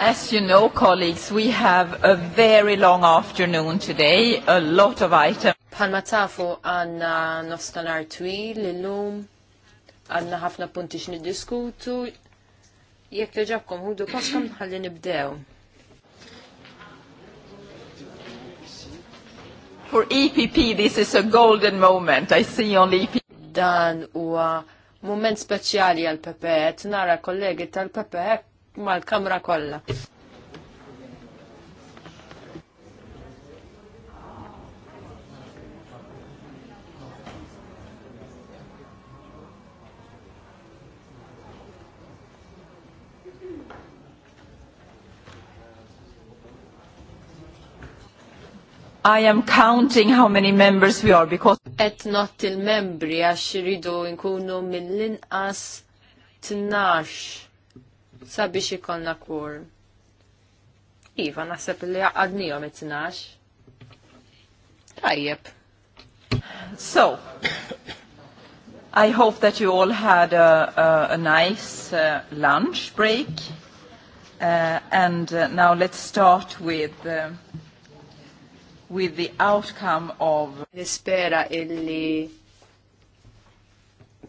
As you know, colleagues, we have a very long afternoon today, a lot of items. Palma tafu għanna nofstanar twil l-lum, għanna ħafna punti xnid-diskutu, jek leġabkom hudu paskom ħalli nibdew. For EPP, this is a golden moment. I see on EPP. Dan huwa moment speċjali għal-PPE, nara kollegi tal-PPE mal-kamra kollha. I am counting how many members we are because et not il-membri għax iridu nkunu mill-inqas 12 sabiex ikollna kur. Iva, nasab li għadni għadnijom it tnax Tajjeb. So, I hope that you all had a, a, a nice uh, lunch break. Uh, and uh, now let's start with uh, with the outcome of Nispera illi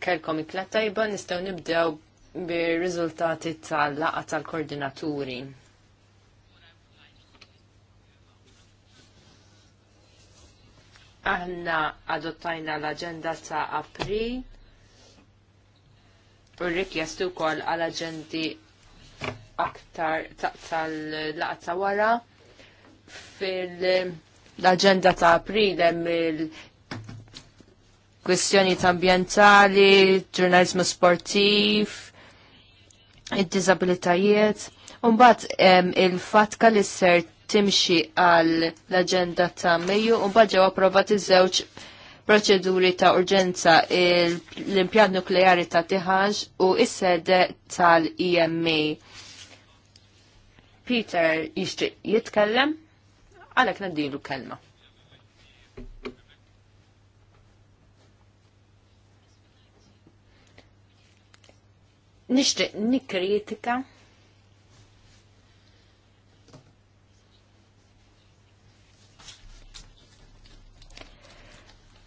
kelkom ikla tajba nistaw nibdew bir-riżultati tal-laqa tal-koordinaturi. Aħna adottajna l-agenda ta' april u rikjestu kol għal-agendi aktar tal-laqa ta' wara fil-agenda ta' april hemm il- kwestjoni ambjentali, ġurnalizmu sportiv, id-disabilitajiet, Umbat il-fatka li ser timxi għal l-agenda ta' Mejju, umbat ġew approvati żewġ proċeduri ta' urġenza l-impjant nukleari ta' Tiħanġ u is-sede tal-EMA. Peter jistri jitkellem, għalhekk nadilu kelma. nixtieq nikritika.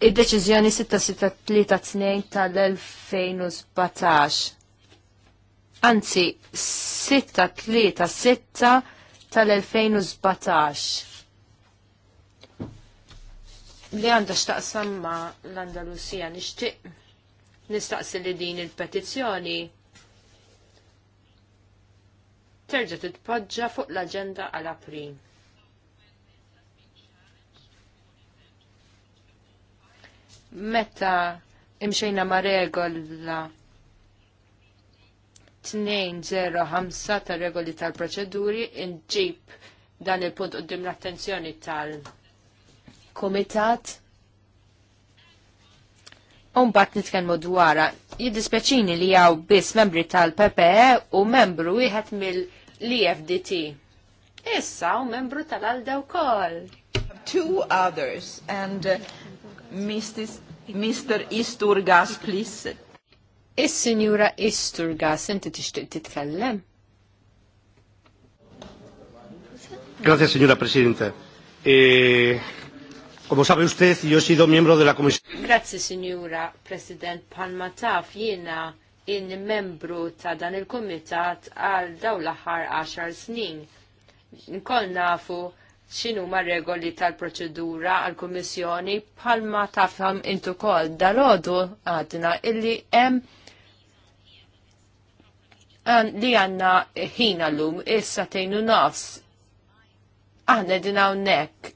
Id-deċiżjoni 663 tal-2017. Anzi, 636 tal-2017 li għandha xtaqsam ma l-Andalusija nishtiq nistaqsi li din il petizzjoni terġa' titpoġġa fuq l-aġenda għal April. Meta imxejna ma' regola 205 ta' regoli tal-proċeduri inġib dan il-punt qoddim l-attenzjoni tal-komitat. Umbat nitkenmu dwara, jiddispeċini li jaw biss membri tal-PPE u membru wieħed mill- l-EFDT. Issa u membru tal-Alda wkoll. Two others and uh, Mr. Isturgas, please. Is-Sinjura Isturgas, inti tixtieq titkellem? Gracias, señora Presidenta. Eh, Como sabe usted, yo he sido miembro de la comisión. Grazie, signora President Palmataf. Jiena in-membru ta' dan il-Kumitat għal daw l-aħħar 10 snin. Nkoll nafu xinu ma' regoli tal-proċedura għal kummissjoni bħalma tafham intu kol dal-għodu għadna illi hemm li għanna ħina l-lum issa tejnu nafs aħna dinaw hawnhekk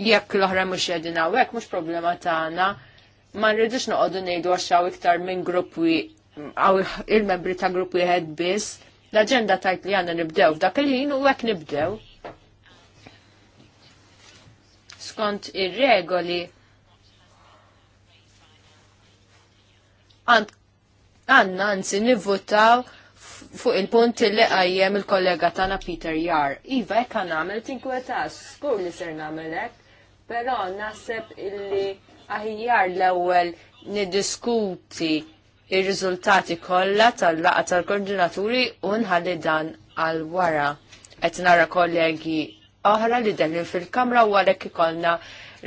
jekk l-oħra mhux qegħdin u mhux problema tagħna. Ma nridux noqogħdu ngħidu għaxaw iktar minn gruppi għaw il-membri ta' gruppi wieħed biss. L-aġenda tajt li għandna nibdew f'dak il-ħin u hekk nibdew. Skont ir-regoli għanna anzi nivvotaw fuq il-punt li għajjem il-kollega tana Peter Jar. Iva, ek għan għamil, tinkwetas, skur li ser għamil Però naħseb illi aħjar l-ewwel niddiskuti r riżultati kollha tal-laqgħa tal-koordinaturi u nħalli dan għal wara. Qed nara kollegi oħra li dellin fil-kamra u għalhekk ikollna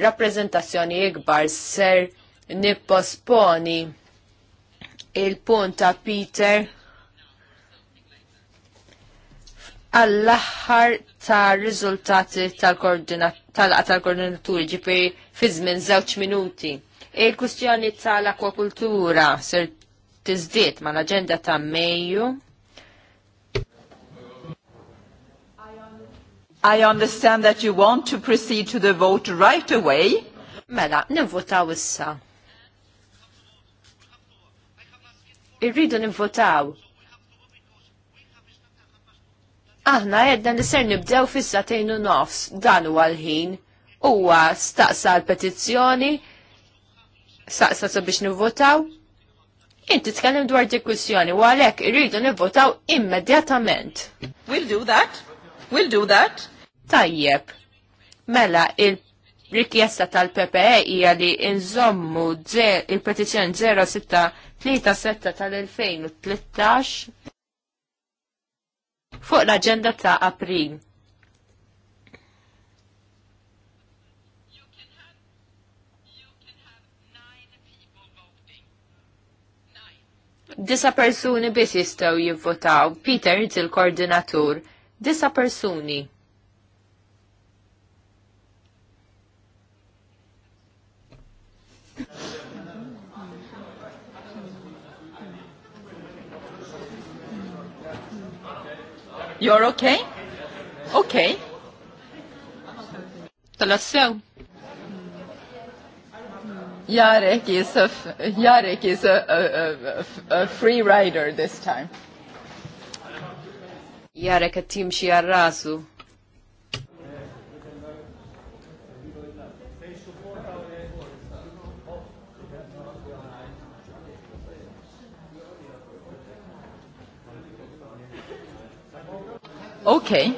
rappreżentazzjoni ikbar ser nipposponi il-punt ta' Peter għall-aħħar ta' riżultati tal-koordinaturi ġifiri fi żmien żewġ minuti. Il-kustjoni tal-akwakultura ser tizdiet ma' l-aġenda ta' Mejju. I understand that you want to proceed to the vote right away. Mela, nivvotaw issa. Irridu nivvotaw. Aħna għedna li ser nibdew fissatejn u nofs dan huwa l-ħin. Huwa staqsa l-petizzjoni, staqsa so biex nivvotaw. Inti tkellem dwar diskussjoni u għalhekk irridu nivvotaw immedjatament. We'll do that. We'll do that. Tajjeb. Mela il rikjesta tal-PPE hija li nżommu il-petizzjoni 0637 tal-2013 fuq l-agenda ta' April. Disa persuni biss jistgħu jivvotaw. Peter, il-koordinatur. Disa persuni. You're okay? Okay. Talassew. Jarek is a, Jarek is a, a, a, a free rider this time. Jarek għattim xie għarrasu. Okay.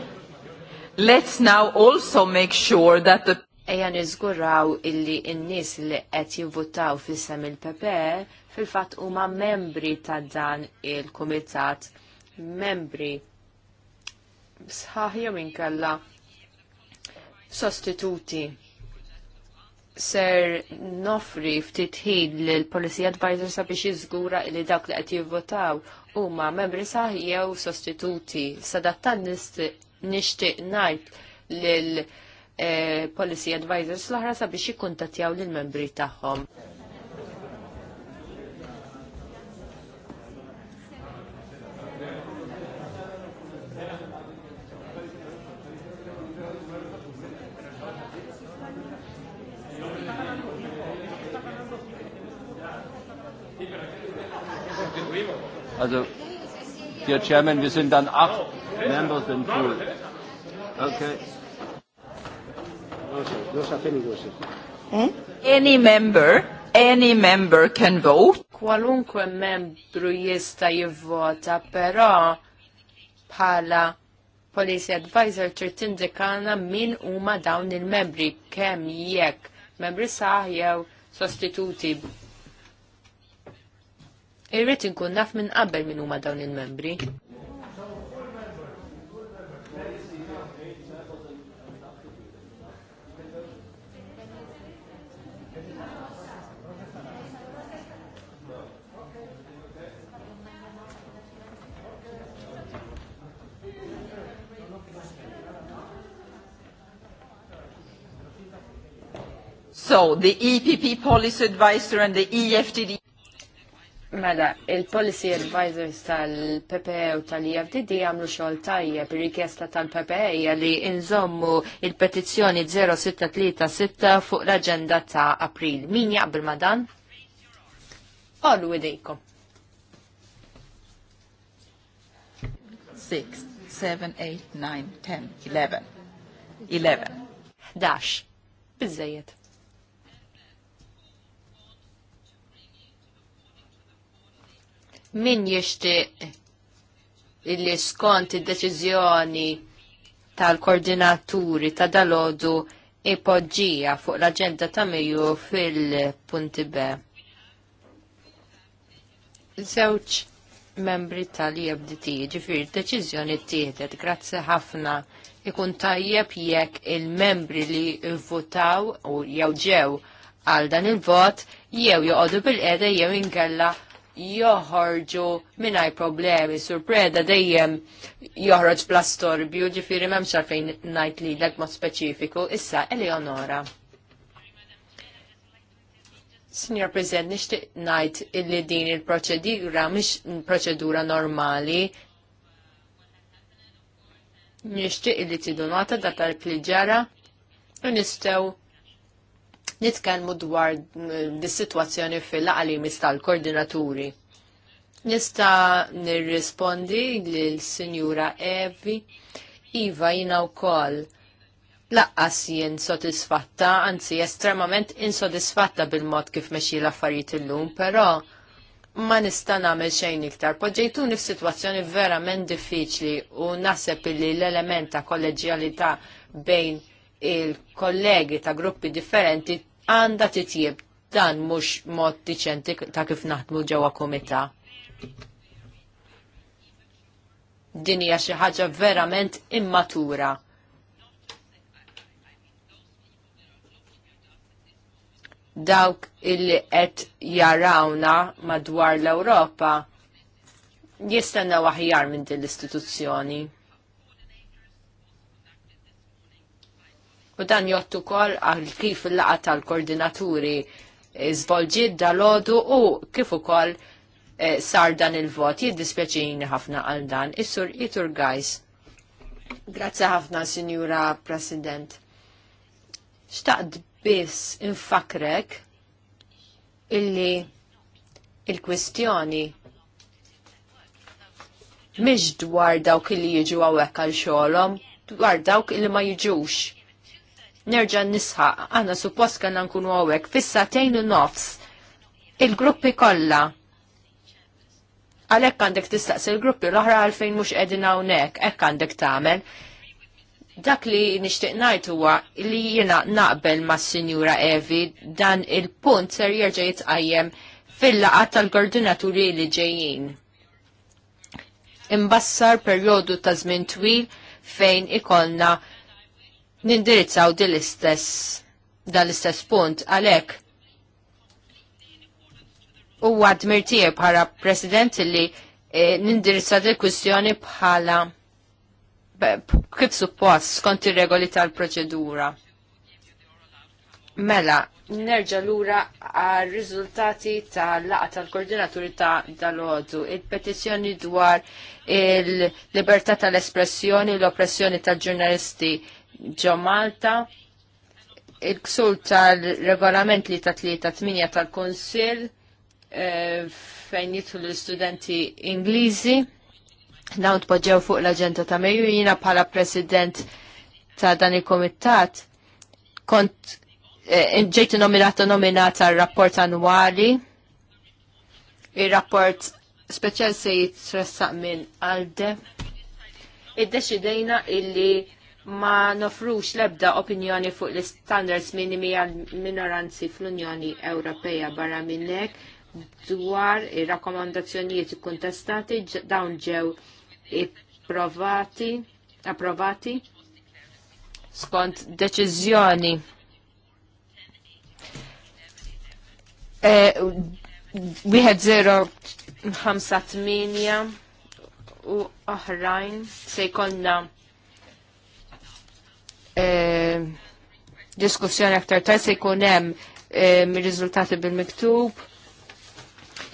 Let's now also make sure that the Eja nizguraw illi n-nis li qed jivvutaw fissem il-PP fil-fatt huma membri ta' dan il-kumitat, membri sħaħ jew inkella sostituti ser nofri ftit ħin l-Policy Advisor sabiex jiżgura li dawk li qed jivvotaw huma membri saħ jew sostituti. Sadattan nixtieq ngħid lill eh, Policy Advisors l-oħra sabiex jikkuntattjaw lill-membri tagħhom. Mr. Chairman. Wir sind dann acht members in full. Okay. Eh? Any member, any member can vote. Qualunque membru jista jivvota, però pala policy advisor ċertindikana min huma dawn il-membri kemm jekk membri saħ jew sostituti Irrit inkun naf minn qabel minn huma dawn il-membri. So, the EPP Policy Advisor and the EFTD Mela, il-policy advisors tal-PPE u tal-IFDD għamlu xogħol tajjeb ir-rikjesta tal-PPE li inżommu il-petizzjoni 0636 fuq l-aġenda ta' April. Min jaqbel madan? dan? id idejkom. 6, 7, 8, 9, 10, 11. 11. 11. Bizzejiet. min jixtieq illi skont id-deċiżjoni tal-koordinaturi ta' dalodu ipoġġija fuq l-agenda ta' Mejju fil-punti B. Żewġ membri tal-IFDT, ġifir deċiżjoni tieħdet, grazzi ħafna ikun tajjeb jekk il-membri li votaw u jew ġew għal dan il-vot jew joqogħdu bil-qeda jew ingella joħorġu minnaj problemi, surpreda dejjem joħroġ plastor storbju, ġifiri memx għalfejn najt li dak mod speċifiku, issa Eleonora. Signor President, nishtiq najt illi din il-proċedura, mish proċedura normali, nishtiq illi tidu nota dak li ġara, u nitkellmu dwar eh, di sitwazzjoni fil-qalimis tal-koordinaturi. Nista' nirrispondi lill-Sinjura Evi, Iva jina wkoll laqqas jien sodisfatta, anzi estremament insodisfatta bil-mod kif mexxi l-affarijiet illum, però ma nista' nagħmel xejn iktar. Poġġejtuni f'sitwazzjoni verament diffiċli u naħseb li l-element ta' kolleġjalità bejn il-kollegi ta' gruppi differenti għanda titjib dan mux mod diċenti ta' kif naħdmu ġewwa komita. Din hija xi ħaġa verament immatura. Dawk illi qed jarawna madwar l-Ewropa jistennew aħjar minn din l-istituzzjoni. U dan jottu kol għal kif il-laqa tal-koordinaturi zbolġid dal-ħodu u kif ukoll kol eh, sar dan il-vot. jiddispeċin ħafna għal dan. Issur Jitur għajs. Grazzi ħafna, Sinjura President. Xtaqt biss infakrek illi il-kwistjoni mhix dwar dawk li jiġu għawek għal xogħolhom, dwar dawk illi ma jiġux nerġa' nisħa, għandna suppost kellna nkunu hawnhekk fis-satejn u nofs il-gruppi kollha. Għalhekk għandek tistaqs il-gruppi l-oħra għalfejn mhux qegħdin hawnhekk, hekk għandek tagħmel. Dak li nixtieq huwa li jiena naqbel mas-Sinjura Evi dan il-punt ser jirġa jitqajjem fil-laqat tal-koordinaturi li ġejjin. Imbassar perjodu ta' żmien twil fejn ikollna nindirizzaw dil istess dan l-istess punt għalhekk huwa mirtie bħala President li e, eh, nindirizzaw dil kustjoni bħala kif suppost skont ir-regoli tal-proċedura. Mela, nerġa lura għal riżultati tal-laqa tal-koordinaturi ta' dal-ħodu. Il-petizjoni dwar il-libertà tal-espressjoni l-oppressjoni tal-ġurnalisti ġo Malta, il-ksur tal-regolament li ta' tlieta 8 tal-Konsil eh, fejn jitlu l-studenti Ingliżi. Dawn tpoġġew fuq l-aġenda ta' meju jina bħala president ta' dan il-komitat kont eh, ġejt nominata nominata rapport annwali. Il-rapport speċjal se jitressaq minn għalde. Id-deċidejna illi ma nofrux lebda opinjoni fuq l-standards minimi għal minoranzi fl-Unjoni Ewropea barra minnek dwar ir-rakkomandazzjonijiet ikkuntestati dawn ġew approvati skont deċiżjoni e, wieħed 058 u oħrajn se jkollna Eh, diskussjoni aktar ta' se jkun hemm mir-riżultati eh, bil-miktub.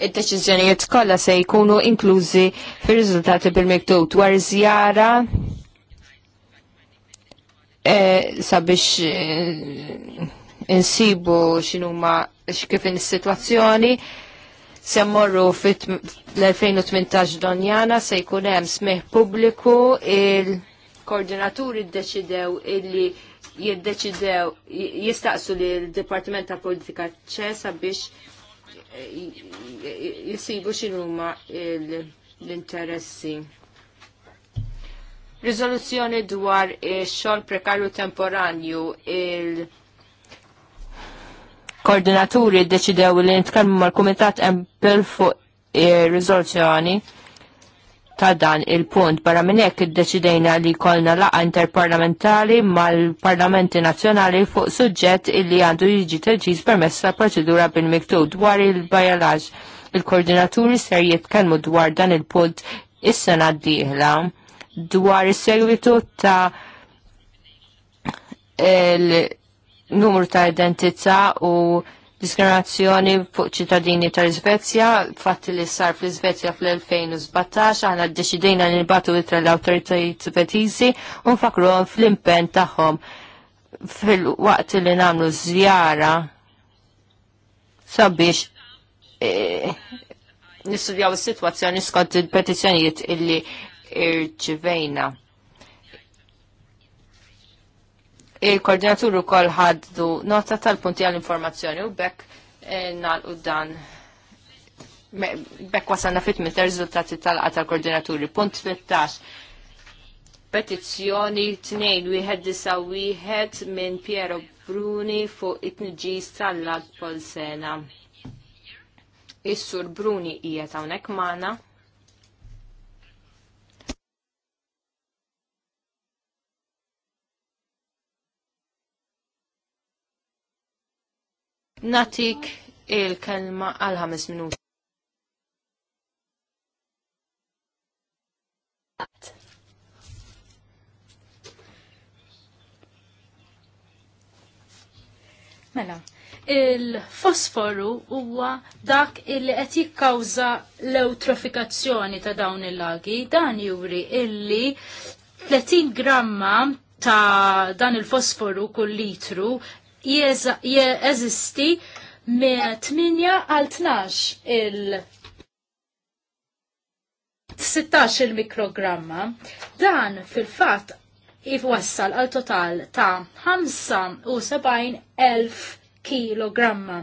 Id-deċiżjonijiet kollha se jkunu inklużi fir-riżultati bil-miktub dwar żjara eh, sabiex insibu x'inhuma x'kif is-sitwazzjoni. Se morru fit l-2018 donjana se jkun hemm smih pubbliku il- koordinaturi ddeċidew illi jiddeċidew jistaqsu li l-Dipartiment ta' Politika ċesa biex eh, jisibu xinuma l-interessi. Rizoluzzjoni dwar xol prekarju temporanju il- Koordinaturi deċidew li nitkellmu mal-Kumitat Empel fuq ir-riżoluzzjoni ta' dan il-punt. Barra minn hekk iddeċidejna li kolna laqa interparlamentari mal-Parlamenti Nazzjonali fuq suġġett illi għandu jiġi teġiż permess ta' proċedura bil-miktub dwar il-bajalaġ. Il-koordinaturi ser jitkellmu dwar dan il-punt is-sena d-dieħla dwar is-segwitu ta' il-numru ta' identità u diskriminazzjoni fuq ċittadini tal-Iżvezja, fatti li sar fl-Iżvezja fl-2017, aħna ddeċidejna li nibatu itra l autoritajt svetizi, u nfakruhom fl-impenn tagħhom fil-waqt li nagħmlu żjara sabiex e, nistudjaw is-sitwazzjoni skont il-petizzjonijiet illi irċivejna. Il-koordinatur ukoll ħaddu nota tal-punti għall-informazzjoni u bekk nal eh, nagħlqu dan bekk wasanna fitmi mit riżultati tal-qa tal-koordinaturi. Punt 13. Petizzjoni 2 wieħed disa' wieħed minn Piero Bruni fuq it-nġis tal-lat Polsena. Is-sur Bruni hija hawnhekk magħna. Natik il-kelma għal ħames minuti. Mela, il-fosforu huwa dak illi qed jikkawża l-eutrofikazzjoni ta' dawn il-lagi. Dan juri illi 30 gramma ta' dan il-fosforu kull litru jeżisti me 8 għal 12 il 16 il-mikrogramma. Dan fil-fat jifwassal għal total ta' 75,000 kilogramma.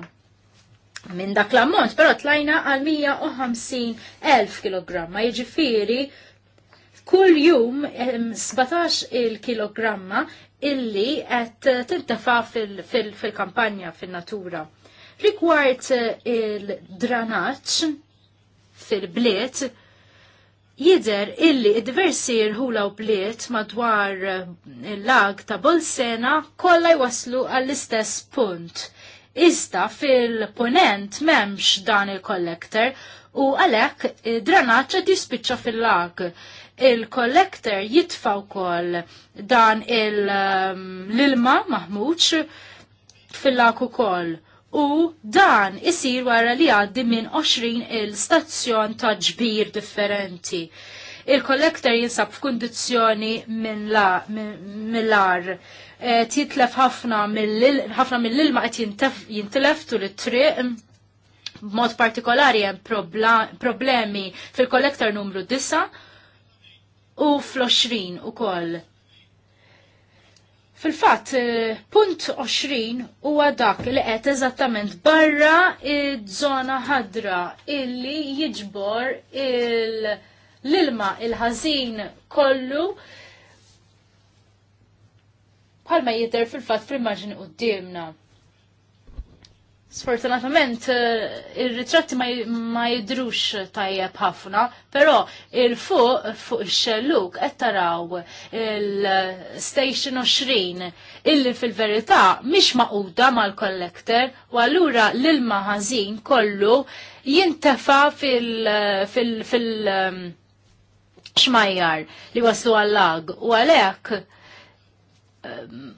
Minn dak l-ammont, però tlajna għal 150,000 kilogramma. Jiġifieri kull jum 17 il-kilogramma illi qed tintefa' fil-kampanja fin-natura. Rigward eh, il-dranaċ fil-bliet, jider illi diversi rħula u bliet madwar il-lag eh, ta' Bolsena kolla jwaslu għall-istess punt. Iżda fil-ponent memx dan il-kollektor u għalek eh, dranaċ qed jispiċċa fil-lag il-collector jitfa' wkoll dan l-ilma maħmuċ fil laku ukoll u dan isir wara li għaddi minn 20 il-stazzjon ta' ġbir differenti. Il-kollektor jinsab f'kundizzjoni mill-ar. E, titlef ħafna mill-ilma qed jintlef tul it-triq b'mod partikolari hemm problemi fil-kollektor numru 9 u fl-20 u koll. Fil-fat, eh, punt 20 huwa dak li qed eżattament barra iż-żona ħadra illi jiġbor l-ilma il il-ħażin kollu bħalma jidher fil-fatt fl-immaġni qudiemna. Sfortunatament, eh, il-ritratti ma jidrux tajjeb ħafna, pero il-fuq, fuq il-xelluk, taraw il-Station 20, illi fil-verità mhix maquda mal-kollektor, u allura l-ilma ħażin kollu jintefa fil-xmajjar um, li waslu għall-lag, u għalek um,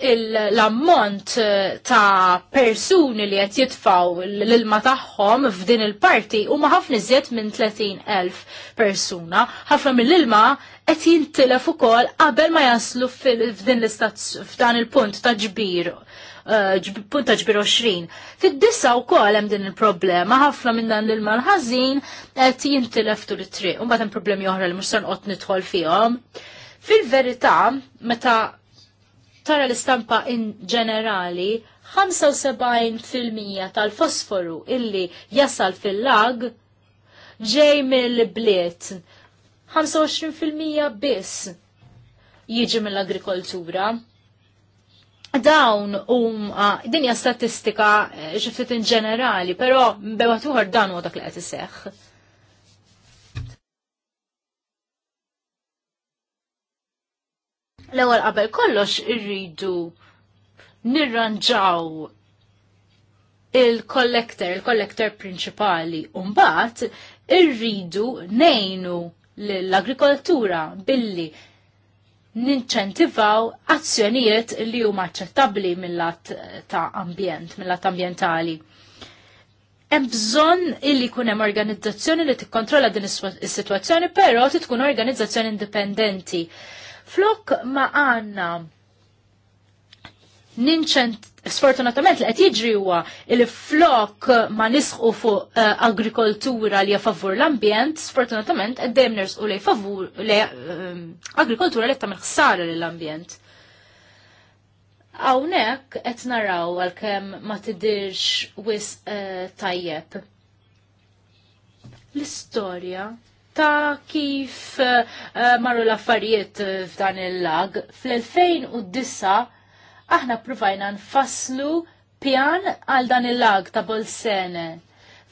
l-ammont eh, ta' persuni li qed jitfaw l-ilma tagħhom f'din il-parti huma ħafna iżjed minn 30,000 persuna. Ħafna mill-ilma qed jintilef ukoll qabel ma jaslu f'din l f'dan il-punt ta' ġbir eh, punt ta' ġbir 20. Fid-dissa u kol hemm din il-problema, ħafna minn dan l-ilma l-ħażin qed jintilef tul it-triq, u mbagħad hemm problemi oħra li mhux se nqgħod nidħol fihom. Fil-verità, meta tara l-istampa in ġenerali 75% tal-fosforu illi jasal fil-lag ġej mill-bliet. 25% biss jiġi mill-agrikoltura. Dawn um dinja statistika ġiftit eh, in ġenerali, pero tuħar dan u dak li qed iseħħ. L-ewwel qabel kollox irridu nirranġaw il-kollektor, il-kollektor prinċipali, u mbagħad irridu nejnu l-agrikoltura billi ninċentivaw azzjonijiet li huma aċċettabbli mill-lat ta' ambjent, mill-lat ambjentali. Hemm bżonn illi jkun hemm organizzazzjoni li tikkontrolla din is-sitwazzjoni, però tkun organizzazzjoni indipendenti Flok ma għanna ninċent sfortunatament li qed jiġri huwa il flok ma nisħu fuq uh, agrikoltura li favur l-ambjent, sfortunatament qed dejjem nersqu li favur li uh, ehm, agrikoltura li tagħmel ħsara lill-ambjent. Hawnhekk qed naraw għalkemm ma tidirx wis uh, tajjeb. L-istorja ta' kif eh, eh, marru l-affarijiet eh, f'dan il-lag. Fl-2009 aħna provajna nfasslu pjan għal dan il-lag ta' Bolsene.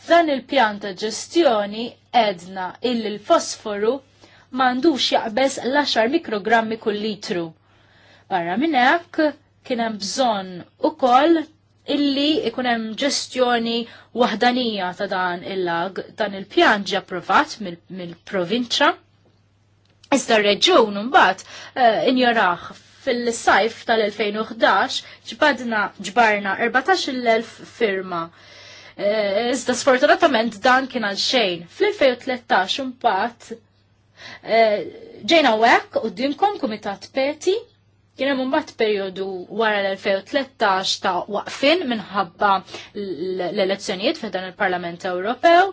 F'dan il-pjan ta' ġestjoni edna illi l-fosforu mandux jaqbes l-10 mikrogrammi kull litru. Barra minnek kienem bżon u koll illi ikun hemm ġestjoni waħdanija ta' dan il-lag. Dan il-pjan ġa approvat mill-provinċja. Iżda r-reġun mbagħad uh, eh, injoraħ fil-sajf tal-2011 ġbadna ġbarna 14.000 firma. Eh, iżda sfortunatament dan kien għal xejn. Fl-2013 imbagħad eh, ġejna wek u kumitat peti Kien hemm imbagħad perjodu wara l-2013 ta' waqfin minħabba l-elezzjonijiet fi dan il-Parlament Ewropew.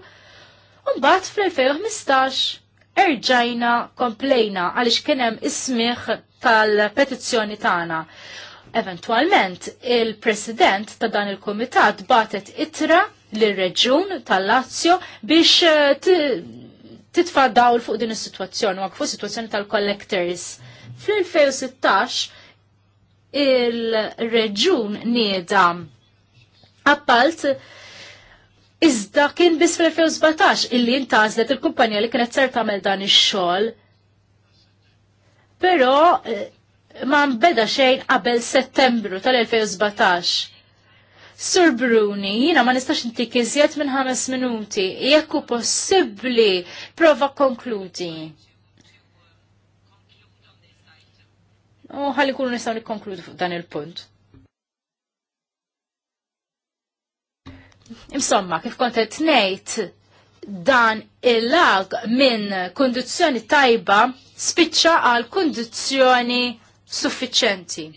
u mbagħad fl-2015 erġajna komplejna għaliex kien hemm ismiħ tal-petizzjoni tagħna. Eventualment, il-president ta' dan il-komitat batet itra l-reġun tal-Lazio biex eh, titfa dawl fuq din is-sitwazzjoni, fuq sitwazzjoni tal-collectors. Fl-2016 il-reġun nieda appalt iżda kien bis fl-2017 illi intazlet il-kumpanija li kienet ser tagħmel dan ix-xogħol. Però eh, ma nbeda xejn qabel settembru tal-2017. Sur Bruni, jina ma nistax intik iżjed minn ħames minuti, jekku possibbli prova konkludi. U ħalli kunu nistaw nikkonkludu fuq dan il-punt. Insomma, kif kontet nejt dan il-lag minn kondizjoni tajba spiċċa għal kondizjoni suffiċenti.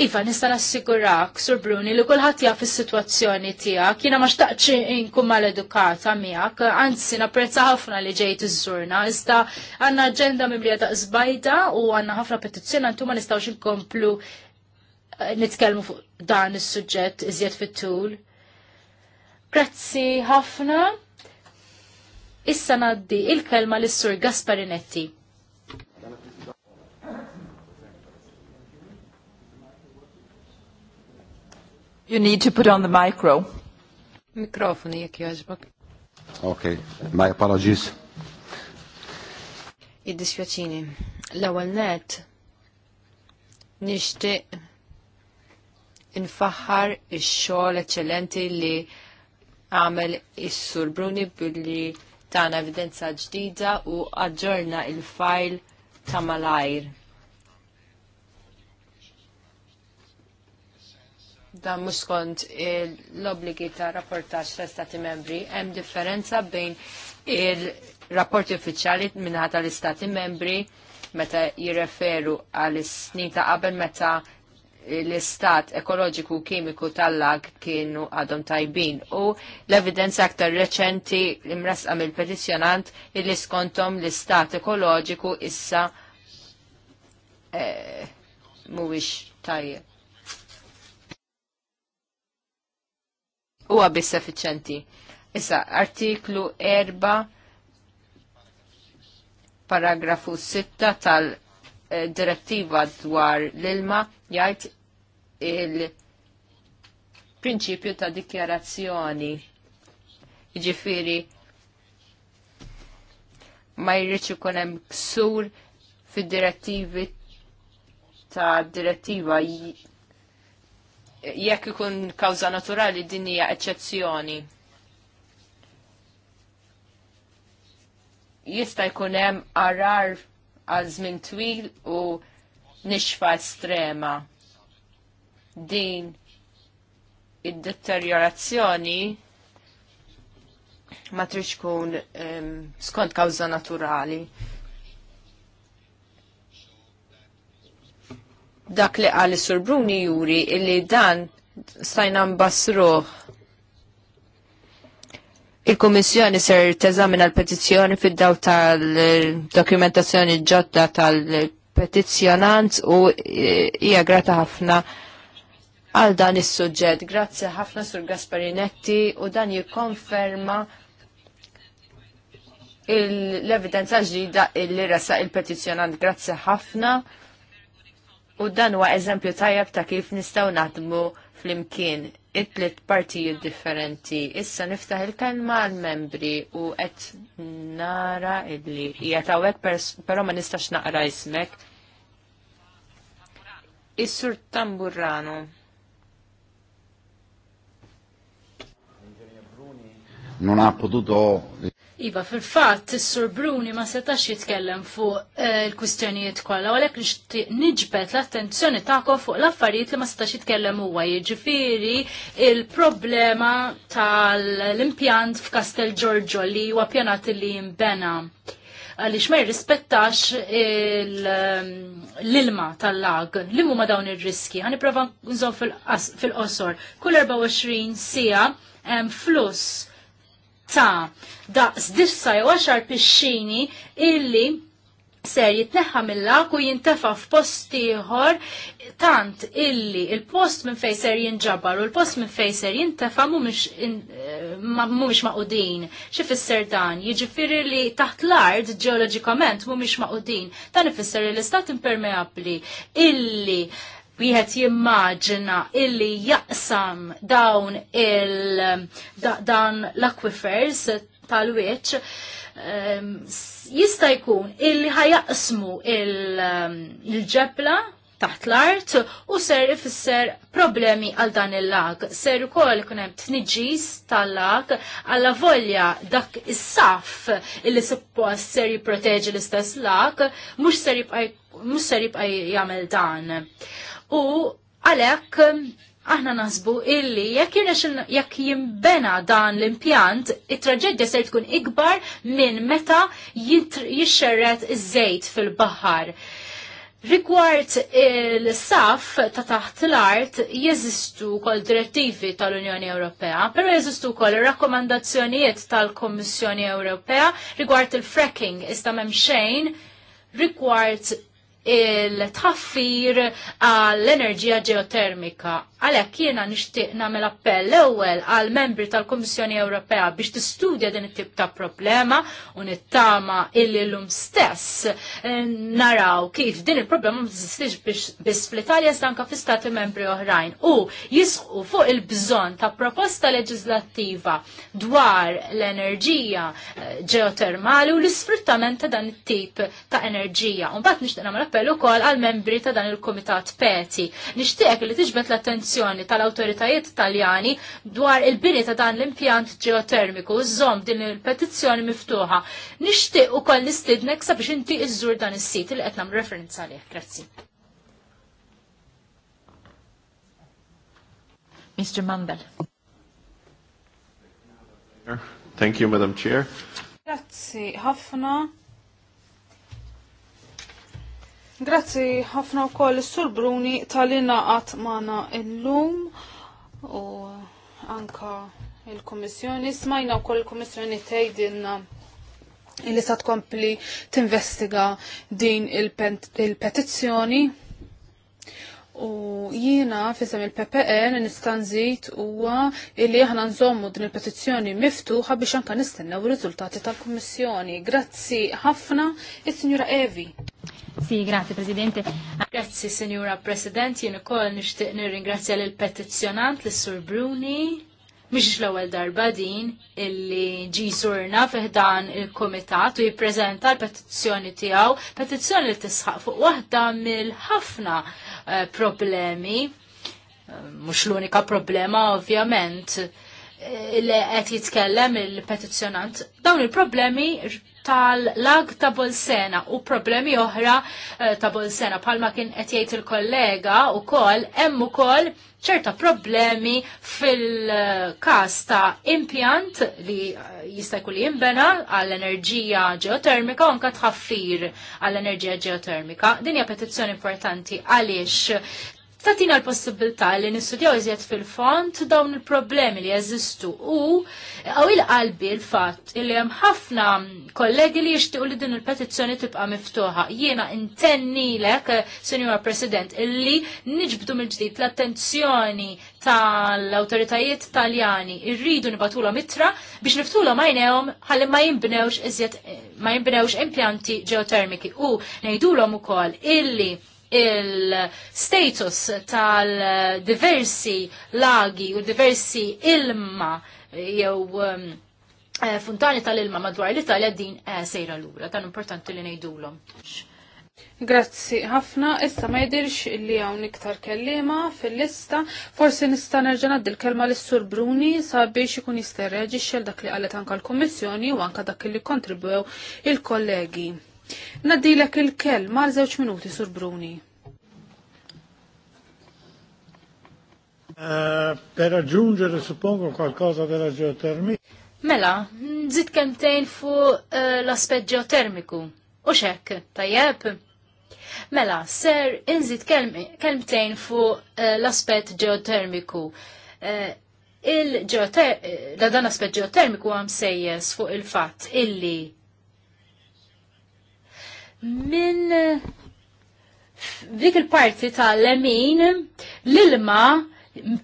Iva, nista nassigurak, Sur Bruni, li kullħat jaf is-sitwazzjoni tiegħek, jiena ma xtaqx inkun mal-edukata miegħek, anzi napprezza ħafna li ġejt iżżurna, iżda għandna aġenda mimlija ta' zbajda u għandna ħafna petizzjoni għandu ma nistgħux inkomplu eh, nitkellmu fuq dan is-suġġett iżjed fit-tul. Grazzi ħafna. Issa naddi il-kelma lis sur Gasparinetti. You need to put on the micro. Mikrofoni jek jazbak. Ok, my apologies. id disfjaċini L-ewwel net nixtieq infaħħar ix-xogħol eċċellenti li għamel is-Sur Bruni billi tagħna evidenza ġdida u aġġorna il-fajl ta' malajr dan mhux skont l-obbligi ta' rapportaġġ ta' stati membri, hemm differenza bejn il-rapporti uffiċjali minħata tal-istati membri meta jirreferu għal snin ta' qabel meta l-istat ekoloġiku u kimiku tal-lag kienu għadhom tajbin u l-evidenza aktar reċenti l-imrasqa mill petizzjonant illi skontom l-istat ekoloġiku issa eh, mhuwiex tajjeb. huwa biss effiċenti. Issa, artiklu 4, paragrafu 6 tal-direttiva eh, dwar l-ilma jgħid il-prinċipju ta' dikjarazzjoni. Ġifiri, ma jridx ikun hemm ksur fid-direttivi ta' direttiva jekk ikun kawza naturali din hija eċċezzjoni. Jista' jkun hemm arar għal żmien twil u nixfa estrema. Din id-deteriorazzjoni ma trix tkun skont kawza naturali. dak li għal sur Bruni juri illi dan stajna mbassru Il-Kummissjoni ser teżamina l-petizzjoni fid-daw tal-dokumentazzjoni ġodda tal-petizzjonant u eh, hija grata ħafna għal dan is-suġġett. Grazzi ħafna sur Gasparinetti u dan jikkonferma l-evidenza ġdida illi resa il-petizzjonant. Grazzi ħafna. U dan huwa eżempju tajjeb ta' kif nistgħu naħdmu flimkien it-tliet partijiet differenti. Issa niftaħ il-kelma għal membri u qed nara illi hija tawek però ma nistax naqra ismek. Is-Sur Tamburrano. Non ha potuto Iva, fil-fat, s-sur Bruni ma setax jitkellem fuq eh, il-kustjonijiet kollha, għalhekk nixtieq niġbet l-attenzjoni tagħkom fuq l-affarijiet li ma setax jitkellem huwa, jiġifieri il-problema tal-impjant f'Kastel Giorgio li huwa pjanat li jinbena għalix ma jirrispettax ehm, l-ilma tal-lag. L-immu ma dawn ir-riski. Għani prova nżom fil-qosor. Kull 24 sija flus ta' daqs dissa jew xar pixxini illi ser jitneħħa mill-lak u jintefa f'post ieħor tant illi il-post minn fej ser jinġabar u l-post minn fej ser jintefa mhumiex maqudin. Xi fisser dan? Jiġifieri li taħt l-art ġeoloġikament mhumiex maqudin. Dan ifisser l-istat impermeabbli illi wieħed jimmaġina illi jaqsam dawn il da, dan l-aquifers tal wiċċ um, ehm, jista' jkun illi ħajaqsmu il-ġebla il ehm, taħt l-art u ser ifisser problemi għal dan il-lag. Ser ukoll kun hemm tniġis tal-lag għalla volja dak is-saf illi suppost ser jipproteġi l-istess lag mhux ser jibqaj jagħmel dan u għalhekk aħna nasbu illi jekk jimbena dan l-impjant, it-traġedja se tkun ikbar minn meta jixxerret iż-żejt fil-baħar. Rigward il-saf ta' taħt l-art jeżistu kol direttivi tal-Unjoni Ewropea, pero jeżistu kol rakkomandazzjonijiet tal-Kommissjoni Ewropea rigward il-fracking iżda xejn rigward il-taffir għall-enerġija ġeotermika Għalhekk jiena nixtieq nagħmel appell l ewwel għal membri tal-Kummissjoni Ewropea biex tistudja din it-tip ta' problema u nittama illi lum stess eh, naraw kif din il-problema ma tiżistix biss fl-Italja stanka fi stati membri oħrajn u jisqu fuq il-bżonn ta' proposta leġislattiva dwar l-enerġija eh, ġeotermali u l-isfruttament ta' dan it-tip ta' enerġija. Mbagħad nixtieq nagħmel appell ukoll għal membri ta' dan il-Kumitat Peti. Nixtieq li tiġbed l-attenzjoni attenzjoni tal-autoritajiet taljani dwar il-bini ta' dan l-impjant ġeotermiku, zom din il-petizzjoni miftuħa. Nixtieq ukoll nistidnek sabiex inti iżżur dan is-sit li qed nagħmel referenza għalih. Grazzi. Mr. Mandel. Thank you, Madam Chair. Grazzi ħafna Grazzi ħafna wkoll is-Sur Bruni tal inna qatt magħna llum u anka il-Kummissjoni smajna wkoll il-Kummissjoni tgħidilna li sa tkompli tinvestiga din il-petizzjoni U jiena fisem il-PPN e nistanżit huwa li aħna nżommu din il-petizzjoni miftuħa biex anka nistennew ir-riżultati tal-Kummissjoni. Grazzi ħafna is-Sinjura Evi. Sì, grazie Presidente. Grazie Signora President, jien ukoll nixtieq nirringrazzja lil petizzjonant lis sur Bruni. Mhix l-ewwel darba din illi ġi surna fiħdan il-Kumitat u jippreżenta l-petizzjoni tiegħu, petizzjoni li tisħaq fuq waħda mill-ħafna eh, problemi, eh, mhux l-unika problema ovvjament eh, li qed jitkellem il-petizzjonant. Dawn il-problemi tal-lag ta' bolsena u problemi oħra eh, ta' bolsena. Palma kien qed jgħid il-kollega wkoll hemm ukoll ċerta problemi fil-każ ta' impjant li eh, jista' li jinbena għall-enerġija ġeotermika u anke tħaffir għall-enerġija ġeotermika. Din hija petizzjoni importanti għaliex tatina l-possibilità li nistudjaw iżjed fil-font dawn il-problemi li jeżistu u għaw il-qalbi l-fatt il hemm ħafna kollegi li jixtiqu li din il-petizzjoni tibqa' miftuħa. Jiena lek, eh, Senjora President, illi niġbdu mill-ġdid l-attenzjoni tal-autoritajiet taljani irridu nibatula mitra biex niftula majnewom ħalli ma jimbnewx iżjed eh, ma jimbnewx impjanti ġeotermiki u nejdulhom ukoll illi il-status tal-diversi lagi u diversi ilma jew um, eh, funtani tal-ilma madwar l-Italja din eh, sejra lura, tan importanti li ngħidulhom. Grazzi ħafna, issa ma jidirx li hawn iktar kellima fil-lista, forsi nista' nerġa' ngħaddi l-kelma lis-Sur Bruni sabiex ikun jista' jreaġixxi dak li qalet anke l-Kummissjoni u anke dak li kontribwew il-kollegi. Naddilek il-kelma għal żewġ minuti, Sur Bruni. Uh, per aggiungere, suppongo, qualcosa della geotermia. Mela, nżid kemtejn fu uh, l-aspet ġeotermiku. U xek, tajjeb? Mela, ser inżid kelmtejn fu uh, l-aspet ġeotermiku. il-ġeoter, la dan aspet ġeotermiku għam sejjes fuq il-fat illi minn dik il-parti tal-lemin l-ilma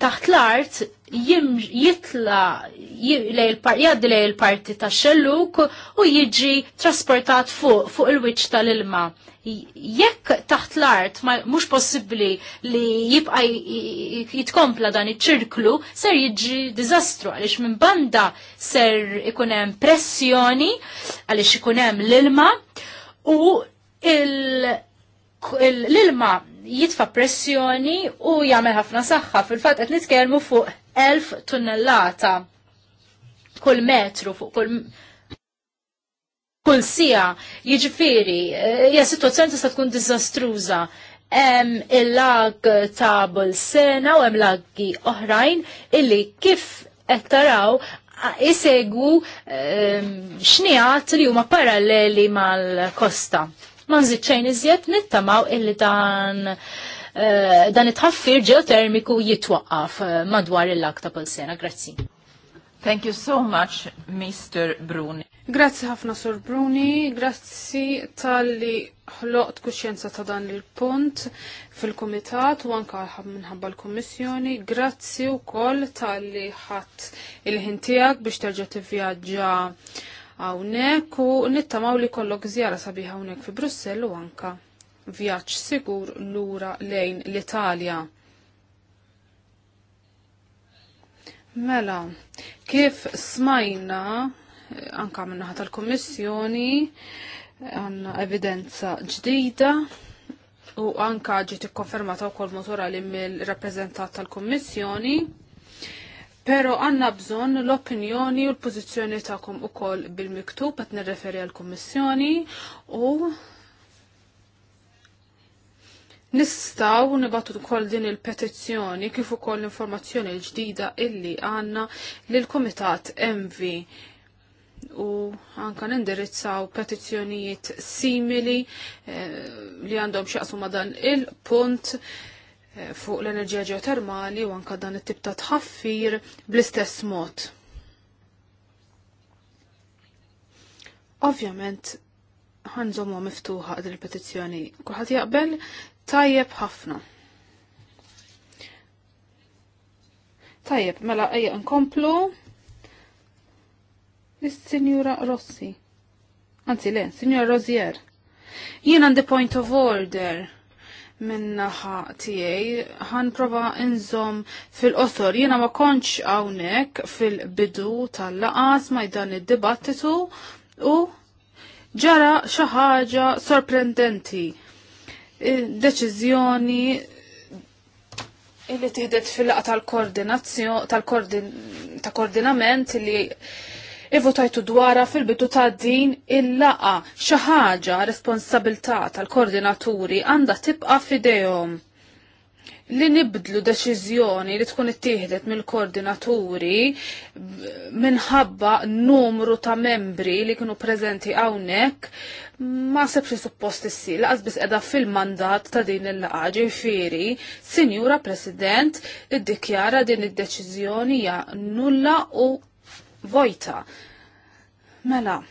taħt l-art jitla jaddi lej il-parti ta' xelluk u jiġi trasportat fuq fuq il-wiċ tal-ilma. Jekk taħt l-art mhux possibbli li jibqa jitkompla dan iċ-ċirklu ser jiġi diżastru għaliex minn banda ser ikun hemm pressjoni għaliex ikun hemm l-ilma u l-ilma jitfa pressjoni u jagħmel ħafna saħħa fil-fatt qed nitkellmu fuq 1000 tunnellata kull metru fuq kull kull sija jiġifieri eh, hija sitwazzjoni tista' tkun diżastruża. Hemm il-lag ta' Bolsena u hemm laggi oħrajn illi kif qed taraw isegwu ehm, xnijat li huma paralleli mal-kosta. Ma nżid xejn iżjed nittamaw illi dan eh, dan it-ħaffir ġeotermiku jitwaqqaf eh, madwar il-lak ta' sena. Grazzi. Thank you so much, Mr. Bruni. Grazzi ħafna Sur Bruni, grazzi tal-li ħloqt kuxjenza ta' dan il-punt fil-komitat u anka minħabba l-komissjoni, grazzi u koll tal-li ħat il-ħintijak biex terġa t-vjaġġa għawnek u nittamaw li kollok zjara sabiħ għawnek fi Brussell u anka vjaġġ sigur lura lejn l-Italja. Mela, kif smajna anka minnaħa tal-Kommissjoni għanna evidenza ġdida u anka ġiet ikkonfermata wkoll motora li mill-rappreżentat tal-Kommissjoni. Pero għanna bżon l-opinjoni u l-pozizjoni tagħkom u bil-miktub qed nirreferi għal-Kommissjoni u nistaw nibatu kol din il-petizzjoni kif ukoll l-informazzjoni l-ġdida illi għanna l-Komitat MV u anka nindirizzaw petizzjonijiet simili eh, li għandhom xaqsu ma dan il-punt eh, fuq l-enerġija ġeotermali u anka dan it-tip ta' tħaffir bl-istess mod. Ovvjament, u miftuħa din il-petizzjoni. Kuħat jaqbel tajjeb ħafna. Tajjeb, mela ejja nkomplu. Is-Sinjura Rossi. Anzi le, Sinjura Rozier. Jien għandi point of order minnaħa tijaj, ħan prova inżom fil-qosor. Jiena ma konċ għawnek fil-bidu tal-laqas ma dan id-dibattitu u ġara xaħġa sorprendenti. Deċizjoni illi tiħdet fil-laqa tal-koordinament tal-koordinament li ivvotajtu dwara fil-bidu ta' din il-laqa xi ħaġa responsabilità tal-koordinaturi għandha tibqa' fidejhom li nibdlu deċiżjoni li tkun ittieħdet mill-koordinaturi minħabba numru ta' membri li kienu preżenti hawnhekk ma sebx suppost issi laqas biss qiegħda fil-mandat ta' din il-laqgħa ġifieri, Sinjura President iddikjara din id-deċiżjoni hija nulla u vojta. Mela,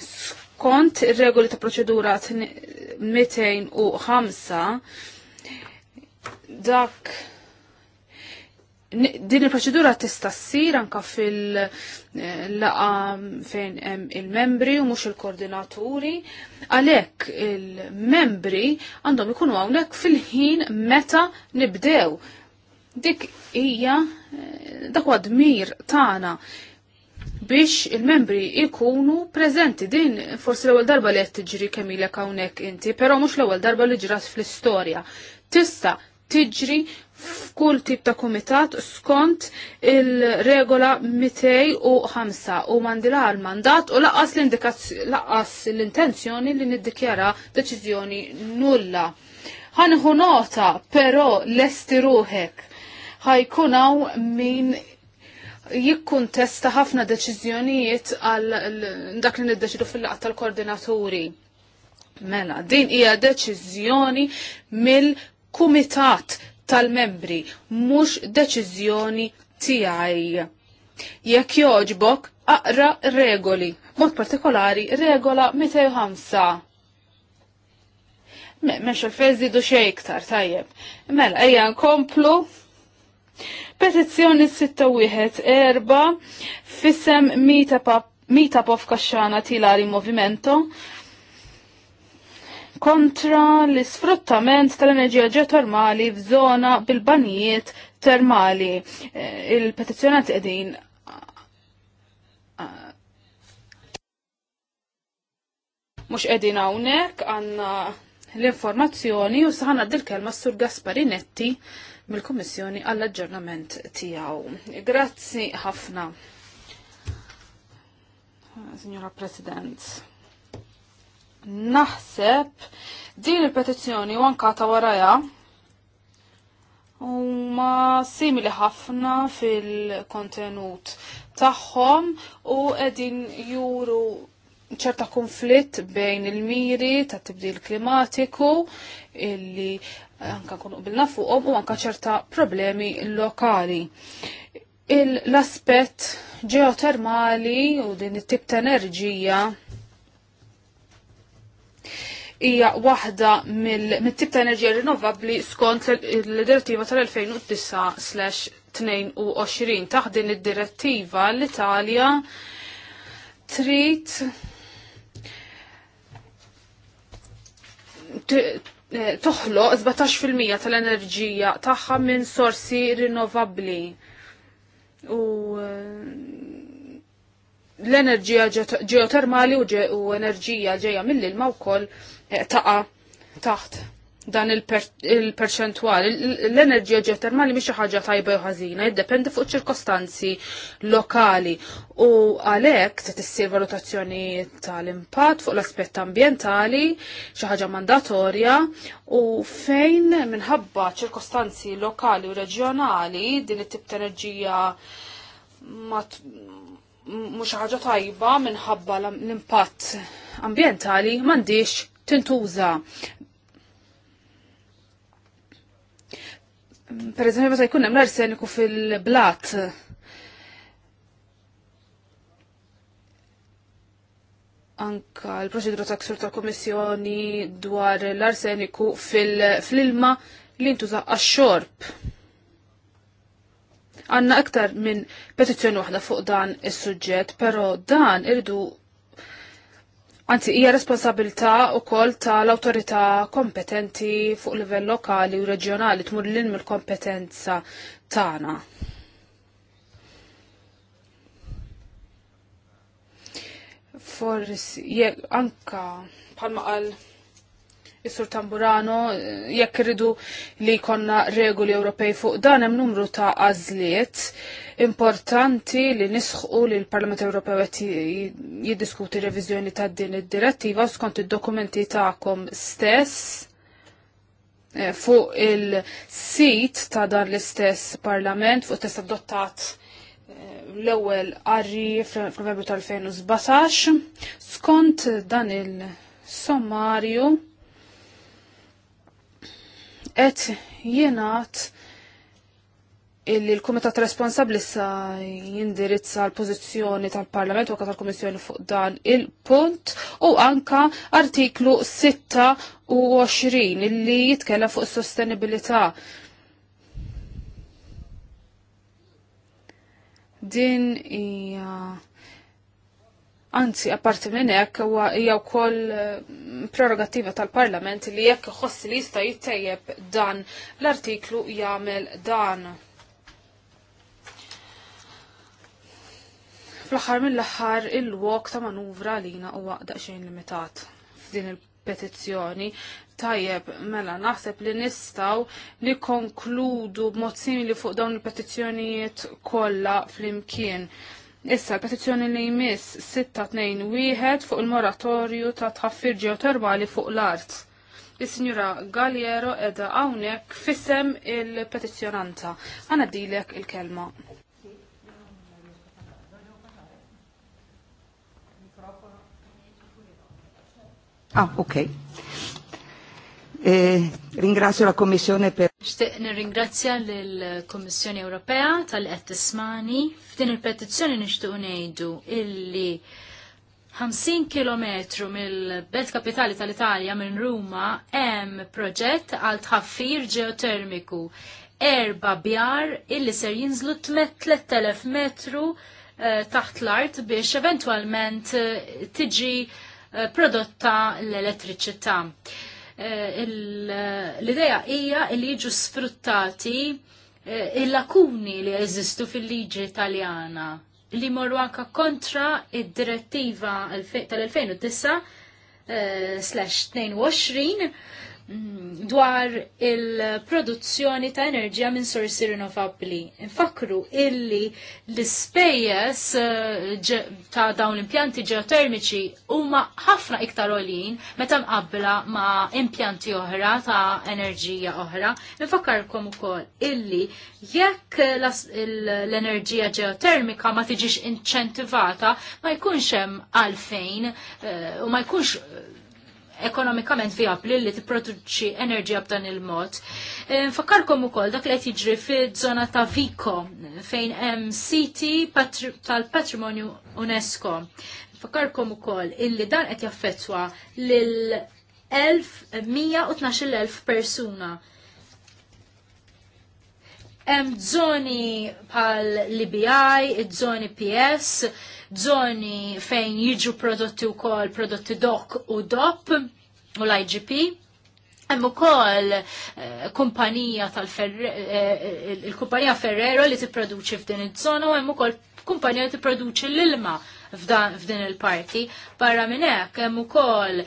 skont ir-regoli ta' proċedura 205 dak din il-proċedura tista' ssir anka fil-laqa fejn hemm il-membri u mhux il-koordinaturi, għalhekk il-membri għandhom ikunu hawnhekk fil-ħin meta nibdew. Dik hija eh, dak għadmir tagħna biex il-membri ikunu prezenti din forsi l-ewwel darba li qed tiġri kemm ilek hawnhekk inti, però mhux l-ewwel darba li ġrat fl-istorja. Tista' tiġri f'kull tip ta' kumitat skont il-regola 205 u mandila għal mandat u laqas l-intenzjoni li niddikjara deċiżjoni nulla. Ħanħu nota, però lesti ruħek ħajkunaw min testa ħafna deċiżjonijiet għal dak li niddeċidu fil-laqgħa tal-koordinaturi. Mela, din hija deċiżjoni mill-kumitat tal-membri, mhux deċiżjoni tiegħi. Jekk joġbok, aqra regoli, mod partikolari regola 205. Mex me xej iktar, tajjeb. Mela, ejja nkomplu Petizzjoni 614 fissem Mita pof Mita Pofkaxxana Tilari Movimento kontra l-isfruttament tal-enerġija ġeotermali f'żona bil-banijiet termali. Eh, Il-petizzjonat qegħdin eh, mux qegħdin hawnhekk għandna l-informazzjoni u saħan għaddil kelma s-sur Gasparinetti mill-Kummissjoni għall-aġġornament tiegħu. Grazzi ħafna. Signora President, naħseb din il-petizzjoni wanka ta' waraja ma simili ħafna fil-kontenut tagħhom u qegħdin juru ċerta konflitt bejn il-miri ta' tibdil klimatiku illi Eh, anka kunu bilna fuqhom u anka ċerta problemi lokali. L-aspett ġeotermali u din it-tip ta' enerġija hija waħda mill-tip ta' enerġija rinnovabbli skont l-direttiva tal-2009/22 din id-direttiva l-Italja trid Eh, toħloq 17% tal-enerġija tagħha minn sorsi rinnovabbli. U eh, l-enerġija ġeotermali u enerġija ġejja mill-ilma wkoll eh, taqa' taħt dan il perċentwali L-enerġija ġeotermali miex ħaġa tajba u ħażina, jiddependi fuq ċirkostanzi lokali. U għalhekk se tissir valutazzjoni tal-impatt fuq l-aspett ambjentali, xi ħaġa mandatorja, u fejn minħabba ċirkostanzi lokali u reġjonali din it-tip ta' enerġija mhux ħaġa tajba minħabba l-impatt ambjentali m'għandix tintuża per eżempju, ma jkun hemm l-arseniku fil-blat. Anka l-proċedura ta' ksur tal-Kummissjoni dwar l-arseniku fil-ilma li ntuża għax-xorb. Għanna aktar minn petizzjoni waħda fuq dan is-suġġett, però dan irdu Anzi, hija responsabilità wkoll tal-awtorità kompetenti fuq livell lokali u reġjonali tmur lil mill-kompetenza tagħna. Forsi anka bħalma qal Is-Sur Tamburano, jekk irridu li konna regoli Ewropej fuq dan hemm numru ta' għażliet importanti li nisħu li l-Parlament Ewropew qed jiddiskuti reviżjoni ta' din id-direttiva skont id-dokumenti tagħkom stess eh, fuq il-sit ta' dan l-istess Parlament fuq test adottat eh, l-ewwel qarri f'Novembru tal-2017 skont dan il-sommarju qed jingħad illi l-Kumitat Responsabli sa jindirizza l-pożizzjoni tal-Parlament u tal-Kummissjoni fuq dan il-punt u anka artiklu 26 illi jitkellem fuq is-sostenibilità. Din hija uh, Anzi, apparti minn hekk huwa hija wkoll eh, prerogattiva tal-Parlament li jekk iħoss li jista' jittejjeb dan l-artiklu jagħmel dan. Fl-aħħar mill-aħħar il-wok ta' manuvra lina huwa daqsxejn limitat f'din il-petizzjoni. Tajjeb, mela naħseb li nistaw li konkludu b'mod simili fuq dawn il-petizzjonijiet kollha flimkien. Issa l-petizzjoni li jmiss 6-2-1 fuq il-moratorju ta' tħaffir ġeotermali fuq l-art. Is-Sinjura Galliero edha hawnhekk fissem il-petizzjonanta. Għana dilek il-kelma. Ah, ok. E ringrazio la Commissione per. Xtiq nirringrazzja l-Kommissjoni Ewropea tal-qed tismani. F'din il-petizzjoni nixtiequ ngħidu illi 50 km mill-belt kapitali tal-Italja minn Ruma hemm proġett għal tħaffir ġeotermiku erba bjar illi ser jinżlu 3000 metru e, taħt l-art biex eventualment e, tiġi prodotta l-elettriċità. Eh, l-ideja hija li jiġu sfruttati eh, il-lakuni li jeżistu fil-liġi Taljana li morru anka kontra id-direttiva tal-2009 22 eh, Mm, dwar il-produzzjoni ta' enerġija minn sorsi rinnovabbli. Infakru illi l-ispejjeż eh, ta' dawn l-impjanti ġeotermiċi huma ħafna iktar olin meta mqabbla ma' impjanti oħra ta' enerġija oħra. Infakkarkom ukoll illi jekk l-enerġija ġeotermika ma tiġix inċentivata ma jkunx hemm għalfejn eh, u ma jkunx ekonomikament viabli li tipproduċi enerġija b'dan il-mod. E, Fakkarkom ukoll dak li jiġri fi żona ta' Vico fejn hemm siti tal-patrimonju UNESCO. Fakkarkom ukoll illi dan qed jaffettwa lil 1112 persuna hemm żoni bħal l-IBI, żoni PS, zoni fejn jiġu prodotti wkoll prodotti DOC u DOP u l-IGP. Hemm ukoll eh, kumpanija tal-Ferrero, eh, eh, il-kumpanija Ferrero li tipproduċi f'din iż-żona u hemm ukoll kumpanija li tipproduċi l-ilma f'din il-parti. Barra minn hekk hemm ukoll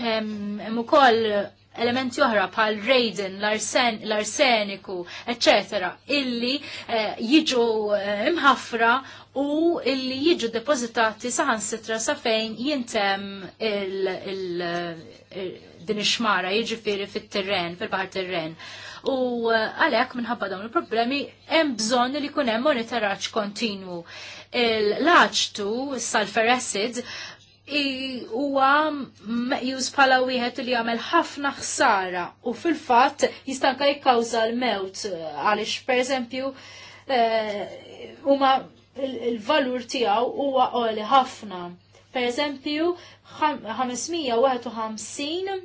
hemm ukoll elementi oħra bħal raiden, l-arseniku, etc. illi eh, jiġu eh, imħafra u illi jiġu depozitati saħansitra sa fejn jintem il- eh, din ixmara xmara jiġifieri fit-terren, fil-baħar terren. U għalhekk minħabba dawn il-problemi hemm bżonn li jkun hemm monitoraġġ kontinwu. L-aċtu, sulfur acid, huwa meqjus bħala wieħed li jagħmel ħafna ħsara u fil-fatt jistanka jikkawża l-mewt eh, għaliex pereżempju eh, huma il-valur tiegħu huwa qoli ħafna. Pereżempju 551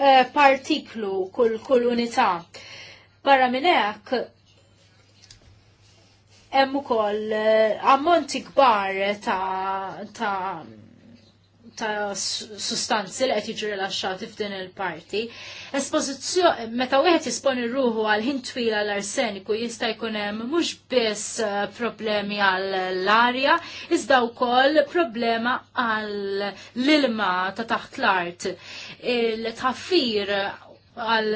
eh, partiklu kull kull unità. Barra minn hekk hemm ukoll eh, ammonti kbar ta' ta' ta' sustanzi li qed jiġu rilaxxati f'din il-parti. Espożizzjoni meta wieħed jisponi ruħu għal ħin twila l-arseniku jista' jkun hemm mhux biss eh, problemi għall-arja, iżda wkoll problema għall-ilma ta' taħt l-art. Il-taffir għal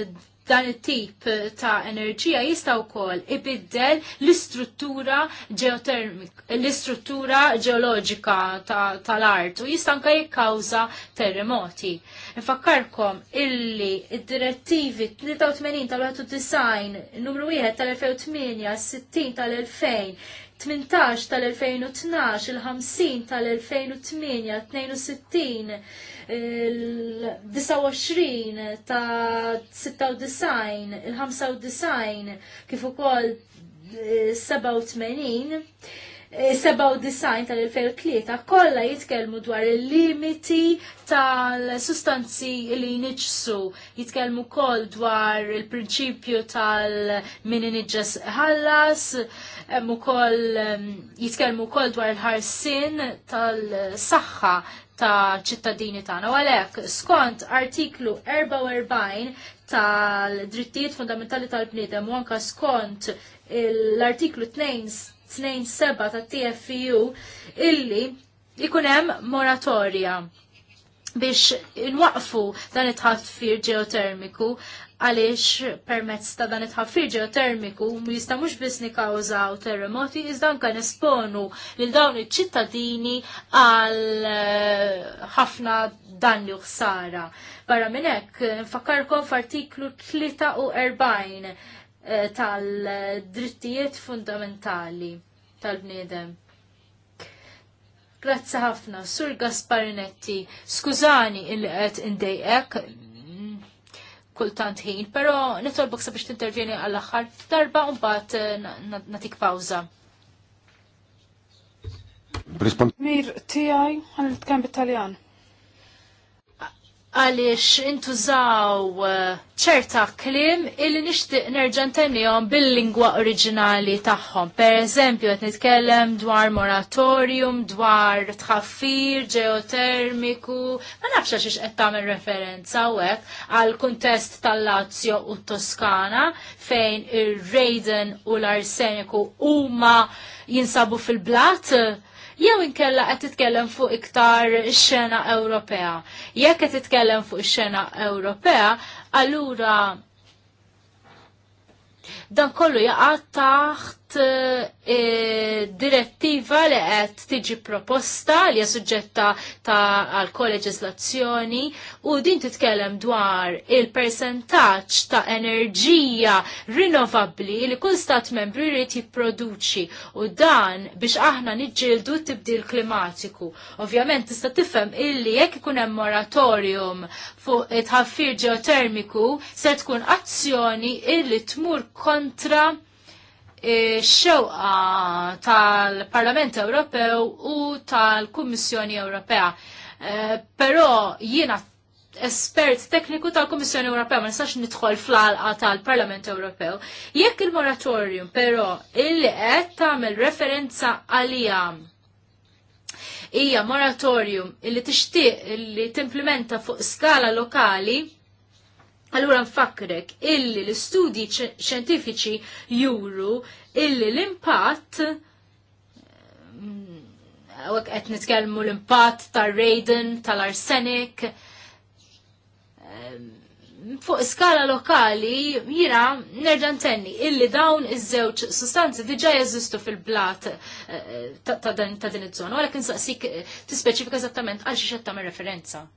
dan it-tip ta' enerġija jista' wkoll ibiddel l-istruttura ġeotermik, l-istruttura ġeoloġika tal-art ta u jista' anke jikkawża terremoti. Nfakkarkom illi id-direttivi 83 tal Design numru 1 tal-2008 60 tal-2000 18 tal-2012, il-50 tal-2008, 62, il-29 ta' 96, il-95, kif ukoll 87, eh, Eh, design tal-2003 kollha jitkellmu dwar il-limiti tal-sustanzi li jniċsu. Jitkellmu kol dwar il-prinċipju tal-min inġes ħallas, jitkellmu kol dwar il-ħarsin tal-saħħa ta' ċittadini tagħna. U għalhekk skont artiklu 44 tal-drittijiet fundamentali tal-bniedem u anka skont l-artiklu 2 seba' ta' TFU illi ikunem moratorja biex inwaqfu dan it-ħaffir ġeotermiku għaliex permezz ta' dan it-ħaffir ġeotermiku jista' mhux biss nikkawżaw terremoti iżda anke nesponu lil dawn iċ-ċittadini għal eh, ħafna danni u ħsara. Barra minn hekk nfakkarkom f'artiklu 43 Eh, tal-drittijiet fundamentali tal-bniedem. Grazzi ħafna, Sur Gasparinetti, skużani il qed indejqek mm, kultant ħin, pero nitolbok sabiex tintervjeni għall-aħħar darba u mbagħad eh, natik pawża. Mir tiegħi għal kemm bit-Taljan għaliex intużaw eh, ċerta klim illi nixtieq nerġa' ntemmihom bil-lingwa oriġinali tagħhom. Per eżempju qed nitkellem dwar moratorium, dwar tħaffir ġeotermiku, ma nafx għax qed tagħmel referenza hekk għal kuntest tal-Lazio u Toskana fejn ir-Rejden u l-Arseniku huma jinsabu fil-blat jew inkella qed titkellem fuq iktar xena Ewropea. Jekk qed titkellem fuq xena Ewropea, allura dan kollu jaqgħad taħt Eh, direttiva li qed tiġi proposta li hija suġġetta ta' għal koleġislazzjoni u din titkellem dwar il-persentaġġ ta' enerġija rinnovabbli li kull stat membri jrid jipproduċi u dan biex aħna niġġieldu tibdil klimatiku. Ovvjament tista' tifhem illi jekk ikun hemm moratorium fuq it-ħaffir ġeotermiku se tkun azzjoni illi tmur kontra xewqa tal-Parlament Ewropew u tal-Kummissjoni Ewropea. Eh, però jiena espert tekniku tal-Kummissjoni Ewropea ma nistax nidħol fl-alqa tal-Parlament Ewropew. Jekk il-moratorium però illi qed tagħmel referenza għalija hija moratorium illi tixtieq illi timplementa fuq skala lokali, Allura nfakkrek illi l-istudji xjentifiċi juru illi l-impatt eh, għek qed nitkellmu l-impatt tar-radon, tal-arsenik, eh, fuq skala lokali jira nerġa' tenni illi dawn iż-żewġ sustanzi diġa' jeżistu fil-blat eh, ta' din iż-żona, għalhekk insaqsik tispeċifika eżattament għal xi qed tagħmel referenza.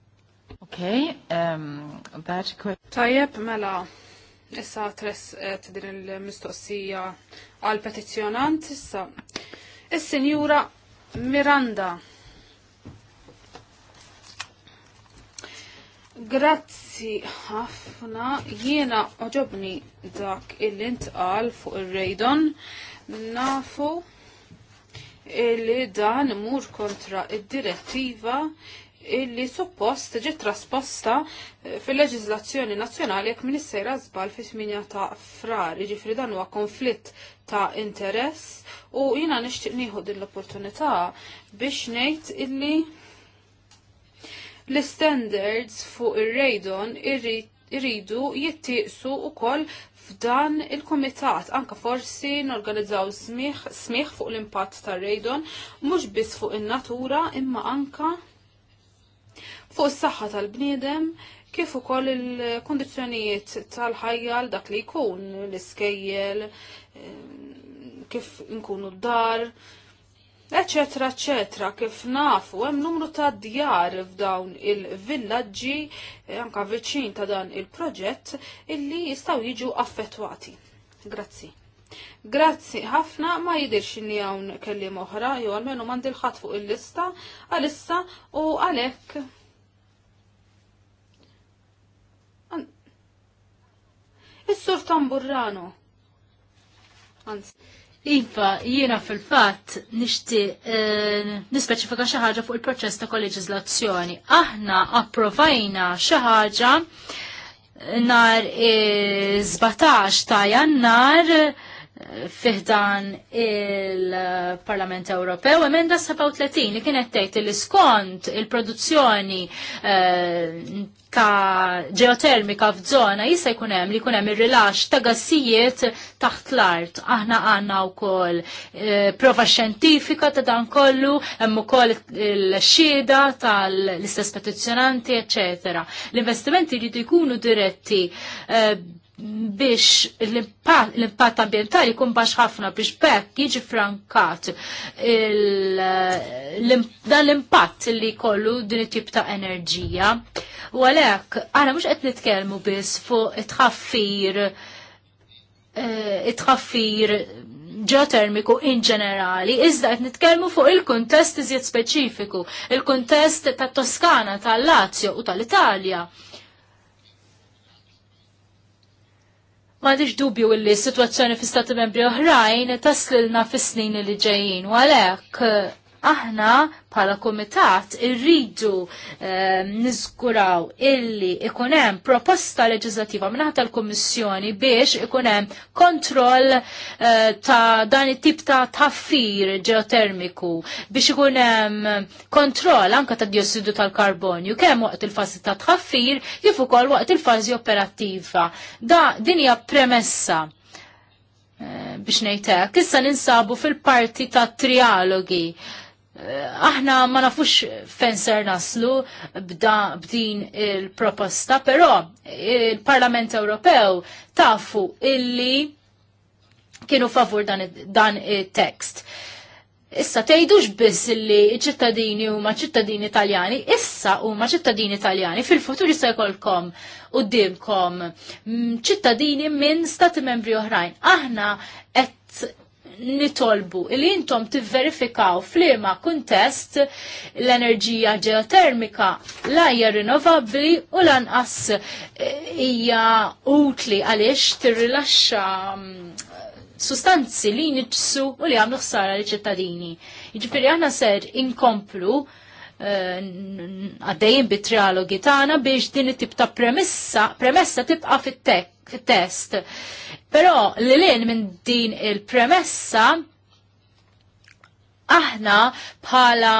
Okay, um, that could... Tajjeb, mela, issa tres eh, din il-mistoqsija għal petizjonant, issa. Is-senjura Miranda. Grazzi ħafna, jiena oġobni dak il-intqal fuq il-rejdon, nafu li dan mur kontra id-direttiva illi suppost ġiet trasposta eh, fil-leġizlazzjoni nazzjonali jekk min issejra żbal fit-8 ta' frar, jiġifieri dan huwa konflitt ta' interess u jiena nixtieq nieħu din l-opportunità biex ngħid illi l-standards fuq ir-rejdon irridu jittieqsu wkoll f'dan il kumitat anka forsi norganizzaw smiħ fuq l-impatt tar-rejdon mhux biss fuq in-natura imma anka fuq s saħħa tal-bniedem kif ukoll il kondizjonijiet tal-ħajja għal dak li jkun l-iskejjel, eh, kif nkunu d-dar, eċetera, eccetera, kif nafu, hemm numru ta' djar f'dawn il-villaġġi eh, anka viċin ta' dan il-proġett illi jistgħu jiġu affettwati. Grazzi. Grazzi, ħafna ma jidirx inni hawn kelli oħra, jew għalmenu l ħadd fuq il-lista għalissa u għalhekk Is-sur tamburrano. Anzi. Iva, jiena fil-fat nishti eh, nispeċifika xi ħaġa fuq il-proċess ta' kolleġiżlazzjoni. Aħna approvajna xi ħaġa nar 17 ta' jannar fiħdan il-Parlament Ewropew emenda 37 li kienet tgħid li skont il-produzzjoni eh, ta' ġeotermika f'żona jista' jkun hemm li jkun hemm ir-rilax ta' gassijiet taħt l-art. Aħna għandna wkoll eh, prova xjentifika ta' dan kollu, hemm ukoll il-xhieda tal-istess petizzjonanti, eċetera. L-investimenti jridu jkunu diretti eh, biex l-impatt ambientali kun bax ħafna biex bekk jiġi frankat dan l-impatt li kollu din it-tip ta' enerġija. U għalek, għana mux qed nitkellmu biss fuq it-ħaffir eh, it-ħaffir ġeotermiku in ġenerali, iżda qed nitkellmu fuq il-kuntest iżjed speċifiku, il-kuntest tat Toskana, tal-Lazio u tal-Italja. tal lazio u tal italja M'għandix dubju illi s-sitwazzjoni fi stati membri oħrajn taslilna fis-snin li ġejjin u għalhekk aħna bħala komitat irridu eh, niżguraw illi ikun hemm proposta leġislativa minnaħa tal-Kummissjoni biex ikun hemm kontroll eh, ta' dan it-tip ta' taffir ġeotermiku biex ikun hemm kontroll anke ta' diossidu tal-karbonju kemm waqt il-fażi ta' tħaffir kif ukoll waqt il-fażi operattiva. Da din hija premessa eh, biex nejtek, issa ninsabu fil-parti ta' trialogi aħna ma nafux fejn ser naslu bda b'din il-proposta, però il-Parlament Ewropew tafu illi kienu favur dan il-tekst. Issa tejdux biss li ċittadini huma ċittadini Italjani, issa huma ċittadini Italjani, fil-futur jista' jkollkom qudiemkom mm, ċittadini minn stati membri oħrajn. Aħna qed nitolbu li intom tivverifikaw flima kuntest l-enerġija ġeotermika lajja rinnovabli u lanqas eh, hija utli għaliex tirrilaxxa mm, sustanzi li nitsu u li għamlu ħsara li ċittadini. Ġifiri aħna ser inkomplu Eh, għaddejjin bi trialogi tagħna biex din it-tip ta' premessa, premessa tibqa' fit-test. Però li lin minn din il-premessa aħna bħala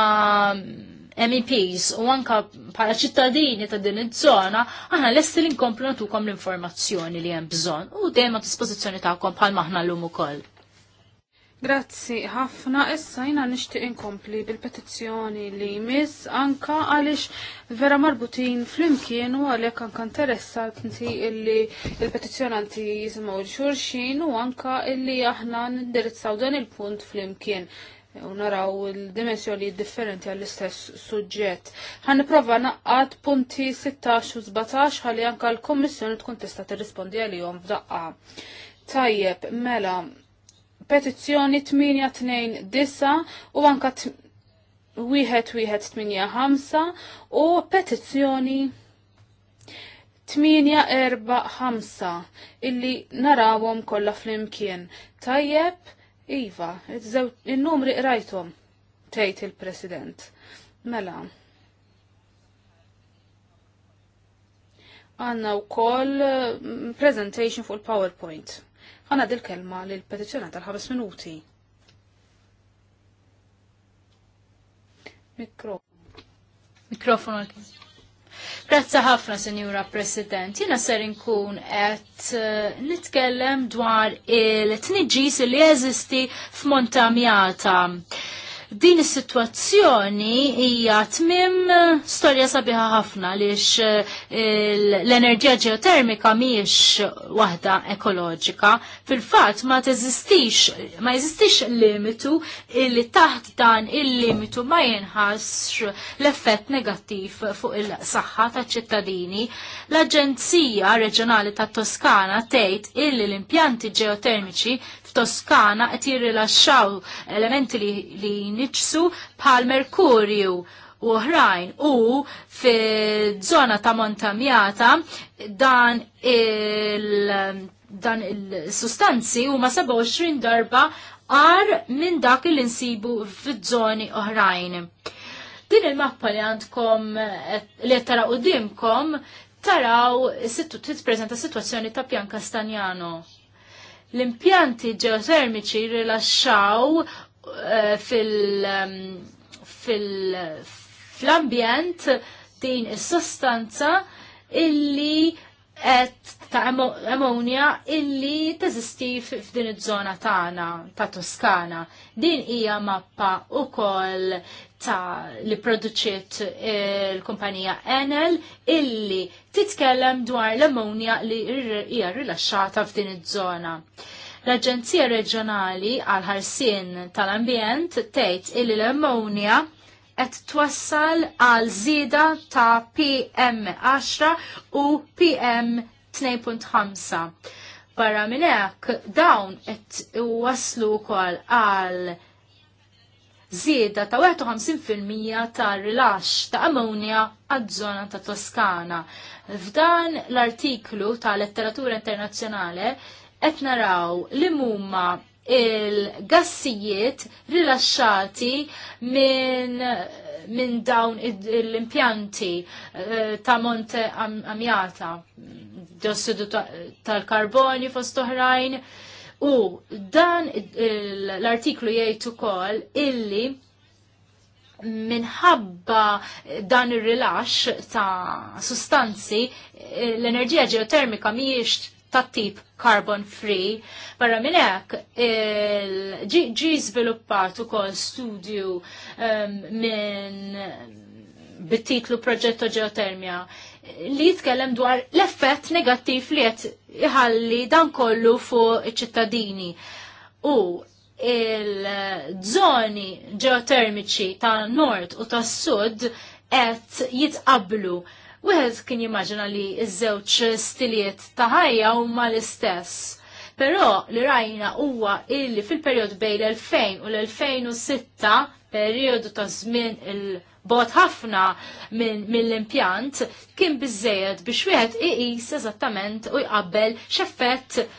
MEPs mm, u anka bħala ċittadini ta' din iż-żona, aħna lesti li nkomplu natukom l-informazzjoni li hemm bżonn u dejjem dispożizzjoni tagħkom bħal maħna llum ukoll. Grazzi ħafna, issa jina nishtiq inkompli bil-petizzjoni li miss anka għalix vera marbutin fl-imkien u għalek anka interessanti illi il-petizzjonanti jisimaw xurxin u anka illi aħna nindirizzaw dan il-punt fl-imkien u naraw il-dimensjoni differenti għall-istess suġġett. Ħan niprofa naqqat punti 16 u 17 ħalli anka l-Kommissjoni tkun tista' tirrispondi għalihom f'daqqa. Tajjeb, mela, petizzjoni 829 u anka 1185 u petizzjoni 845 illi narawhom kollha flimkien. Tajjeb, iva, in numri qrajthom tgħid il-President. Mela. Għanna u koll mm, presentation fuq il-PowerPoint. Għana dil-kelma l-petizjoni tal-ħabes minuti. Mikro. Mikrofonu. Grazzi ħafna, Senjura President. Jina ser inkun qed eh, nitkellem dwar il-tniġis li jeżisti f'Montamjata. Din is-sitwazzjoni hija tmim eh, storja sabiħa ħafna lix eh, l-enerġija ġeotermika mhijiex waħda ekoloġika. Fil-fatt ma teżistix ma jeżistix limitu illi taħt dan il-limitu ma jinħass l-effett negattiv fuq il-saħħa taċ-ċittadini. L-Aġenzija Reġjonali tat-Toskana tgħid illi l-impjanti ġeotermiċi f'Toskana qed jirrilaxxaw elementi li, li niċsu bħal merkurju u oħrajn u fi-żona ta' Montamjata dan il- dan il-sustanzi huma 27 darba għar minn dak il insibu fid-żoni oħrajn. Din il-mappa li għandkom li tara qudiemkom taraw t-prezenta situazzjoni ta' pjan Kastanjano. L-impjanti ġeotermiċi rilaxxaw Eh, fil- ehm, ambjent din is-sostanza illi qed ta' ammonia illi teżisti f'din iż-żona tagħna ta' Toskana. Din hija mappa wkoll ta' li produċiet eh, l-kumpanija Enel illi titkellem dwar l ammonia li hija rilaxxata f'din iż-żona. L-Aġenzija Reġjonali għal ħarsien tal-Ambjent tgħid illi l-ammonja qed twassal għal żieda ta' PM10 u PM2.5. Barra minn hekk dawn qed waslu wkoll għal zieda ta' 51% ta' rilax ta' ammonja għad-żona ta' Toskana. F'dan l-artiklu ta' letteratura internazzjonale etnaraw naraw li huma il-gassijiet rilaxxati minn min dawn l-impjanti eh, ta' Monte Amjata, diossidu tal karboni fost oħrajn. U dan l-artiklu jgħid ukoll illi minħabba dan ir-rilax ta' sustanzi eh, l-enerġija ġeotermika mhijiex ta' tip carbon free. Barra minn hekk ġi żviluppat ukoll studju um, minn bit-titlu Proġetto ġeotermia li jitkellem dwar l-effett negattiv li qed iħalli dan kollu fuq iċ-ċittadini. U il-żoni ġeotermiċi ta' nord u ta' sud qed jitqablu Wieħed kien jimmaġina li ż-żewġ stiliet ta' ħajja huma l-istess. Però li rajna huwa illi fil-perjodu bejn l-2000 u l-2006, perjodu ta' żmien il-bot ħafna mill-impjant, kien biżżejjed biex wieħed iqis eżattament u jqabbel x'effett eh,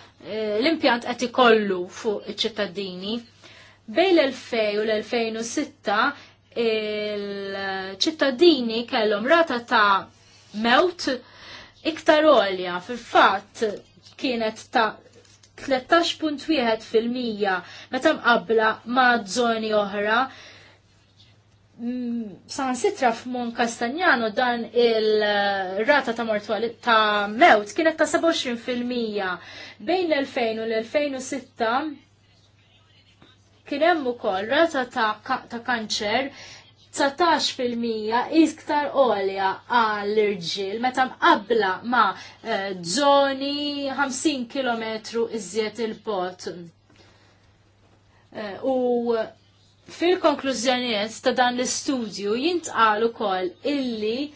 l-impjant qed ikollu fuq iċ-ċittadini. Bej l-2000 u l-2006 il-ċittadini kellhom rata ta' mewt iktar olja fil-fatt kienet ta' 13.1 fil-mija meta mqabla ma' żoni oħra. Mm, San sitra f'Mon Kastanjano dan il-rata ta' mortuali ta' mewt kienet ta' 27 fil-mija bejn l-2000 u l-2006 kien hemm ukoll rata ta', ta kanċer 19% iktar olja għall-irġil meta mqabla ma eh, zoni 50 km iżjed il-pot. Eh, u fil-konklużjonijiet ta' dan l-istudju jintqal ukoll illi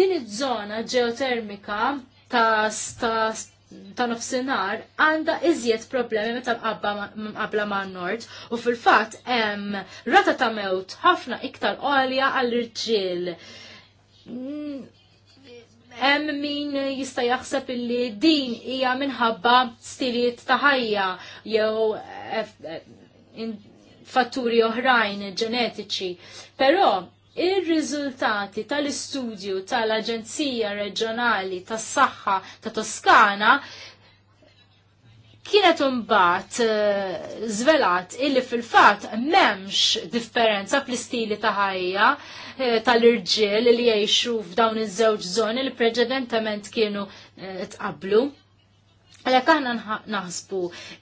din iż-żona ġeotermika ta' ta' nofsinhar għandha iżjed problemi meta qabla ma' nord u fil-fatt hemm rata ta' mewt ħafna iktar għolja għall-irġiel. Hemm min jista' jaħseb illi din hija minħabba stiliet ta' ħajja jew eh, eh, fatturi oħrajn ġenetiċi. Però Ir-riżultati tal-istudju tal-Aġenzija Reġjonali tas-Saħħa ta' Toskana kienet imbagħad żvelat eh, illi fil-fatt m'hemmx differenza fl-istili ta' ħajja eh, tal-irġiel li jgħixu f'dawn iż-żewġ żoni li preċedentement kienu eh, tqablu. Għalhekk aħna naħsbu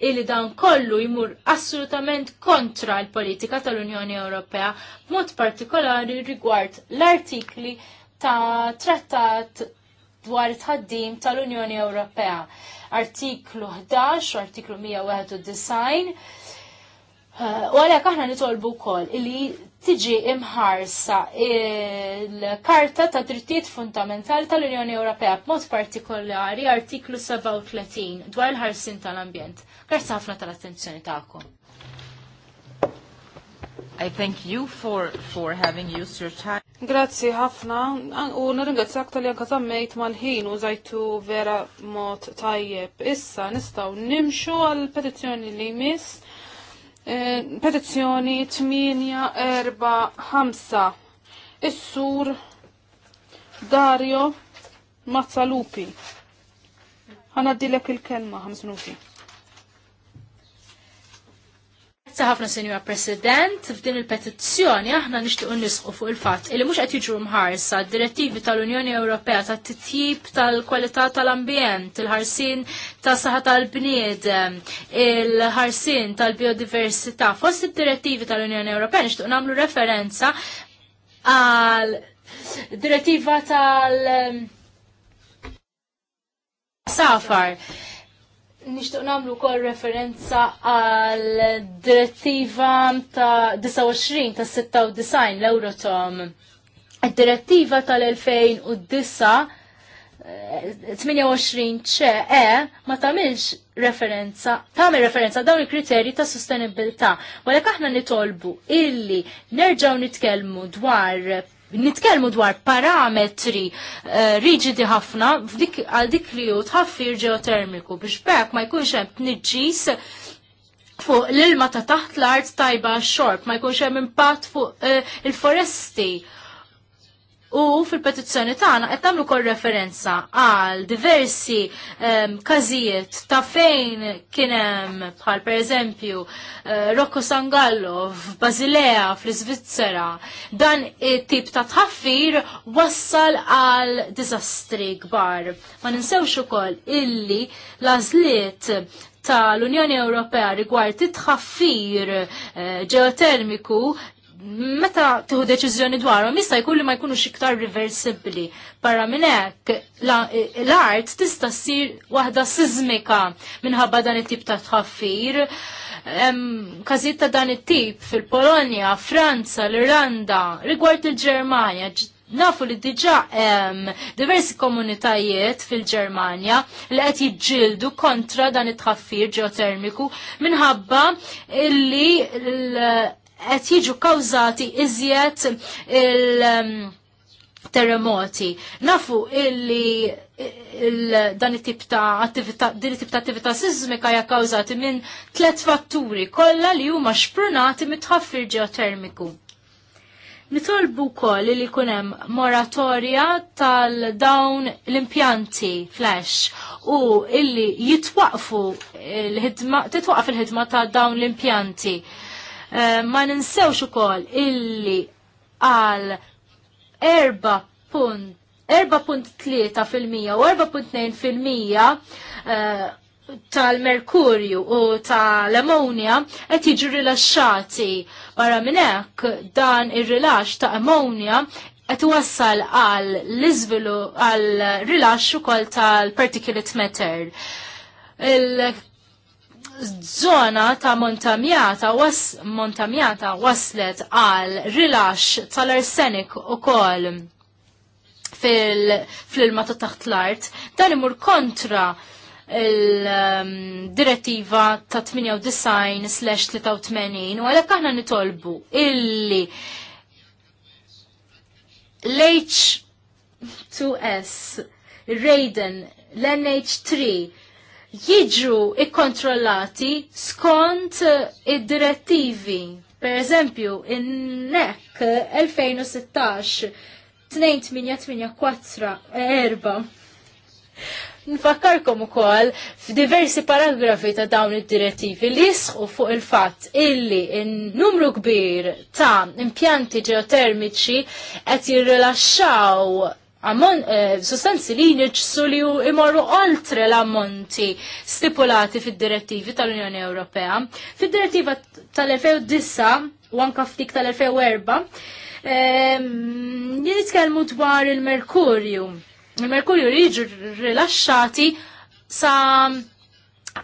illi dan kollu jmur assolutament kontra l-politika tal-Unjoni Ewropea, mod partikolari rigward l-artikli ta' trattat dwar tħaddim tal-Unjoni Ewropea. Artiklu 11, artiklu 191, uh, u għalek aħna nitolbu kol illi tiġi imħarsa il-Karta ta' Drittijiet Fundamentali tal-Unjoni Ewropea b'mod partikolari artiklu 37 dwar il-ħarsin tal-ambjent. Grazzi ħafna tal-attenzjoni tagħkom. I thank you for, for having used your time. Grazzi ħafna u aktar li anka tammejt mal-ħin u żajtu vera mod tajjeb. Issa nistgħu nimxu għal petizzjoni li jmiss Eh, petizzjoni 845. Is-sur Dario Mazzalupi. Ħanaddilek il-kelma 5 minuti. Grazzi ħafna Senjora President, f'din il-petizzjoni aħna nixtiequ nisqu fuq il-fatt li mhux qed jiġu mħarsa direttivi tal-Unjoni Ewropea tat-titjib tal-kwalità tal-ambjent, il-ħarsin ta' saħħa tal-bniedem, il-ħarsin tal-biodiversità. Fost id-direttivi tal-Unjoni Ewropea nixtiequ nagħmlu referenza għal direttiva tal- um, Safar nixtieq nagħmlu wkoll referenza għal direttiva ta' 29 ta' 96 l-Eurotom. Id-direttiva tal-2009 28 eh, ċe e ma tamilx referenza, tagħmel referenza dawn il-kriterji ta' sostenibilità. Walek aħna nitolbu illi nerġgħu nitkellmu dwar nitkellmu dwar parametri uh, eh, riġidi ħafna għal dik li hu tħaffir ġeotermiku biex bekk ma jkunx hemm tniġġis fuq l-ilma ta' taħt l-art tajba xorb, ma jkunx hemm impatt fuq uh, il-foresti U fil-petizzjoni tagħna qed tagħmlu kol referenza għal diversi um, każijiet ta' fejn kien hemm bħal pereżempju uh, Rocco Sangallo f'Basilea fl-Iżvizzera. Dan it-tip ta' tħaffir wassal għal diżastri kbar. Ma ninsewx ukoll illi l-għażliet tal-Unjoni Ewropea rigward it-tħaffir eh, ġeotermiku meta tieħu deċiżjoni dwarhom jista' jkun li ma jkunux iktar reversibbli. Barra minn hekk l-art tista' ssir waħda siżmika minħabba dan it-tip ta' tħaffir. Każijiet ta' dan it-tip fil-Polonja, Franza, l-Irlanda, rigward il-Ġermanja, nafu li diġa hemm diversi komunitajiet fil ġermanja li qed jiġġieldu kontra dan it-tħaffir ġeotermiku minħabba illi qed jiġu kawżati iżjed il-terremoti. Um, Nafu illi dan it-tip ta' attività din it-tip ta' attività sismika hija kawżati minn tliet fatturi kollha li huma xprunati mit-tħaffir ġeotermiku. Nitolbu wkoll li jkun hemm moratorja tal-dawn l-impjanti flash u illi jitwaqfu l-ħidma titwaqaf il-ħidma ta' dawn l-impjanti. Eh, ma ninsewx ukoll illi għal 4.3 fil-mija u 4.2 fil-mija eh, tal-merkurju u tal-ammonia qed jiġu rilaxxati. Barra minn hekk dan ir-rilax ta' ammonia qed wassal għal l-iżvilu għal rilaxx ukoll tal-particulate matter zona ta' montamjata, was, montamjata waslet għal rilax tal-arsenik u kol fil-ilma ta' taħt l-art, dan imur kontra il-direttiva um, ta' 98-83 u għalek aħna nitolbu illi l-H2S, Raiden, l-NH3, jiġu ikkontrollati skont eh, id-direttivi. Per eżempju, in-NEC 2016 2884 Nfakkarkom ukoll f'diversi paragrafi ta' dawn id-direttivi li jisħu fuq il-fatt illi n numru kbir ta' impjanti ġeotermiċi qed jirrilaxxaw ammon, eh, sostanzi li nirċsu li u imorru oltre l-ammonti stipulati fil-direttivi tal-Unjoni Ewropea. Fil-direttiva tal-2009 u anka ftik tal-2004 eh, nitkellmu dwar il-Merkurju. Il-Merkurju li jiġu rilaxxati sa'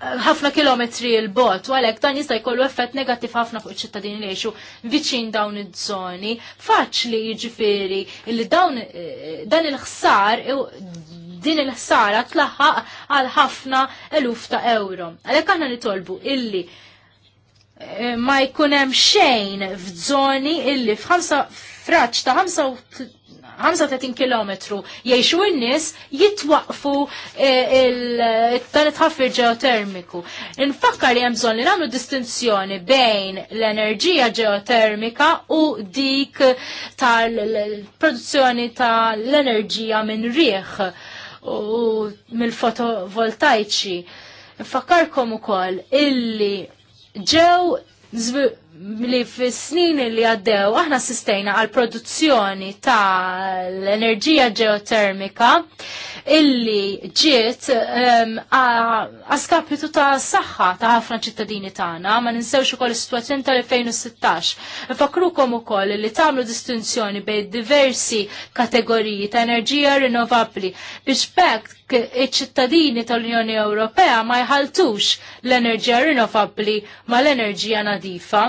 ħafna kilometri l-bot, u għalek dan jista' jkollu effett negattiv ħafna fuq ċittadini li jgħixu viċin dawn iż-żoni, faċli jiġifieri li dawn eh, dan il-ħsar eh, din il-ħsara tlaħħaq għal ħafna eluf ta' euro. Għalhekk aħna nitolbu illi eh, ma jkun hemm xejn f'żoni illi f'ħamsa fraċ ta' 35 km jiexu n-nis jitwaqfu eh, il it-ħaffir ġeotermiku. Infakkar li hemm bżonn li nagħmlu distinzjoni bejn l-enerġija ġeotermika u dik tal-produzzjoni tal-enerġija minn rieħ u mill-fotovoltaiċi. Nfakkarkom ukoll illi ġew li fis-snin li għaddew aħna sistejna għal produzzjoni tal-enerġija ġeotermika illi ġiet għaskapitu ta' saħħa ta' ħafna ċittadini tagħna, ma ninsewx ukoll is-sitwazzjoni tal-2016. Fakrukom ukoll li tagħmlu distinzjoni bejn diversi kategoriji ta' enerġija rinnovabbli biex bekk iċ-ċittadini tal-Unjoni Ewropea ma jħaltux l-enerġija rinnovabbli mal-enerġija nadifa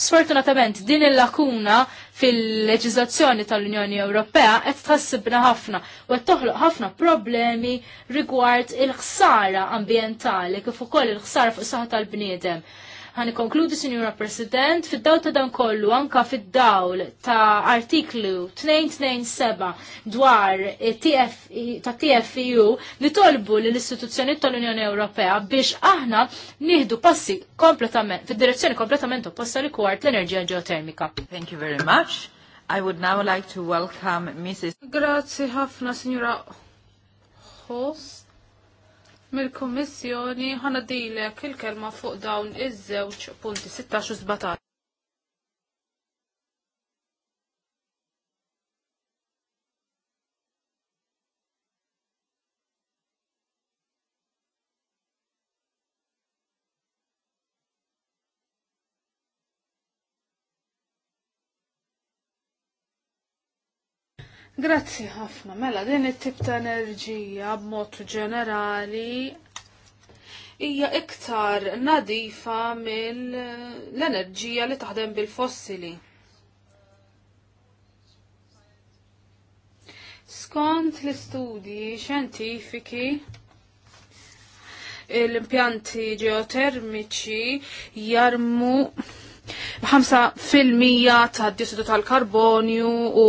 Sfortunatament din il-lakuna fil-leġizazzjoni tal-Unjoni Ewropea qed tħassibna ħafna u qed toħloq ħafna problemi rigward il-ħsara ambjentali kif ukoll il-ħsara fuq saħħa tal-bniedem. Ħan konkludi, Signora President, fid-daw ta' dan kollu, anka fid-dawl ta' artiklu 227 dwar e, ta' TFU e li tolbu l istituzzjoni tal-Unjoni Ewropea biex aħna nieħdu passi kompletament, fid-direzzjoni kompletament opposta li kwart l-enerġija ġeotermika. Thank you very much. I would now like to welcome Mrs. Grazie ħafna, Signora Host mill-Kummissjoni ħana dilek il-kelma fuq dawn iż-żewġ punti 16 u 17. Grazzi ħafna, mela din it-tip ta' enerġija b'mod ġenerali hija iktar nadifa mill-enerġija li taħdem bil-fossili. Skont l-istudji xjentifiki l-impjanti ġeotermiċi jarmu 5% ta' dissidu tal-karbonju u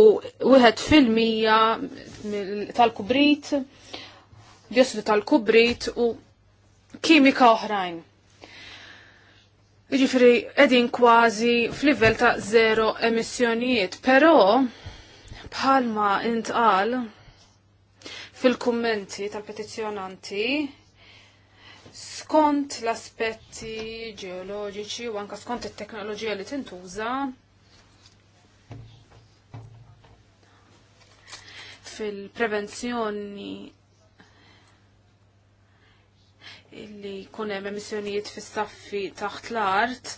wieħed fil-mija tal-kubrit, dissidu tal-kubrit u kimika oħrajn. Iġifiri, edin kważi f'livell ta' zero emissjonijiet, pero bħalma intqal fil-kummenti tal-petizjonanti skont l-aspetti ġeoloġiċi u anka skont it-teknoloġija li tintuża fil-prevenzjoni illi kunem emissjonijiet fis-saffi taħt l-art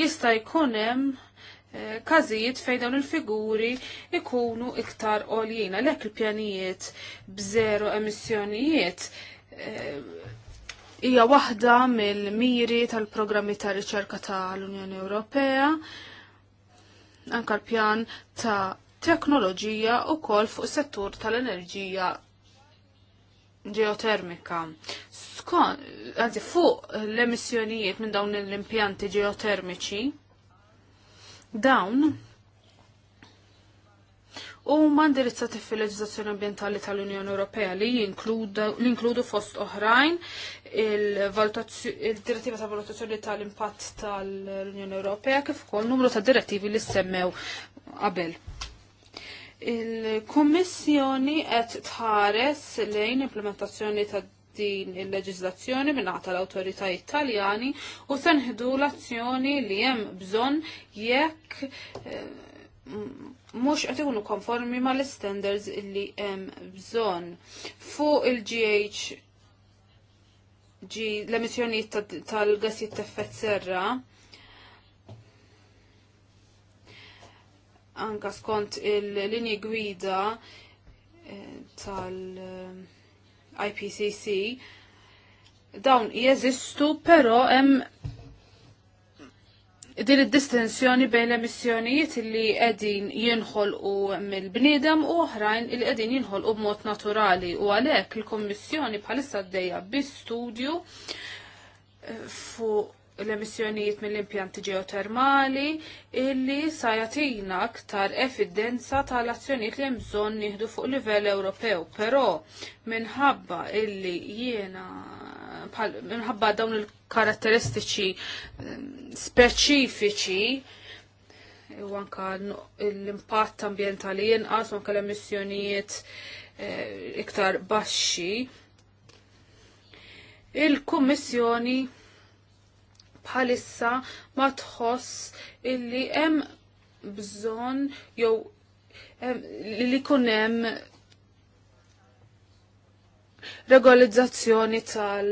jista' jkunem eh, kazijiet fej dawn il-figuri ikunu iktar oljina. Lek il-pjanijiet b'zero emissjonijiet eh, hija waħda mill-miri tal-programmi ta' riċerka tal-Unjoni Ewropea, anka l-pjan ta' teknoloġija u kol fuq settur tal-enerġija ġeotermika. Skon, għanzi, fuq l-emissjonijiet minn dawn l-impjanti ġeotermiċi, dawn u mandirizzati fil-leġizzazzjoni ambientali tal-Unjoni Ewropea li jinkludu fost oħrajn il-direttiva ta' valutazzjoni tal-impatt tal-Unjoni Ewropea kif ukoll numru ta' direttivi li semmew qabel. Il-Kummissjoni qed tħares lejn implementazzjoni ta' din il-leġizlazzjoni minnata l autorità Italjani u tenħidu l-azzjoni li hemm bżonn jekk eh, mhux qed ikunu konformi mal-standards illi hemm bżonn. Fuq il-GH l-emissjonijiet tal-gassijiet ta' effett serra anka skont il-linji gwida eh, tal-IPCC dawn jeżistu però hemm din id-distinzjoni bejn l-emissjonijiet li qegħdin jinħolqu mill-bniedem u oħrajn li qegħdin jinħolqu b'mod naturali u għalhekk il-Kummissjoni bħalissa għaddejja bi-studju eh, fuq l-emissjonijiet mill-impjanti ġeotermali illi sa jagħtina aktar evidenza tal-azzjonijiet li hemm bżonn nieħdu fuq livell Ewropew, però minħabba illi jiena minħabba dawn il-karatteristiċi ehm, speċifiċi u anka l-impatt ambientali jenqas, u anka l-emissjonijiet eh, iktar baxxi. Il-Kummissjoni bħalissa ma tħoss illi hemm bżonn jew li kunem hemm regolizzazzjoni tal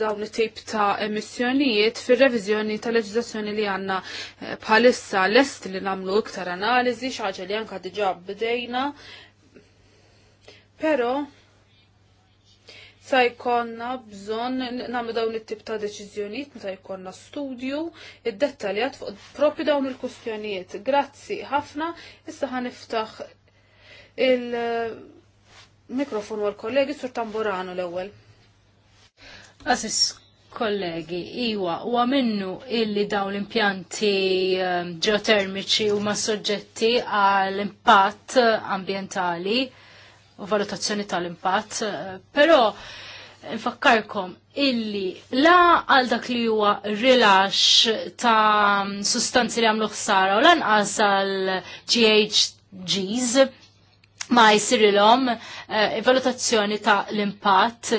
dawn it-tip ta' emissjonijiet fir-reviżjoni tal-leġizzazzjoni li għandna eh, bħalissa lest li nagħmlu iktar analiżi xaġa li anke diġà bdejna. Però sa jkollna bżonn nagħmlu dawn it-tip ta' deċiżjonijiet meta jkollna studju id-dettaljat fuq propri dawn il-kustjonijiet. Grazzi ħafna, issa ħaniftaħ il- mikrofonu għal-kollegi sur tamburano l-ewel. Asis kollegi, iwa, u għamennu illi dawn l-impjanti ehm, ġeotermiċi u ma soġġetti għal-impatt ambientali u valutazzjoni tal-impatt, eh, pero infakkarkom illi la għal dak li huwa rilax ta' sustanzi li għamlu ħsara u lanqas għal GHGs ma jisirilhom eh, valutazzjoni ta' l-impatt.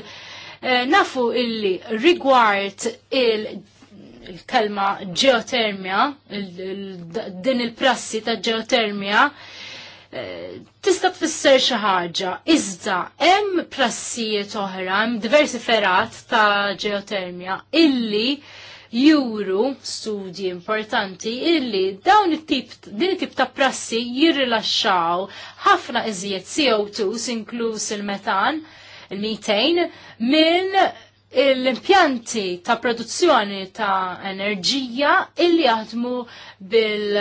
Eh, nafu illi rigward il- il-kelma ġeotermja, din il-prassi ta' geotermia, eh, tista' tfisser xi ħaġa. Iżda hemm prassijiet oħra, hemm diversi ferat ta' geotermia illi juru studji importanti illi dawn it-tip din it-tip ta' prassi jirrilaxxaw ħafna iżjed CO2 inkluż il-metan il-mitejn minn l-impjanti ta' produzzjoni ta' enerġija illi jaħdmu bil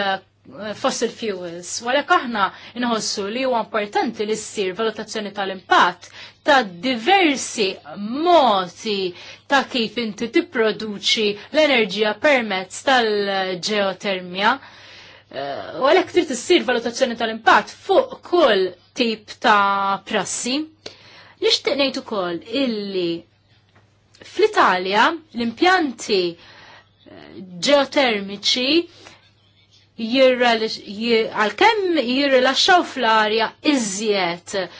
fossil fuels. Walek aħna inħossu li huwa importanti li ssir valutazzjoni tal-impatt ta' diversi modi ta' kif inti tipproduċi l-enerġija permezz tal-ġeotermja. Eh, u għalhekk trid issir valutazzjoni tal-impatt fuq kull tip ta' prassi. Nixtieq ngħid ukoll illi fl-Italja l-impjanti eh, ġeotermiċi għal-kem jirrilaxxaw fl-arja iżjed eh,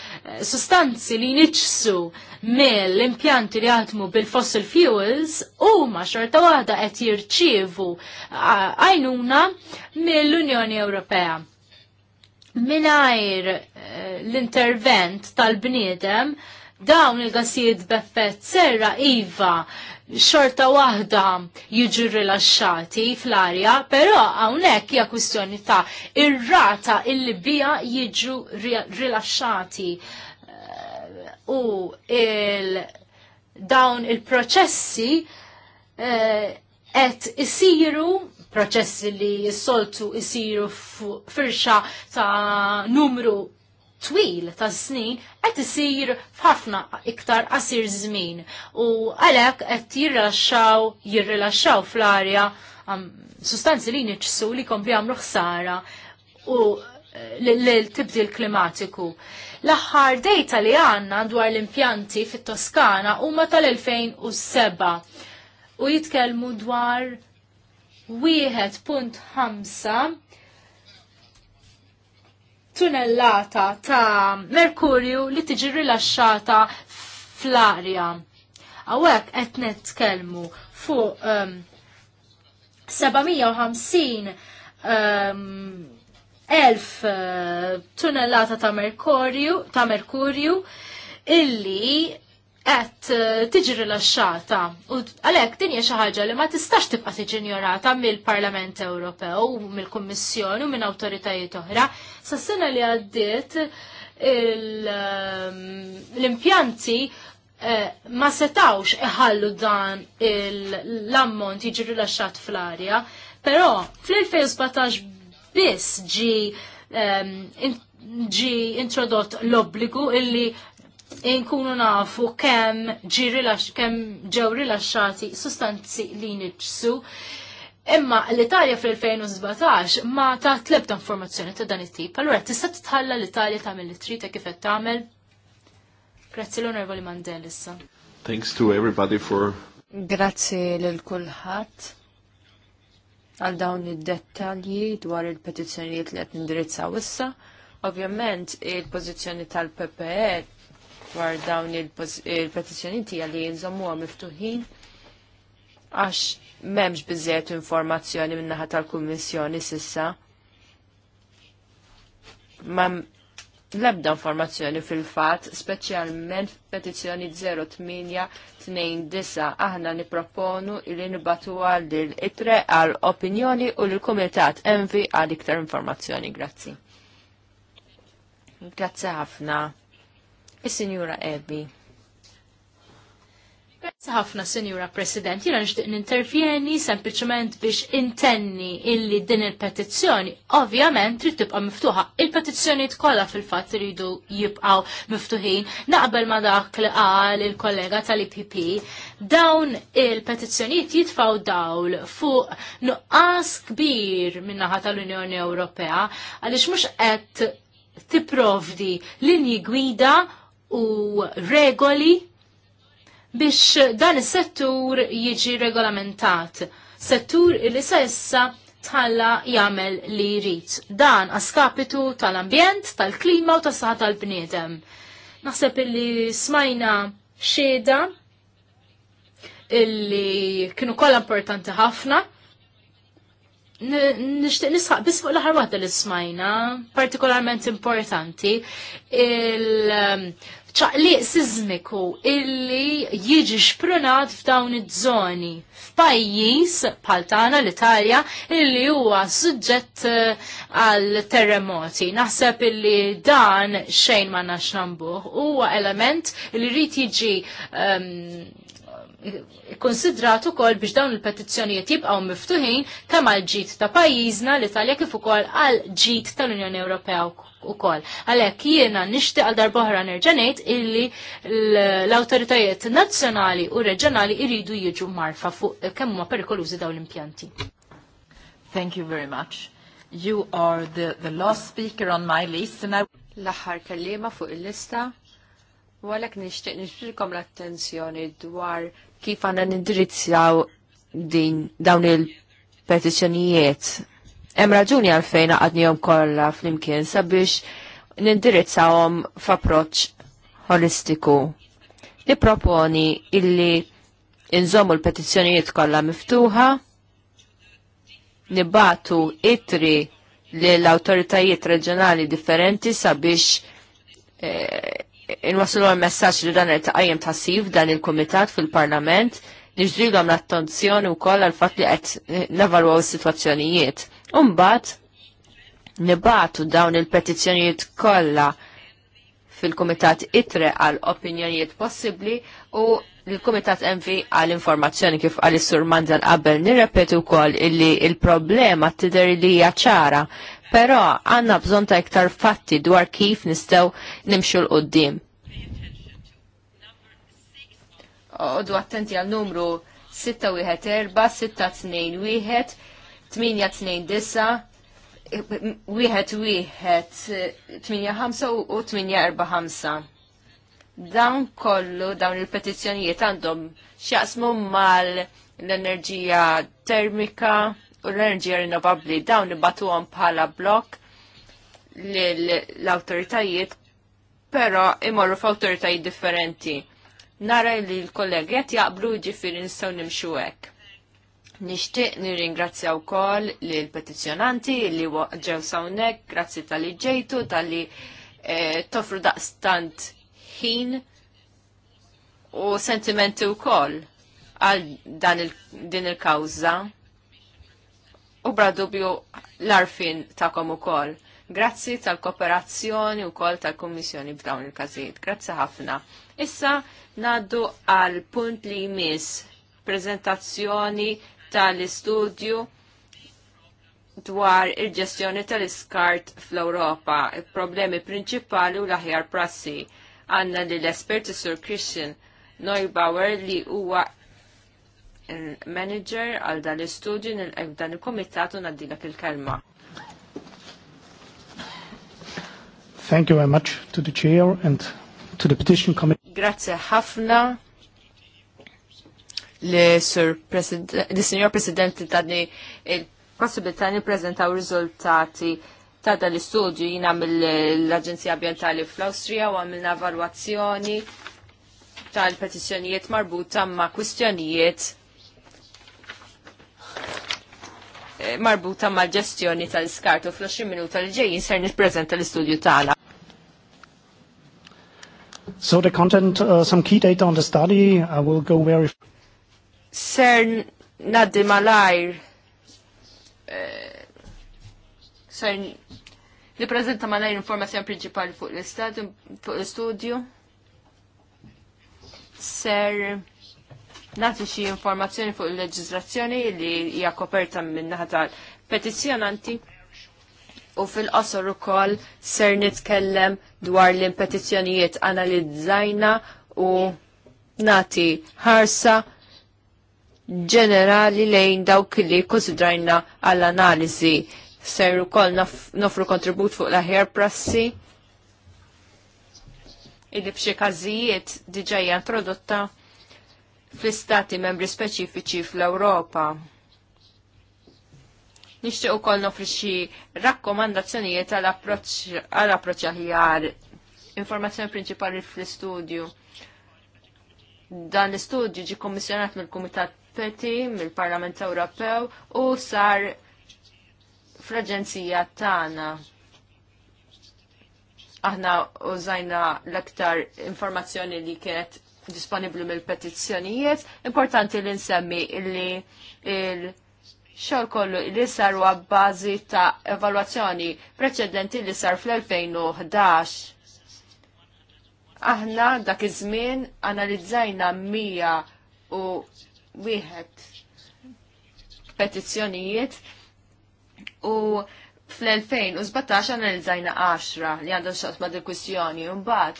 sustanzi li niċsu mill-impjanti li għatmu bil-fossil fuels u ma xorta waħda qed jirċievu għajnuna mill-Unjoni Ewropea. Minajr eh, l-intervent tal-bniedem dawn il-gassijiet beffet serra iva xorta waħda jiġu rilaxxati fl-arja, però hawnhekk hija kwistjoni ta' ir-rata illi bija jiġu rilaxxati eh, u il dawn il-proċessi eh, qed isiru proċessi li s-soltu isiru firxa ta' numru twil ta' snin qed isir f'ħafna iktar qasir żmien u għalhekk qed jirrilaxxaw jirrilaxxaw fl-arja sustanzi li niċsu li kompli għamlu ħsara u eh, l-tibdil klimatiku. L-aħħar dejta li għanna dwar l-impjanti fit-Toskana huma tal-2007 u jitkellmu dwar 1.5 tunellata ta' merkurju li tiġi rilaxxata fl-arja. Għawek qed nitkellmu fuq um, 750 um, elf uh, tunellata ta' merkurju ta' merkurju illi qed eh, tiġi rilaxxata u għalhekk din hija xi ħaġa li ma tistax tibqa' tiġi ignorata mill-Parlament Ewropew, mill-Kummissjoni u minn awtoritajiet oħra. Sas-sena li għaddiet eh, l-impjanti eh, ma setawx iħallu dan l-ammont jiġi rilaxxat fl-arja, però fl-2017 biss ġi ġi introdott l-obbligu illi inkunu nafu kemm ġi kemm ġew rilaxxati sustanzi li nġsu. Imma l-Italja fl-2017 ma ta' tlebta informazzjoni ta' dan it-tip. Allora, tista' titħalla l-Italja tagħmel li trid kif qed tagħmel. Grazzi l-Onorevoli Mandel issa. Thanks to everybody for Grazzi lil kulħadd għal dawn id-dettalji dwar il-petizzjonijiet li qed nindirizzaw issa. Ovvjament il-pożizzjoni tal-PPE dwar dawn il-petizjoni tija li jinżommu miftuħin għax memx bizzietu informazzjoni minnaħa tal-Kummissjoni sissa. Ma lebda informazzjoni fil-fat, specialment petizjoni 0829 aħna niproponu li nibatu għal dil itre għal opinjoni u l-Komitat Envi għal iktar informazzjoni. Grazzi. Grazzi ħafna. Is-Sinjura Ebbi. Grazzi ħafna, Sinjura President. Jina nixtieq intervjeni sempliċement biex intenni illi din il-petizzjoni ovvjament trid tibqa' miftuħa. Il-petizzjoni tkollha fil-fatt iridu jibqgħu miftuħin. Naqbel ma dak li qal il-kollega tal-IPP, dawn il-petizzjonijiet jitfgħu dawl fuq nuqqas kbir min-naħa tal-Unjoni Ewropea għaliex mhux qed tipprovdi linji gwida u regoli biex dan is-settur jiġi regolamentat. Settur li sessa tħalla jagħmel li jrid. Dan għaskapitu tal-ambjent, tal-klima u tas-saħħa tal-bniedem. Naħseb li smajna xeda illi kienu kollha importanti ħafna nishtiq nisħaq bis fuq l-ħar waħda li smajna, partikolarment importanti, il-ċaqliq um, sizmiku illi jiġi xprunat f'dawn iż-żoni f'pajjiż bħal tagħna l-Italja illi huwa suġġett uh, għal terremoti. Naħseb illi dan xejn ma nax nambuh huwa element li rrid jiġi um, konsidrat ukoll biex dawn il-petizzjonijiet jibqgħu miftuħin kemm għal ġid ta' pajjiżna l-Italja kif ukoll għal ġid tal-Unjoni Ewropea ukoll. Għalhekk jiena nixtieq għal darbohra nerġa' ngħid illi l-awtoritajiet nazzjonali u reġjonali jridu jiġu marfa fuq kemm huma perikolużi dawn l-impjanti. Thank you very much. You are the, the last speaker on my list and I... L-aħħar kellima fuq il-lista Walek nishtiq nixbirkom l-attenzjoni dwar kif għanna nindirizzaw din dawn il-petizjonijiet. Hemm raġuni għalfejn kolla kollha flimkien sabiex nindirizzawhom f'approċċ holistiku. Nipproponi illi inżommu l-petizzjonijiet kollha miftuħa, nibatu itri lill awtoritajiet reġjonali differenti sabiex eh, Inwaslu għal messaċ li dan il-taqajem tasif dan il-komitat fil-parlament nġdiju għam l-attenzjoni u koll għal-fat li għet nevalwaw situazzjonijiet. Umbat, nibatu dawn il-petizjonijiet kolla fil-Komitat ITRE għal opinjonijiet possibli u l-Komitat Envi għal informazzjoni kif għal sur Mandan qabel nirrepetu kol illi il-problema t-tider li jaċara però għanna bżon ta' iktar fatti dwar kif nistaw nimxu l-qoddim. Odu attenti għal numru 614-629-829-1-1-845 eh, u 845. Dawn kollu, dawn il-petizjonijiet għandhom xaqsmu mal l-enerġija termika, u l-enerġija rinnovabbli dawn ibatuhom bħala blok l-autoritajiet però imorru f'awtoritajiet differenti. Nara li l-kollegi jaqblu ġifiri nistgħu nimxu hekk. Nixtieq nirringrazzja wkoll lil petizzjonanti li ġew sawnek, grazzi tal-li ġejtu, tal-li eh, toffru daqstant ħin u sentimenti wkoll għal dan il, din il-kawza u bra dubju l-arfin ta'kom ukoll. Grazzi tal-kooperazzjoni u kol tal-Kommissjoni b'dawn il-każijiet. Grazzi ħafna. Issa naddu għal punt li jmiss prezentazzjoni tal-istudju dwar il-ġestjoni tal-iskart fl-Europa, il-problemi prinċipali u l-aħjar prassi. Għanna li l-esperti Sur Christian Neubauer li huwa manager għal dan l-istudju eh, dan il-komitatu naddilak il-kelma. Thank you very much to the chair and to the petition committee. Grazie ħafna li sir president, li senior presidenti tadni il-possibilità ni prezentaw riżultati ta' dan l-istudju jina mill-Aġenzija Ambientali fl-Awstrija u għamilna evalwazzjoni tal-petizzjonijiet marbuta ma' kwistjonijiet marbuta mal ġestjoni tal-skartu fl-20 minuta li ġejjin ser nippreżenta l-istudju tagħna. So the content, uh, some key data on the study, I will go very... Ser naddi malajr, eh, ser li prezenta malajr informazzjoni principali fuq l-istudju, ser nagħti xi informazzjoni fuq il leġizrazzjoni li hija koperta min-naħa tal-petizzjonanti u fil-qosor ukoll ser nitkellem dwar l-impetizzjonijiet analizzajna u nati ħarsa ġenerali lejn dawk li konsidrajna għall-analiżi ser ukoll nofru kontribut fuq l-aħjar prassi illi b'xi każijiet diġà hija introdotta fl-istati membri speċifiċi fl-Ewropa. Nixtieq ukoll nofri xi rakkomandazzjonijiet għal approċċ aħjar. Informazzjoni prinċipali fl-istudju. Dan l-istudju ġi kommissjonat mill-Kumitat Peti, mill-Parlament Ewropew u sar fl-Aġenzija tagħna. Aħna użajna l-aktar informazzjoni li kienet disponibbli mill-petizzjonijiet, importanti li nsemmi li il xor kollu li sar għabbażi ta' evalwazzjoni preċedenti li sar fl-2011. Aħna dak iż-żmien analizzajna 101 petizzjonijiet u fl-2017 analizzajna 10 li għandhom xaqt ma' dil-kwistjoni. Mbagħad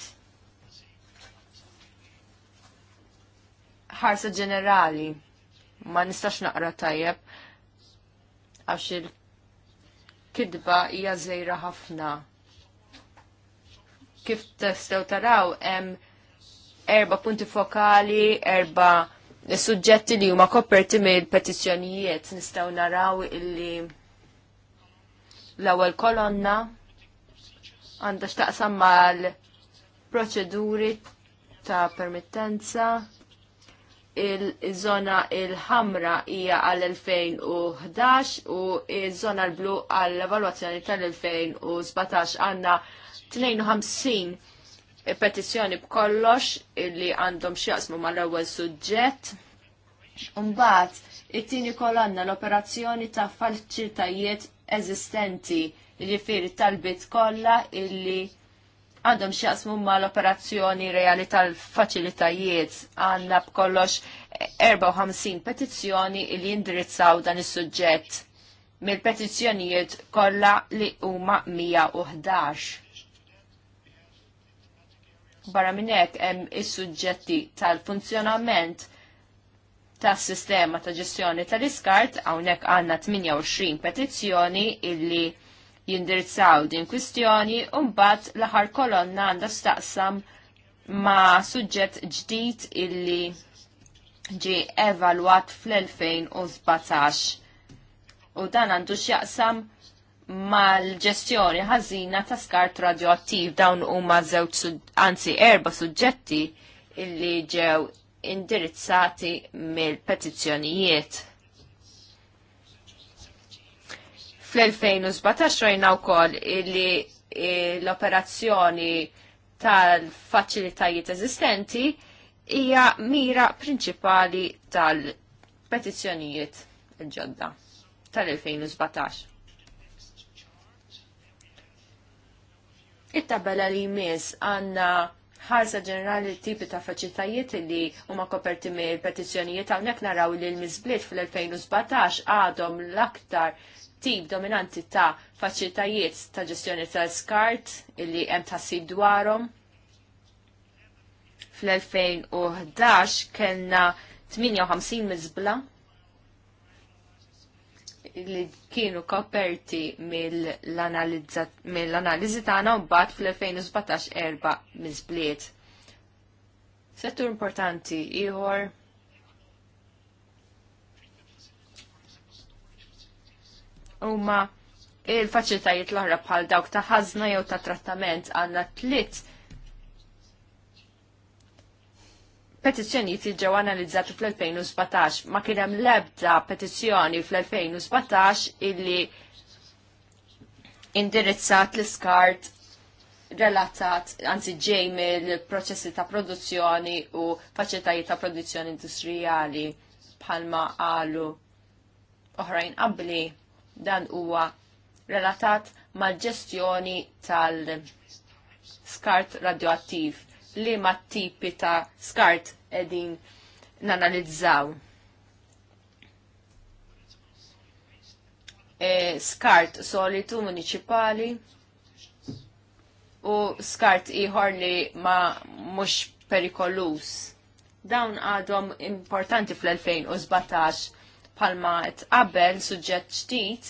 ħarsa ġenerali. Ma nistax naqra tajjeb għax il-kidba hija żejra ħafna. Kif tistgħu taraw hemm erba punti fokali, erba suġġetti li huma koperti mill-petizzjonijiet nistgħu naraw illi l-ewwel kolonna għandha x'taqsam mal proċeduri ta' permittenza, il-żona il-ħamra hija għal 2011 u il-żona l-blu għal evalwazzjoni tal-2017 għandna 52 petizzjoni b'kollox li għandhom xjaqsmu mal-ewwel suġġett. Mbagħad it-tieni kolonna l-operazzjoni ta' falċitajiet eżistenti, jiġifieri talbit kollha illi għandhom xjaqsmu ma l-operazzjoni reali tal-faċilitajiet għanna b'kollox 54 petizzjoni li jindirizzaw dan is suġġett mill-petizzjonijiet kollha li huma 111. Barra minn hekk hemm is-suġġetti tal-funzjonament tas sistema ta' ġestjoni tal-iskart hawnhekk għandna 28 petizzjoni illi jindirizzaw din kwistjoni u mbagħad l-aħħar kolonna għandha staqsam ma' suġġett ġdid illi ġi evalwat fl-2017 u dan għandu x'jaqsam mal-ġestjoni ħażina ta' skart radioattiv dawn huma żewġ anzi erba' suġġetti illi ġew indirizzati mill-petizzjonijiet. Fl-2017 rajna wkoll li eh, l-operazzjoni tal-faċilitajiet eżistenti hija mira prinċipali tal-petizzjonijiet ġodda tal-2017. It-tabella li jmiss għanna ħarsa ġenerali tipi ta' faċitajiet li huma koperti mill petizzjonijiet hawnhekk naraw li l-miżbliet fl-2017 għadhom l-aktar tip dominanti ta' faċilitajiet ta' ġestjoni tal-skart illi hemm tassib dwarhom. Fl-2011 kellna 58 mizbla li kienu koperti mill-analiżi tagħna u bat fl-2017 erba' mizbliet. Settur importanti ieħor huma il-faċilitajiet l-oħra bħal dawk ta' ħażna jew ta' trattament għandna tliet petizzjonijiet li ġew analizzati fl-2017 ma kien hemm l-ebda petizzjoni fl-2017 illi indirizzat l-iskart relatat anzi ġej mill-proċessi ta' produzzjoni u faċilitajiet ta' produzzjoni industrijali bħalma qalu oħrajn qabli Dan huwa relatat mal-ġestjoni tal-skart radioattiv li ma tipi ta' skart edin nanalizzaw. E, skart solitu municipali u skart iħor li ma mux perikolus. Dawn għadhom importanti fl-2017 palma qabel suġġett ġdid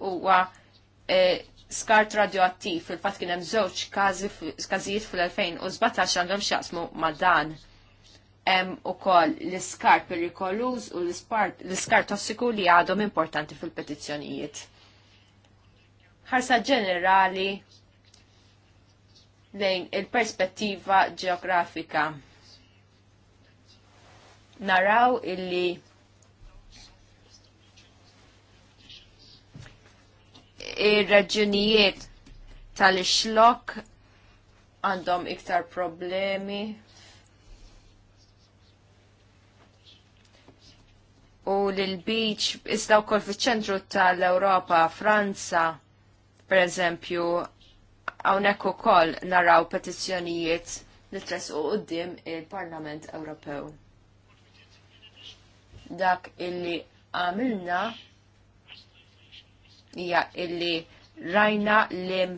huwa e, skart radioattiv fil-fatt kien hemm żewġ każijiet fil-2017 għandhom x'jaqsmu ma' dan. Hemm ukoll l-iskart perikoluż u l-iskart tossiku li għadhom importanti fil-petizzjonijiet. Ħarsa ġenerali lejn il-perspettiva ġeografika. Naraw illi ir-raġunijiet tal-ixlok għandhom iktar problemi. U l-beach istaw kol fiċ-ċentru tal-Europa, Franza, per eżempju, għawnek u kol naraw petizjonijiet li tres u għoddim il-Parlament Ewropew. Dak illi għamilna hija illi rajna lim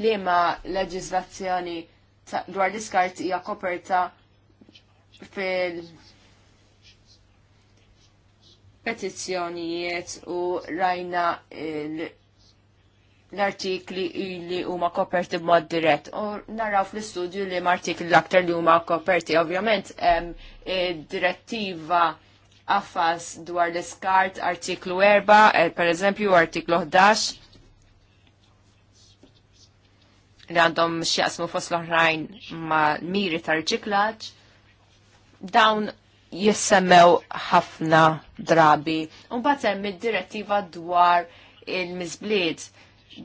lima leġizlazzjoni dwar l-iskart hija koperta fil petizzjonijiet u rajna l-artikli li huma koperti b'mod dirett. U naraw fl-istudju li m-artikli l-aktar li huma koperti, ovvjament, eh, direttiva affas dwar l-iskart artiklu 4, eh, per eżempju artiklu 11, li għandhom xjaqsmu fost l-oħrajn ma miri ta' riċiklaġġ, dawn jissemmew ħafna drabi. Un batem mid-direttiva dwar il-mizbliet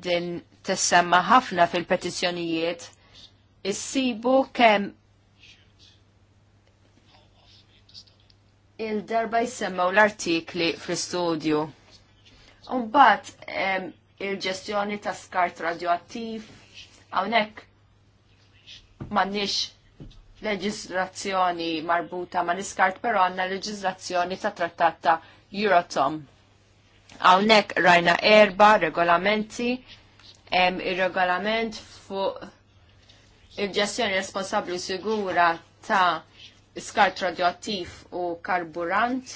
din tissemma ħafna fil-petizzjonijiet issibu kemm il-darba jisemmaw l-artikli fl-istudju. Umbat il-ġestjoni ta' skart radioattiv, għawnek mannix leġizrazzjoni marbuta ma' l-iskart, pero għanna leġizrazzjoni ta' trattat ta' Għawnek rajna erba regolamenti, il-regolament fuq il-ġestjoni responsabli sigura ta' skart radioattiv u karburant.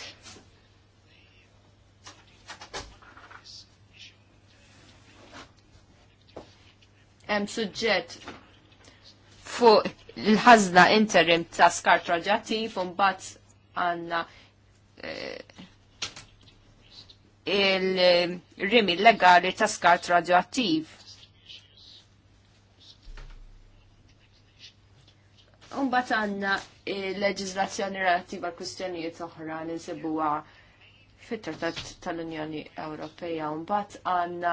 Hemm suġġett fuq il-ħażna interim ta' skart radioattiv u mbagħad għandna eh, il-rimi legali ta' skart radioattiv Unbat għanna leġizlazzjoni relativa kustjonijiet oħra li nsibuha fit-Trattat tal-Unjoni Ewropea. Unbat għanna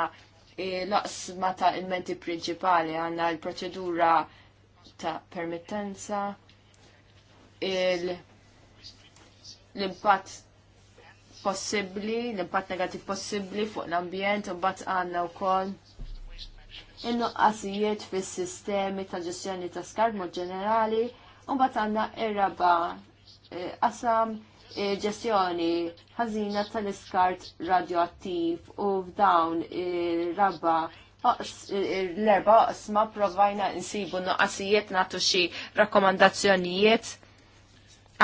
laqsma ta' il-menti prinċipali għanna l-proċedura ta' permittenza, l-impatt possibli, l-impatt negativ possibli fuq l-ambjent, unbat għanna u kol in-nuqqasijiet fis-sistemi ta' ġestjoni ta' skarb mod ġenerali, u mbagħad għandna ir-raba eh, qasam eh, ġestjoni ħażina tal-iskart radioattiv u f'dawn ir-raba eh, l-erba qasma provajna nsibu nuqqasijiet nagħtu xi rakkomandazzjonijiet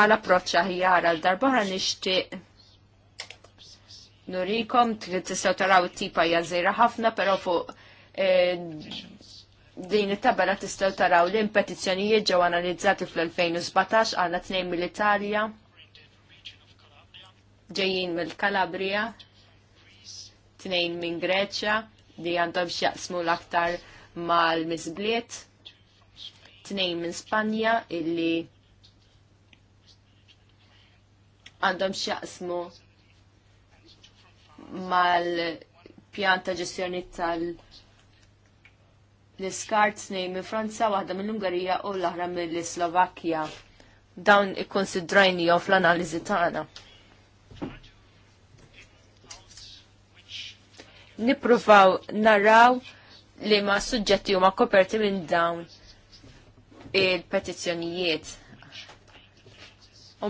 għal approċċ aħjar għal darba nixtieq nurikom, tistaw taraw t-tipa jazzira ħafna, pero fuq Eh, din it tabella tistgħu taraw li petizzjonijiet ġew analizzati fl-2017 għandha tnejn mill-Italja ġejjin mill-Kalabria, tnejn minn Greċja li għandhom x'jaqsmu l-aktar mal-misbliet, tnejn minn Spanja illi għandhom x'jaqsmu mal-pjan ta' ġestjoni tal- l-iskart snej minn Franza, waħda mill-Ungarija u l-aħra mill-Slovakkja. Dawn ikkonsidrajni jew fl-analiżi tagħna. Nippruvaw naraw li ma suġġetti huma koperti minn dawn il-petizzjonijiet.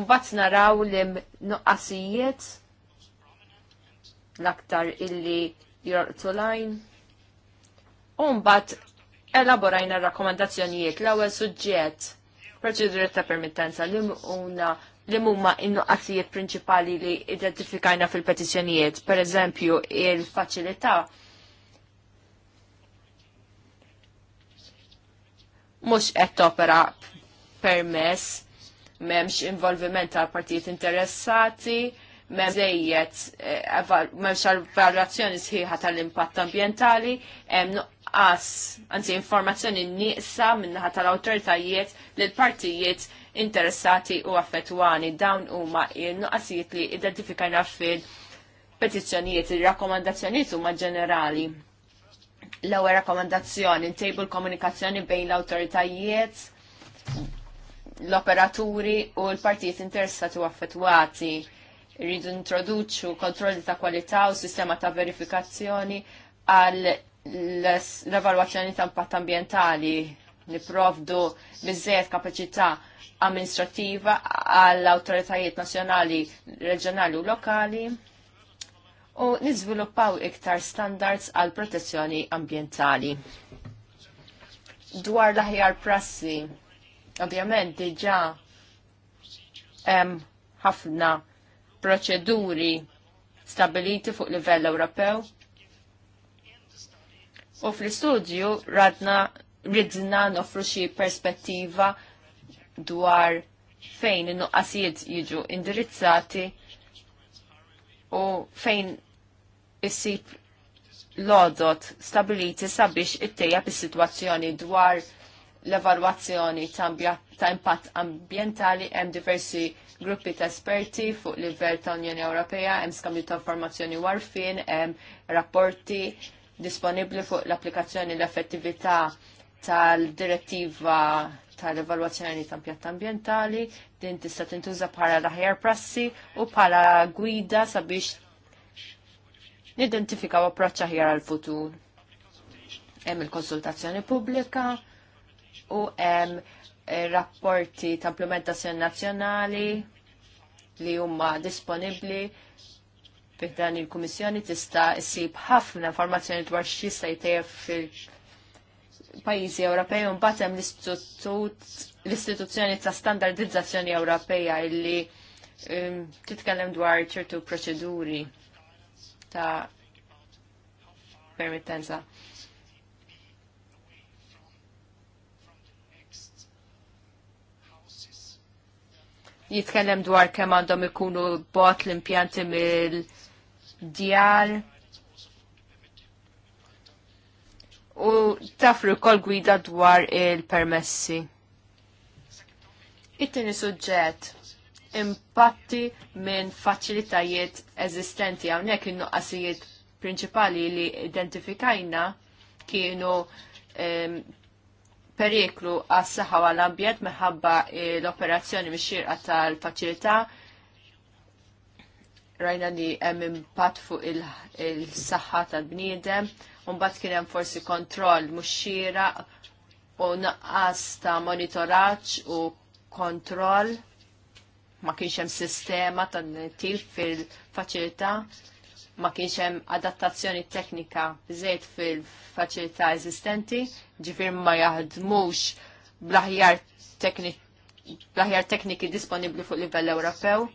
mbagħad naraw li nuqqasijiet l-aktar illi jorqtu lajn. bat elaborajna rakkomandazzjonijiet l-ewwel suġġett proċeduri ta' permittenza li huma li huma in prinċipali li identifikajna fil-petizzjonijiet, per eżempju il-faċilità mhux qed opera permess m'hemmx involviment tal partijiet interessati, Eh, m'hemmx evalwazzjoni sħiħa tal-impatt ambjentali, hemm nuqqas anzi informazzjoni nieqsa minnaħa tal-awtoritajiet l partijiet interessati u affettwani dawn huma il-nuqqasijiet li identifikajna fil petizzjonijiet il-rakkomandazzjonijiet huma ġenerali. L-ewwel rakkomandazzjoni ntejbu l-komunikazzjoni bejn l-awtoritajiet, l-operaturi u l-partijiet interessati u affettwati. Rridu introduċu kontrolli ta' kwalità u sistema ta' verifikazzjoni għal l-evalwazzjoni ta' impatt ambientali niprovdu bizzejt kapacità amministrativa għall autoritajiet nazjonali, reġjonali u lokali u niżviluppaw iktar standards għal protezzjoni ambientali. Dwar l-aħjar prassi, ovvjament diġa hemm ħafna proċeduri stabiliti fuq livell Ewropew. U fl-istudju radna ridna nofru xi perspettiva dwar fejn in-nuqqasijiet jiġu indirizzati u fejn issib lodot stabiliti sabiex ittejja bis-sitwazzjoni dwar l-evalwazzjoni ta' impatt ambientali hemm diversi gruppi ta' esperti fuq livell ta' Unjoni Ewropea, hemm skambju ta' informazzjoni warfin, hemm rapporti disponibbli fuq l-applikazzjoni l-effettività tal-direttiva tal-evalwazzjoni ta' impjatt ambientali, din tista' tintuża bħala l-aħjar prassi u bħala gwida sabiex nidentifikaw approċċ aħjar għal-futur. Hemm il-konsultazzjoni pubblika, u hemm eh, rapporti ta' implementazzjoni nazzjonali li huma disponibbli dan il-Kummissjoni tista' issib ħafna informazzjoni dwar x'jista' jtejjeb fil-pajjiżi Ewropej u mbagħad hemm l-istituzzjoni ta' standardizzazzjoni Ewropeja illi ehm, titkellem dwar ċertu proċeduri ta' permittenza. jitkellem dwar kemm għandhom ikunu bot l-impjanti mill-djar. U tafru kol gwida dwar il-permessi. It-tieni suġġett impatti minn faċilitajiet eżistenti hawnhekk in-nuqqasijiet prinċipali li identifikajna kienu periklu għas-saħħa għal ambjent minħabba l-operazzjoni mixxirqa tal-faċilità rajna li hemm impatt fuq il-saħħa il saħħa tal bniedem mbagħad kien hemm forsi kontroll mhux u naqqas ta' monitoraġġ u kontroll ma kienx hemm sistema tan tif fil-faċilità ma kienx hemm adattazzjoni teknika żejt fil-faċilità eżistenti, ġifir ma jaħdmux blaħjar aħjar tekniki disponibli fuq livell Ewropew.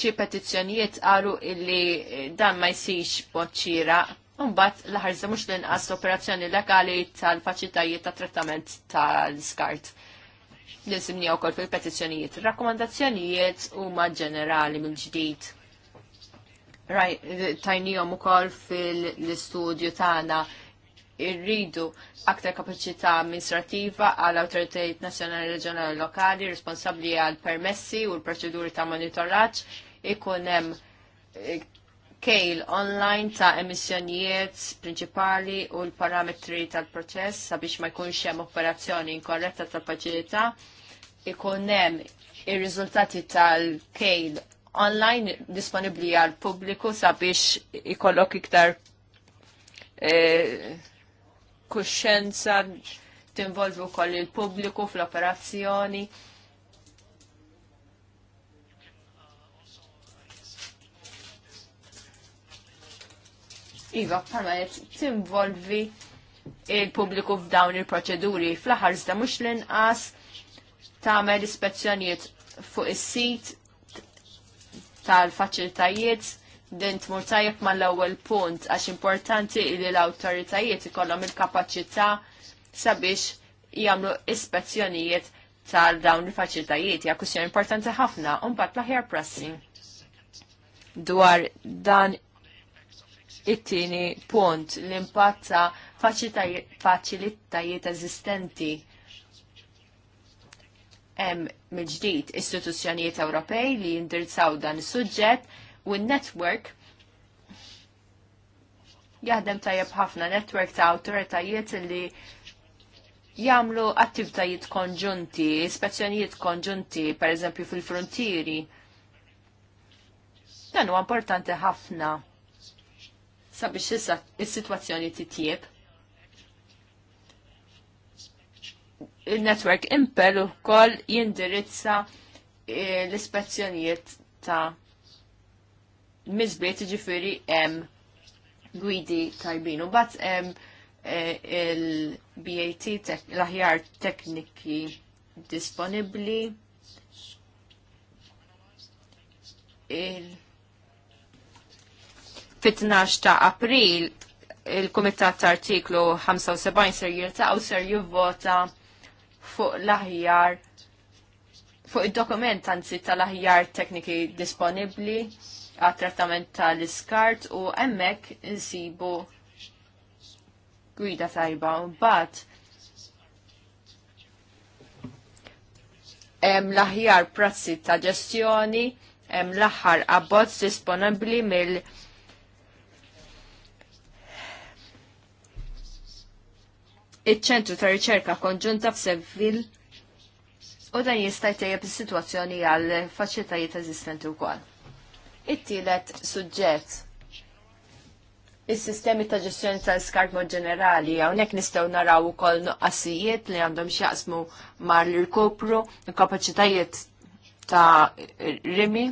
Xi petizzjonijiet qalu illi dan ma jsirx boċċira mbagħad l l-inqas operazzjoni legali tal-faċilitajiet ta' trattament tal-skart nisimni simni kol fil-petizjonijiet. Rakkomandazzjonijiet u ma ġenerali mill-ġdijt. Tajnijom u kol fil-studju tana irridu aktar kapacità amministrativa għal autoritajiet nazjonali reġjonali lokali responsabbli għal permessi u l-proċeduri ta' monitoraġġ ikun hemm kejl online ta' emissjonijiet prinċipali u l-parametri tal-proċess sabiex ma jkunx hemm operazzjoni inkorretta tal-paċilità ikun hemm ir-riżultati tal-kejl online disponibbli għal pubbliku sabiex ikollok iktar kuxjenza kuxenza tinvolvu koll il-pubbliku fl-operazzjoni. iva bħalma t tinvolvi il-pubbliku f'dawn il-proċeduri. Fl-aħħar zda mhux l-inqas tagħmel ispezzjonijiet fuq is-sit tal facilitajiet din tmur tajjeb mal-ewwel punt għax importanti li l-awtoritajiet ikollhom il-kapaċità sabiex jagħmlu ispezzjonijiet tal dawn il facilitajiet hija importanti ħafna u mbagħad l-aħjar prassi dwar dan it-tieni punt l-impatt ta' faċilitajiet eżistenti hemm mill-ġdid istituzzjonijiet Ewropej li jindirzaw dan is-suġġett u n-network jaħdem tajjeb ħafna network ta' awtoritajiet li jagħmlu attivitajiet konġunti, ispezzjonijiet konġunti, per eżempju fil-frontieri. Dan huwa importanti ħafna sabiex issa is-sitwazzjoni titjieb. Il-network Impel ukoll jindirizza eh, l-ispezzjonijiet ta' mizbiet ġifiri hemm gwidi tajbin. U bat hemm eh, il-BAT l-aħjar tekniki disponibli. Il- fit-12 ta' april il-Kumitat ta' artiklu 75 ser jirtaqgħu ser jivvota fuq l-aħjar fuq id-dokument anzi tal-aħjar tekniki disponibbli għat trattament tal-iskart u emmek insibu gwida tajba u bat em l-aħjar prassi ta' ġestjoni em l-aħħar abbozz disponibbli mill- iċ-ċentru ta' riċerka konġunta f'Sevil u dan jista' jtejjeb is-sitwazzjoni għal faċilitajiet eżistenti wkoll. It-tielet suġġett is-sistemi ta' ġestjoni tal-iskart mod ġenerali, hawnhekk nistgħu naraw ukoll nuqqasijiet li għandhom x'jaqsmu mar l kopru kapaċitajiet ta' rimi.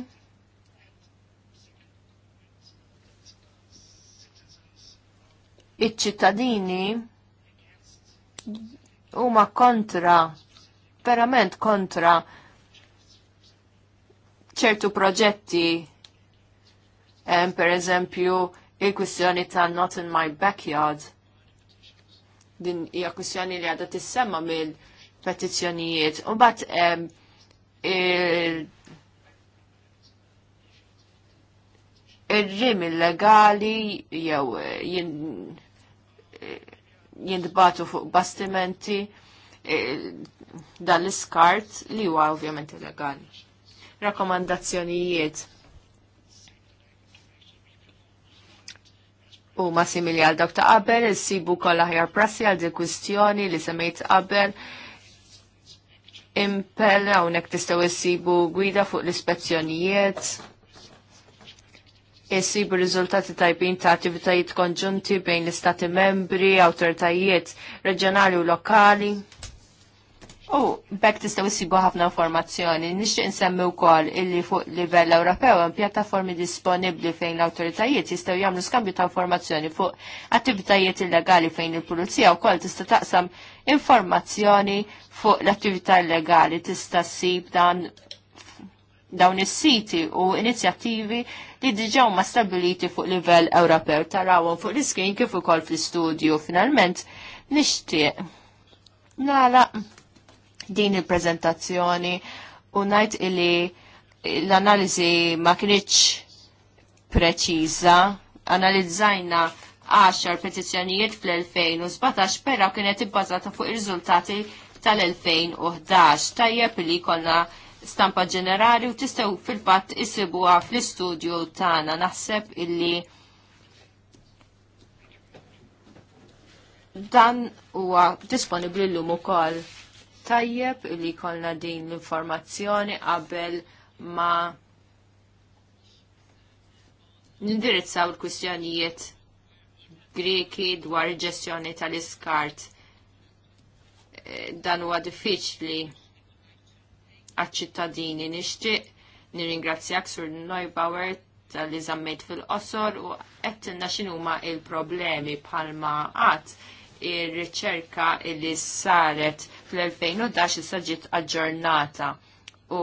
Iċ-ċittadini huma kontra, verament kontra ċertu proġetti, um, per eżempju, il-kwistjoni ta' not in my backyard. Din hija kwistjoni li għadha tissemma mill petizzjonijiet. U bat um, il il rim illegali jew jindbatu fuq bastimenti e, dan l-iskart li huwa ovvjament illegali. Rakkomandazzjonijiet u ma simili għal dawk ta' qabel, sibu kollha ħjar prassi għal dik kwistjoni li semmejt qabel. Impel hawnhekk tistgħu issibu gwida fuq l-ispezzjonijiet jessibu riżultati tajbin ta' attivitajiet konġunti bejn l-istati membri, awtoritajiet reġjonali u lokali. U bekk tistgħu issibu ħafna informazzjoni. Nixtieq insemmi wkoll illi fuq livell Ewropew hemm pjattaformi disponibbli fejn l-awtoritajiet jistgħu jagħmlu skambju ta' informazzjoni fuq attivitajiet illegali fejn il-pulizija wkoll tista' taqsam informazzjoni fuq l-attività illegali tista' ssib dan dawn is-siti u inizjattivi li diġa ma stabiliti fuq livell Ewropew tarawhom fuq l-iskrin kif ukoll fl-istudju finalment nixtieq. Nala din il-preżentazzjoni u najt illi l-analiżi ma kienx preċiża, analizzajna 10 petizzjonijiet fl-2017 pero kienet ibbażata fuq ir-riżultati tal-2011. Tajjeb li konna stampa ġenerali u tistaw fil-fatt għaf fl-istudju tagħna naħseb illi dan huwa disponibbli llum ukoll. Tajjeb illi kollna din l-informazzjoni qabel ma nindirizzaw l-kwistjonijiet Greki dwar ġestjoni tal-iskart. Eh, dan huwa diffiċli għaċ-ċittadini. Nixtieq nirringrazzjak Sur Neubauer tal-li zammet fil-qosor u għettinna x'inhuma il-problemi bħalma għat ir-riċerka il li saret fl-2011 issa ġiet aġġornata u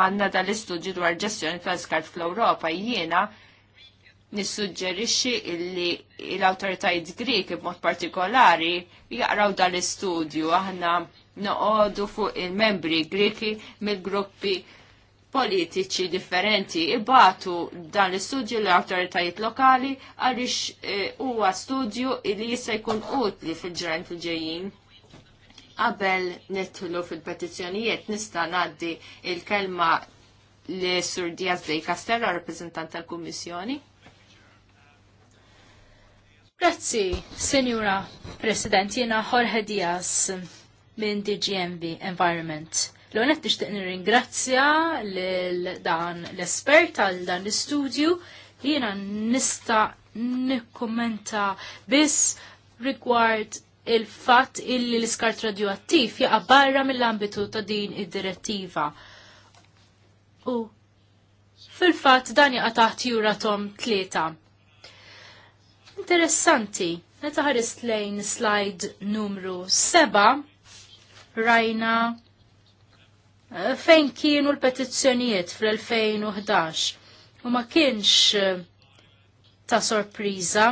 għanna dal-istudju dwar ġestjoni tal-skart fl-Ewropa jiena nissuġġerixxi illi l-awtoritajiet Griki b'mod partikolari jaqraw dan l-istudju aħna noqogħdu fuq il-membri Griki mill-gruppi politiċi differenti ibatu dan l-istudju l-awtoritajiet lokali għaliex eh, huwa studju li jista' jkun utli fil-ġran fil-ġejjin. Qabel nitlu fil-petizzjonijiet nista' ngħaddi il-kelma li Sur Diaz Dej Castello, rappresentant tal-Kummissjoni. Grazzi, Senjura President, jena Jorge Diaz minn DGMV Environment. L-għonet nishtiq nir-ingrazzja l-dan l-espert għal dan l-studio jena nista nikkommenta biss rigward il-fat illi l-iskart radioattiv jaqa barra mill-ambitu ta' din id-direttiva. U fil-fat dan jaqa taħt tom tlieta. Interessanti, meta ħarist lejn slide numru 7, rajna eh, fejn kienu l-petizzjonijiet fl-2011 u ma kienx eh, ta' sorpriza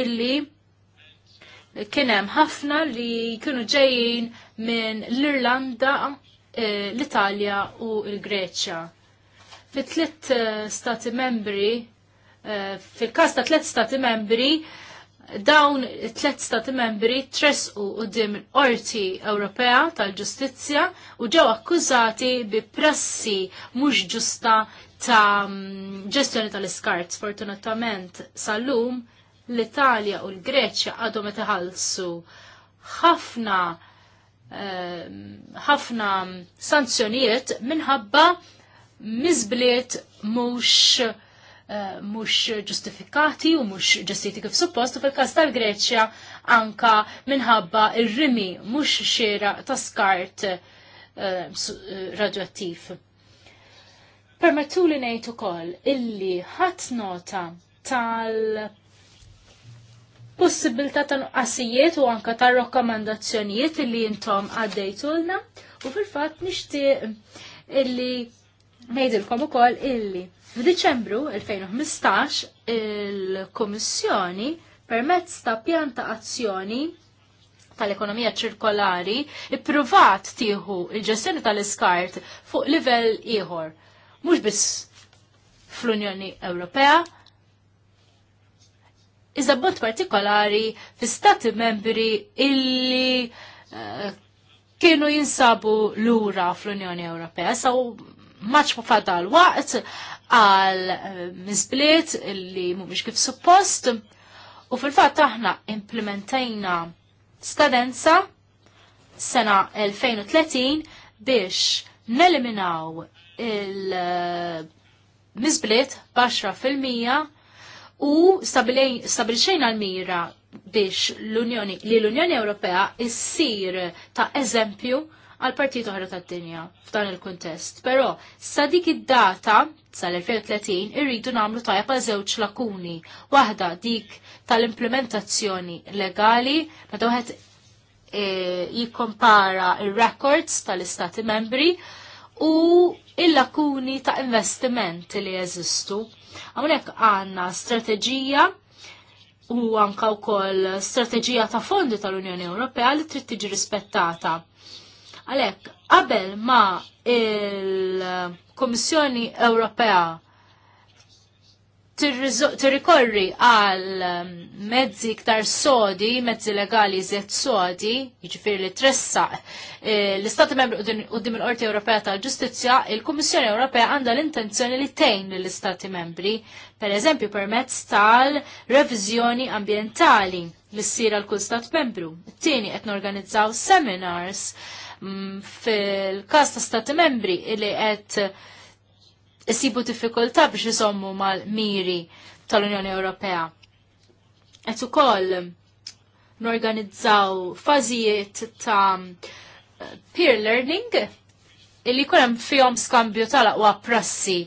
illi kienem ħafna li kienu ġejjin minn l-Irlanda, eh, l-Italja u l-Greċja. Fit-tlitt stati membri Eh, fil-kas ta' tlet stati membri, dawn tlet stati membri tresqu u dim orti Ewropea tal-Ġustizzja u ġew akkużati bi prassi mhux ġusta ta' mm, ġestjoni tal-iskart. Fortunatament sal-lum l-Italja u l-Greċja għadhom qed iħallsu ħafna eh, ħafna sanzjonijiet minħabba miżbliet mhux Eh, mhux ġustifikati u mhux ġestiti kif suppost u fil-każ tal-Greċja anka minħabba il rimi mhux xera ta' skart eh, eh, radioattiv. Permettu li ngħid ukoll illi ħadd nota tal possibilità ta' nuqqasijiet u anka ta' rokkomandazzjonijiet li intom għaddejtulna u fil-fatt nixtieq illi u ukoll illi F'Diċembru 2015 il-Kommissjoni permezz ta' pjanta azzjoni tal-ekonomija ċirkolari ippruvat tieħu il-ġestjoni tal-iskart fuq livell ieħor. Mhux biss fl-Unjoni Ewropea, iżda b'mod partikolari fi stati membri illi uh, kienu jinsabu lura fl-Unjoni Ewropea. Saw maċ fadal waqt għal eh, mizbliet li mhumiex kif suppost u fil-fatt aħna implementajna skadenza sena 2030 biex neliminaw il-mizbliet eh, mija u stabilixejna l-mira biex l-Unjoni li l-Unjoni Ewropea issir ta' eżempju għal partijiet oħra tad-dinja f'dan il-kuntest. Però sa dik id-data sal-2030 irridu nagħmlu tajba' żewġ lakuni. Waħda dik tal-implementazzjoni legali meta wieħed e, jikkompara ir-records tal-istati membri u il-lakuni ta' investiment li jeżistu. Hawnhekk għanna strategija u anka wkoll strategija ta' fondi tal-Unjoni Ewropea li trid tiġi rispettata. Għalhekk qabel ma il-Kummissjoni Ewropea tirrikorri għal um, mezzi iktar sodi, mezzi legali zet sodi, jġifir li tressa eh, l-Istati membri u dim il-Qorti Ewropea tal-Ġustizja, il-Kummissjoni Ewropea għandha l-intenzjoni li tejn l-Istati membri, per eżempju permezz tal-revizjoni ambientali li ssir l kull stat membru. Tieni qed norganizzaw seminars Mm, fil-kas ta' stati membri li qed jisibu diffikultà biex jisommu mal-miri tal-Unjoni Ewropea. Qed ukoll norganizzaw fażijiet ta' peer learning illi jkun hemm fihom skambju tal-aqwa prassi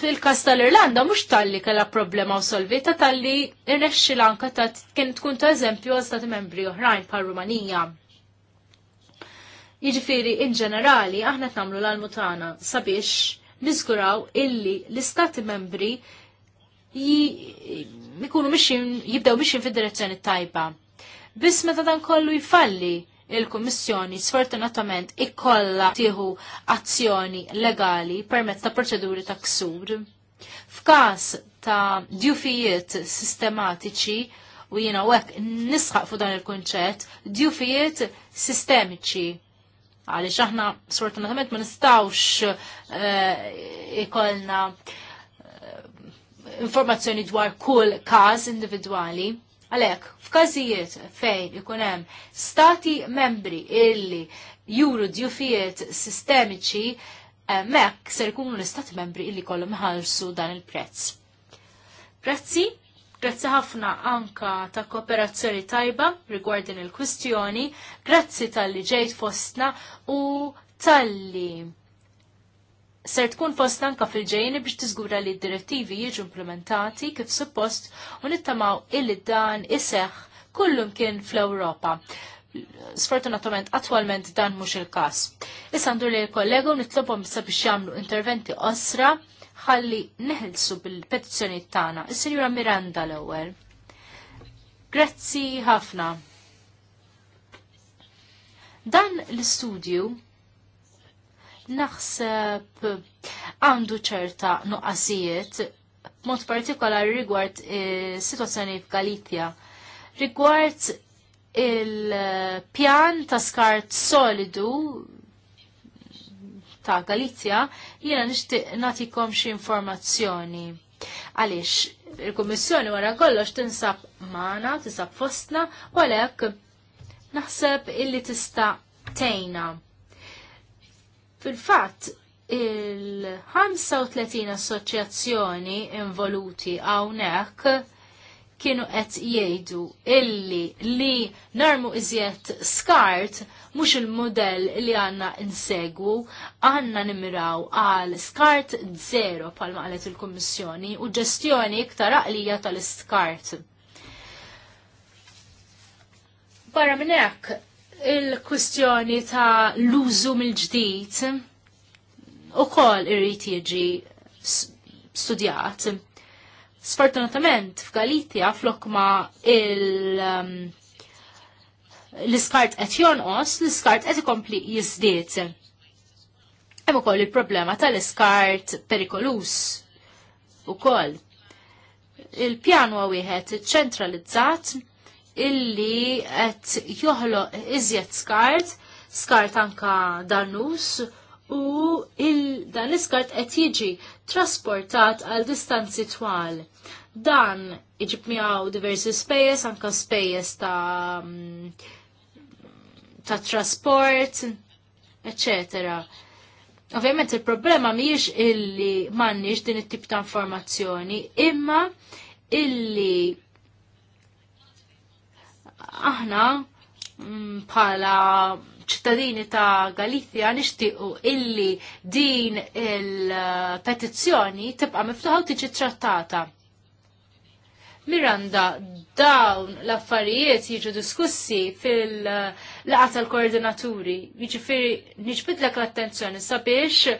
fil-kas tal-Irlanda mhux talli kellha problema u solvita talli irnexxi lanka ta' kien tkun ta' eżempju għal stati membri oħrajn pa' Rumanija. Jiġifieri in ġenerali aħna tagħmlu l-almu tagħna sabiex niżguraw illi l-istati membri jikunu mixin, jibdew mixin fid-direzzjoni tajba. Biss meta dan kollu jfalli, il-Kummissjoni sfortunatament ikkolla tieħu azzjoni legali permezz ta' proċeduri ta' ksur. F'każ ta' djufijiet sistematiċi u jiena wek nisħaq fuq dan il-kunċett, djufijiet sistemiċi għaliex aħna sfortunatament ma nistawx eh, ikollna ikolna eh, informazzjoni dwar kull każ individwali Għalek, f'każijiet fejn ikun hemm stati membri illi juru djufijiet sistemiċi mek ser ikunu l-istati membri illi kollu ħalsu dan il-prezz. Grazzi, grazzi ħafna anka ta' kooperazzjoni tajba rigwardin il-kwistjoni, grazzi tal-li ġejt fostna u tal-li ser tkun fost anka fil-ġejni biex tiżgura li d-direttivi jiġu implementati kif suppost u nittamaw illi dan iseħ kullum kien fl-Ewropa. Sfortunatament, attualment dan mhux il-każ. Issa ndur li l-kollegu nitlobhom sabiex jagħmlu interventi osra ħalli neħelsu bil-petizzjoni tagħna. is senjura Miranda l ewel Grazzi ħafna. Dan l-istudju naħseb għandu ċerta nuqqasijiet, mod partikolari rigward eh, situazzjoni f'Galizja. Rigward il-pjan ta' skart solidu ta' Galizja, jiena nixtieq natikom xi informazzjoni. Għaliex, il-Kummissjoni wara kollox tinsab mana, tinsab fostna, u għalhekk naħseb illi tista' tejna Fil-fatt, il-35 assoċjazzjoni involuti hawnhekk kienu qed jgħidu illi li narmu iżjed skart mhux il-modell li għandna insegwu, għandna nimiraw għal skart zero pal qalet il-Kummissjoni u ġestjoni iktar għaqlija tal skart Barra minn hekk il kwestjoni ta' l-użu mill-ġdid u kol irrit jiġi studjat. Sfortunatament f'Galizja flok ma um, l-iskart qed jonqos, l-iskart qed ikompli jiżdied. Hemm ukoll il-problema tal-iskart perikolus ukoll. Il-pjan huwa wieħed iċċentralizzat illi qed joħloq iżjed skart, skart anka danus, u il dan l-iskart qed jiġi trasportat għal distanzi twal. Dan iġib miegħu diversi spejjeż, anka spejjeż ta' mm, ta' trasport, eccetera. Ovvjament il-problema mhijiex illi m'għandniex din it-tip ta' informazzjoni, imma illi aħna mm, bħala ċittadini ta' Galizja nixtiequ illi din il-petizzjoni tibqa' miftuħa u tiġi trattata. Miranda, dawn l-affarijiet jiġu diskussi fil laqat tal-koordinaturi, jiġifieri niġbidlek l-attenzjoni sabiex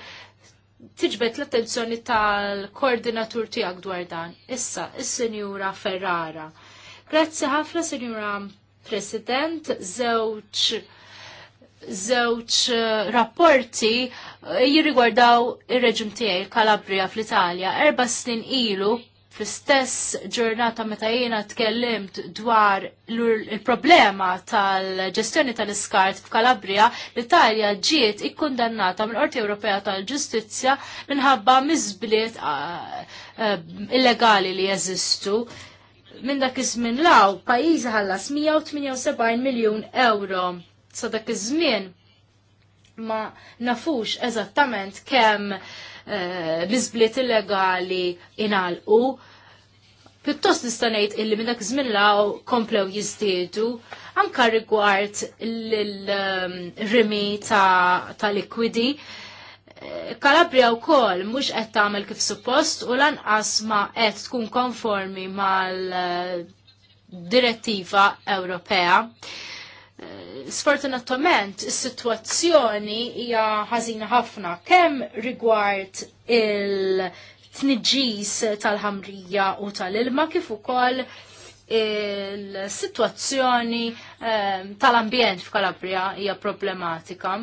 tiġbed l-attenzjoni tal-koordinatur tiegħek dwar dan. Issa, is-Sinjura Ferrara. Grazzi ħafna, Sinjura President, zewċ żewġ eh, rapporti eh, jirrigwardaw ir-reġim tiegħi Kalabria fl-Italja. Erba' snin ilu fl-istess ġurnata meta jiena tkellimt dwar il-problema tal-ġestjoni tal-iskart f'Kalabria, l-Italja ġiet ikkundannata mill qorti Ewropea tal-Ġustizzja minħabba miżbliet eh, illegali li jeżistu minn dak iż-żmien law pajjiżi ħallas 178 miljun euro. Sa dak iż-żmien ma nafux eżattament kemm eh, l-iżbliet illegali inalqu. Pjuttost nista' ngħid illi minn dak iż-żmien law komplew jiżdiedu anka rigward l-rimi eh, ta' likwidi. Ta Kalabria u kol mux qed tagħmel kif suppost u lanqas ma qed tkun konformi mal-direttiva Ewropea. Eh, sfortunatament, is-sitwazzjoni hija ħażina ħafna kemm rigward il-tniġġis tal-ħamrija u tal-ilma kif ukoll il-sitwazzjoni eh, tal-ambjent f'Kalabria hija problematika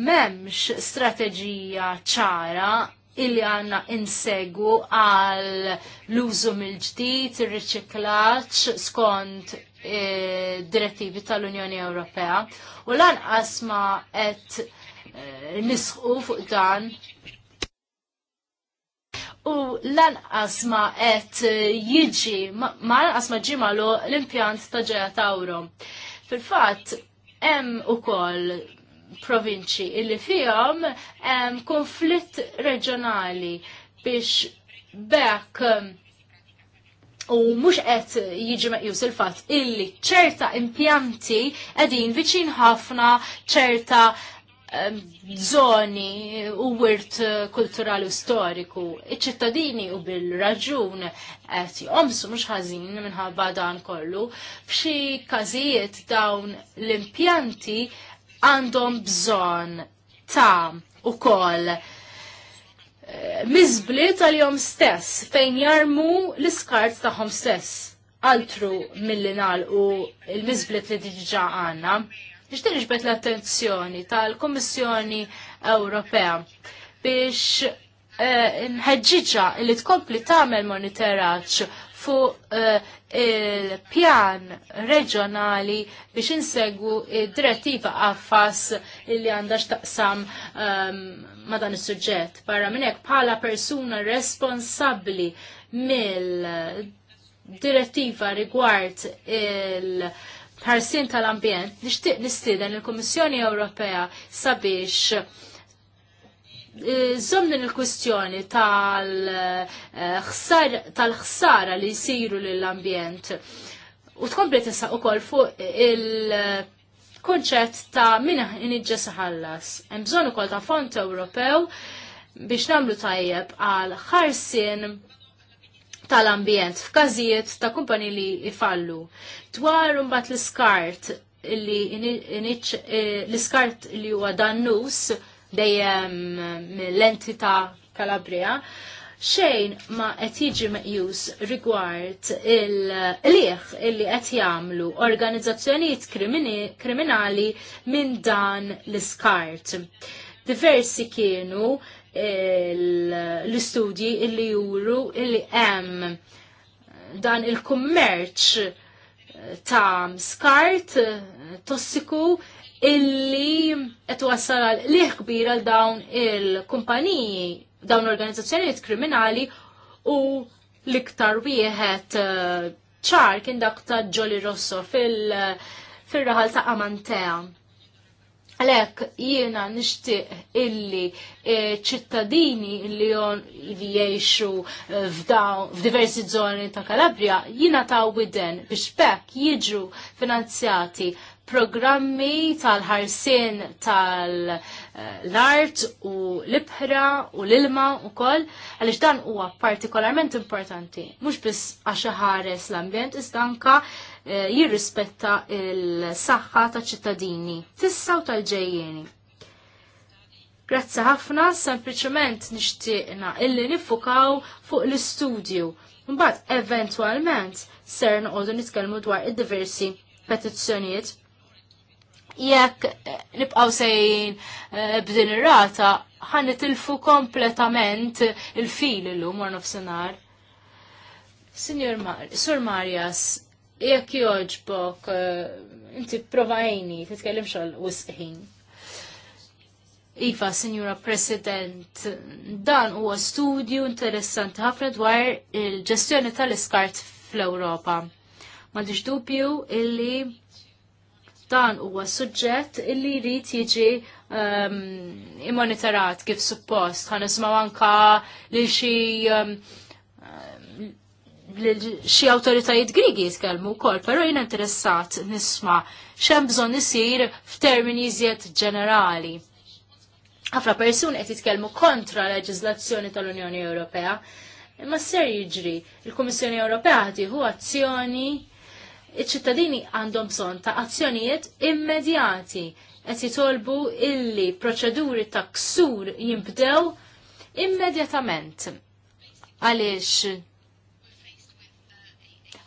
memx strateġija ċara illi għanna insegu għal l-użu mill-ġdid, ir reċiklaċ skont e, direttivi tal-Unjoni Ewropea u lanqas ma qed e, nisħu fuq dan u lanqas ma qed jiġi ma lanqas ma ġimalu l-impjant ta' ġeja tawro. Fil-fatt hemm ukoll provinċi illi fihom hemm konflitt reġjonali biex bekk u mhux qed jiġi meqjus il-fatt illi ċerta impjanti qegħdin viċin ħafna ċerta zoni u wirt kulturali u storiku. Iċ-ċittadini u bil-raġun qed jomsu mhux ħażin minħabba dan kollu. F'xi każijiet dawn l-impjanti għandhom bżon ta' u kol eh, mizbli tal-jom stess fejn jarmu l skart tagħhom stess altru mill-li u il-mizblit li diġġa għanna. Ixtin iġbet l-attenzjoni tal-Kommissjoni Ewropea biex eh, nħedġiġa li tkompli tagħmel monitoraċ fuq eh, il-pjan reġjonali biex insegwu id-direttiva għaffas li għandha x'taqsam ehm, ma dan is-suġġett. Barra minn hekk bħala persuna responsabbli mill direttiva rigward il- Parsin tal-ambjent, nixtieq nistieden il-Kummissjoni Ewropea sabiex Zomni l kustjoni eh, tal-ħsara li jisiru l-ambjent u tkompli tisa u kol fuq il konċet ta' minna inġġa saħallas. Mbżon u kol ta' font Ewropew biex namlu tajjeb għal ħarsin tal-ambjent f'każijiet ta' kumpani li ifallu. Dwar mbagħad l-iskart li eh, l-iskart li huwa dannus, dejjem mill-entità Kalabria xejn ma qed jiġi meqjus rigward il-lieħ illi qed jagħmlu organizzazzjonijiet kriminali minn dan l-iskart. Diversi kienu l-istudji illi juru illi hemm dan il-kummerċ ta' skart tossiku illi qed wassal liħ kbir għal dawn il-kumpaniji, dawn l-organizzazzjonijiet kriminali u l-iktar wieħed eh, ċar kien dak ta' ġoli Rosso fil-raħal ta' Amantea. Għalek jiena nishtiq illi eh, ċittadini li jon li jiexu eh, f'diversi zoni ta' Kalabria jiena ta' widen biex pek jiġu finanzjati programmi tal-ħarsin tal-art u l-ibħra u l-ilma u koll, għalix dan huwa partikolarment importanti, mux biss għaxaħares ħares l-ambjent, istanka e, eh, jirrispetta il-saħħa ta' ċittadini, tissa u tal-ġejjeni. Grazzi ħafna, sempliciment nishtiqna illi nifukaw fuq l-istudju. Mbagħad eventwalment ser noqogħdu nitkellmu dwar id-diversi petizzjonijiet jekk eh, nibqaw sejn eh, b'din ir-rata ħan nitilfu kompletament il-fil illum war nofsinhar. Signor Mar Sur Marjas, jekk joġbok eh, inti provajni titkellem xogħol wisqħin. Iva, Signora President, dan huwa studju interessanti ħafna dwar il-ġestjoni tal-iskart fl-Ewropa. Ma dubju illi dan huwa suġġett illi jrid jiġi um, ehm, immonitorat kif suppost. Ħa nismaw anka li xi um, xi awtoritajiet Grigi jitkellmu wkoll, però jiena interessat nisma' x'hemm bżonn isir f'termini iżjed ġenerali. Ħafna persuni qed jitkellmu kontra leġiżlazzjoni tal-Unjoni Ewropea. Imma ser jiġri, il-Kummissjoni Ewropea tieħu azzjoni iċ-ċittadini għandhom bżonn ta' azzjonijiet immedjati qed jitolbu illi proċeduri ta' ksur jimbdew immedjatament. Għaliex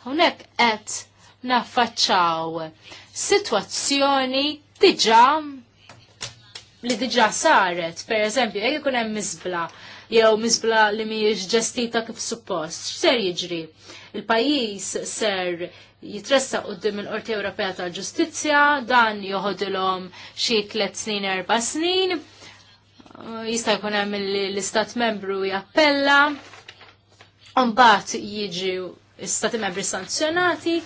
hawnhekk qed naffaċċaw sitwazzjoni diġà li diġà saret, per eżempju, jekk ikun hemm miżbla jew miżbla li mhijiex ġestita kif suppost. X'ser jiġri? Il-pajjiż ser jitressa qoddim il-Qorti Ewropea tal-Ġustizzja, dan joħodilhom xi tliet snin erba' snin, uh, jista' jkun hemm l-Istat Membru jappella, mbagħad jiġi l-Istati Membri sanzjonati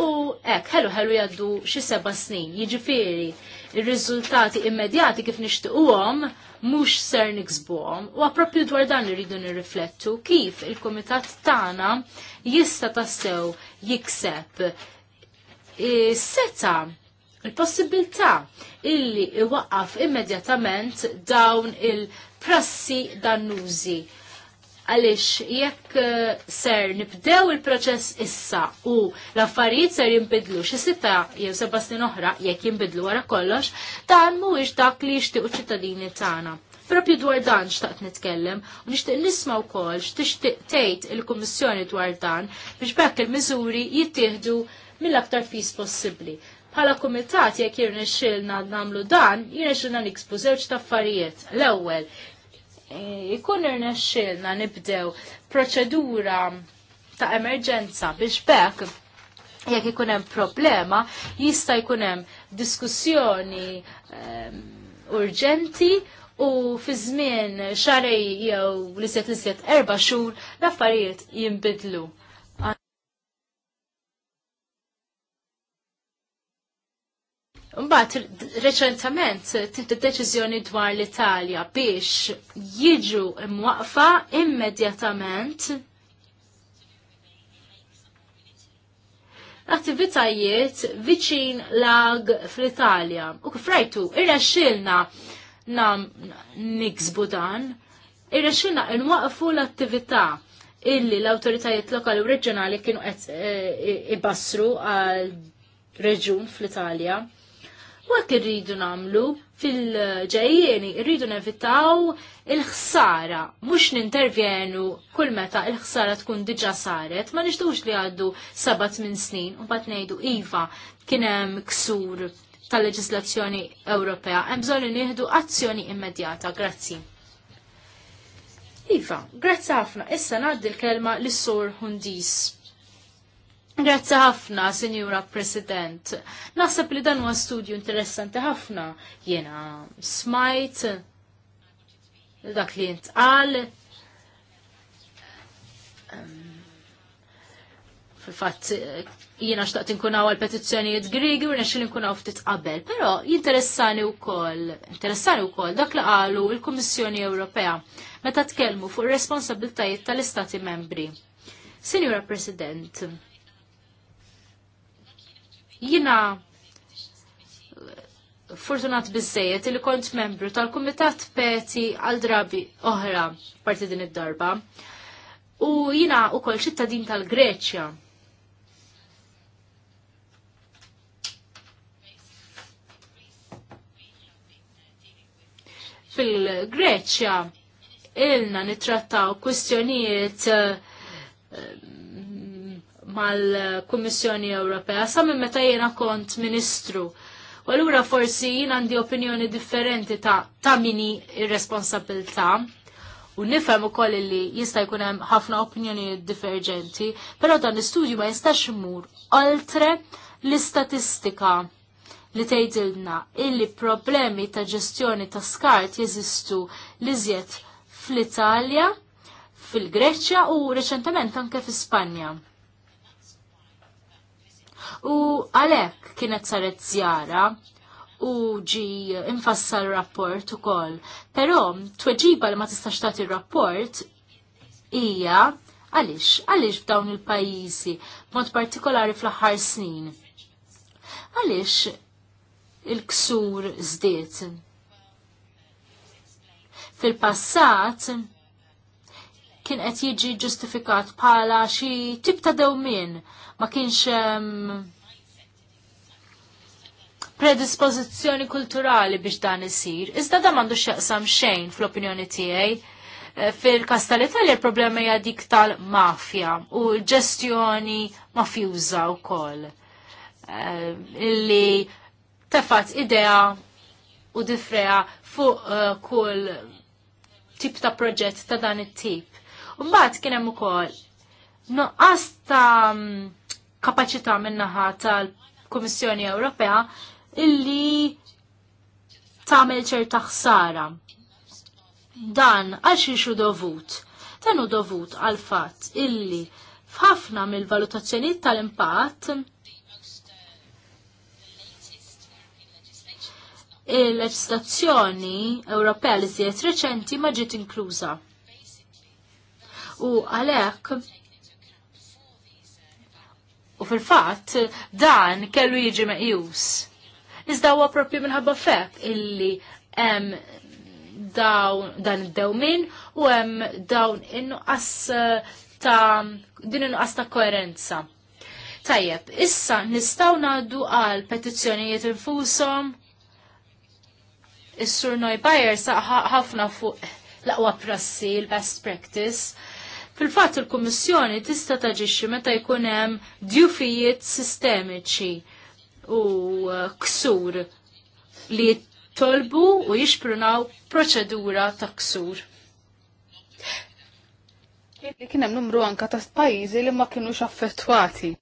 u hekk ħelu ħelu jgħaddu xi seba' snin. Jiġifieri r riżultati immedjati kif nixtiequhom mhux ser niksbuhom u proprju dwar dan irridu nirriflettu kif il-kumitat tagħna jista' tassew jikseb seta il-possibilità illi iwaqqaf immedjatament dawn il-prassi dannużi għalix jekk eh, ser nibdew il-proċess issa u l-affarijiet ser jimbidlu xi sita jew seba' snin oħra jekk jimbidlu wara kollox, dan mhuwiex dak li jixtiequ ċittadini tagħna. Propju dwar dan xtaqt nitkellem u nixtieq nisma' wkoll x'tixtieq tgħid il-Kummissjoni dwar dan biex bekk il-miżuri jittieħdu mill-aktar fis possibbli. Bħala kumitat jekk jirnexxilna nagħmlu dan, jirnexxilna niksbu żewġ taffarijiet. L-ewwel, eh, ikun irnexxilna nibdew proċedura ta' emerġenza biex bekk jekk ikun hemm problema, jista' jkun hemm diskussjoni um, urġenti u fi żmien xarej jew li set li set erba' xhur l-affarijiet jinbidlu. Mbagħad reċentament tibda deċiżjoni dwar l-Italja biex jiġu mwaqfa immedjatament attivitajiet viċin lag fl-Italja. U kif rajtu, irnexxielna nam niksbu dan, irrexxilna waqfu l-attività illi l-autoritajiet lokali u reġjonali kienu qed eh, ibassru għal reġun fl-Italja. U irridu namlu fil-ġejjeni, irridu nevitaw il-ħsara, mux nintervjenu kull meta il-ħsara tkun diġa saret, ma nixtux li għaddu sabat minn snin, u bat nejdu Iva kienem ksur tal-leġislazzjoni Ewropea. Hemm bżonn li nieħdu azzjoni immedjata. Grazzi. Iva, grazzi ħafna. Issa ngħaddi l-kelma lis-sur Hundis. Grazzi ħafna, Sinjura President. Naħseb li dan huwa studju interessanti ħafna. Jiena smajt dak li jintqal. Um, Fil-fatt, jiena xtaqt inkunaw għal petizzjonijiet grigi u nkun inkunaw ftit qabel. Però jinteressani wkoll, interessani wkoll dak li qalu l-Kummissjoni Ewropea meta tkellmu fuq ir tal-Istati membri. Sinjura President, jina fortunat bizzejet li kont membru tal-Kumitat Peti għal drabi oħra parti din id-darba. U jina u kol ċittadin tal-Greċja. fil-Greċja ilna nitrattaw kwistjonijiet eh, mal-Kummissjoni Ewropea sa minn meta jiena kont Ministru. U allura forsi jien għandi opinjoni differenti ta', ta mini ir-responsabilità u nifhem ukoll li jista' jkun hemm ħafna opinjoni differenti, però dan l-istudju ma jistax imur oltre l-istatistika li tgħidilna illi problemi ta' ġestjoni ta' skart jeżistu li żjed fl-Italja, fil-Greċja u reċentement anke fl-Spanja. U għalhekk kienet saret żjara u ġi infassal rapport ukoll. Però tweġiba li ma tistax tagħti rapport hija għaliex għaliex f'dawn il-pajjiżi mod partikolari fl-aħħar snin. Għaliex il-ksur zdiet. Fil-passat kien qed jiġi ġustifikat bħala xi tip ta' dewmien ma kienx predispożizzjoni kulturali biex dan isir. Iżda da m'għandu x'jaqsam xejn fl-opinjoni tiegħi eh, fil-kas tal-Italja il-problema hija dik tal-mafja u l-ġestjoni mafjuża wkoll. Uh, illi tefat idea u difreja fuq uh, kull tip ta' proġett ta' dan it-tip. Mbagħad kien hemm ukoll noqqas ta' mm, kapaċità min-naħa tal-Kummissjoni Ewropea illi tagħmel ċerta ħsara. Dan għal xi dovut. Dan hu dovut għal fatt illi f'ħafna mill-valutazzjonijiet tal-impatt il-leġislazzjoni Ewropea li siet reċenti ma ġiet inkluża. U għalhekk u fil-fatt dan kellu jiġi meqjus. Iżda huwa proprju minħabba fek illi hemm dan id-dewmin u hemm dawn in-nuqqas eh, ta' din in-nuqqas ta' koerenza. Tajjeb, issa nistaw ngħaddu għal petizzjonijiet infushom Is-Sur Neubayer saħħa ħafna fuq l-aqwa prassi, l-best practice. Fil-fatt il-Kummissjoni tista' taġixxi meta jkun hemm djufijiet sistemiċi u uh, ksur li tolbu u jixprunaw proċedura ta' ksur. Li kien hemm numru anka ta' pajjiżi li ma kinux affettwati.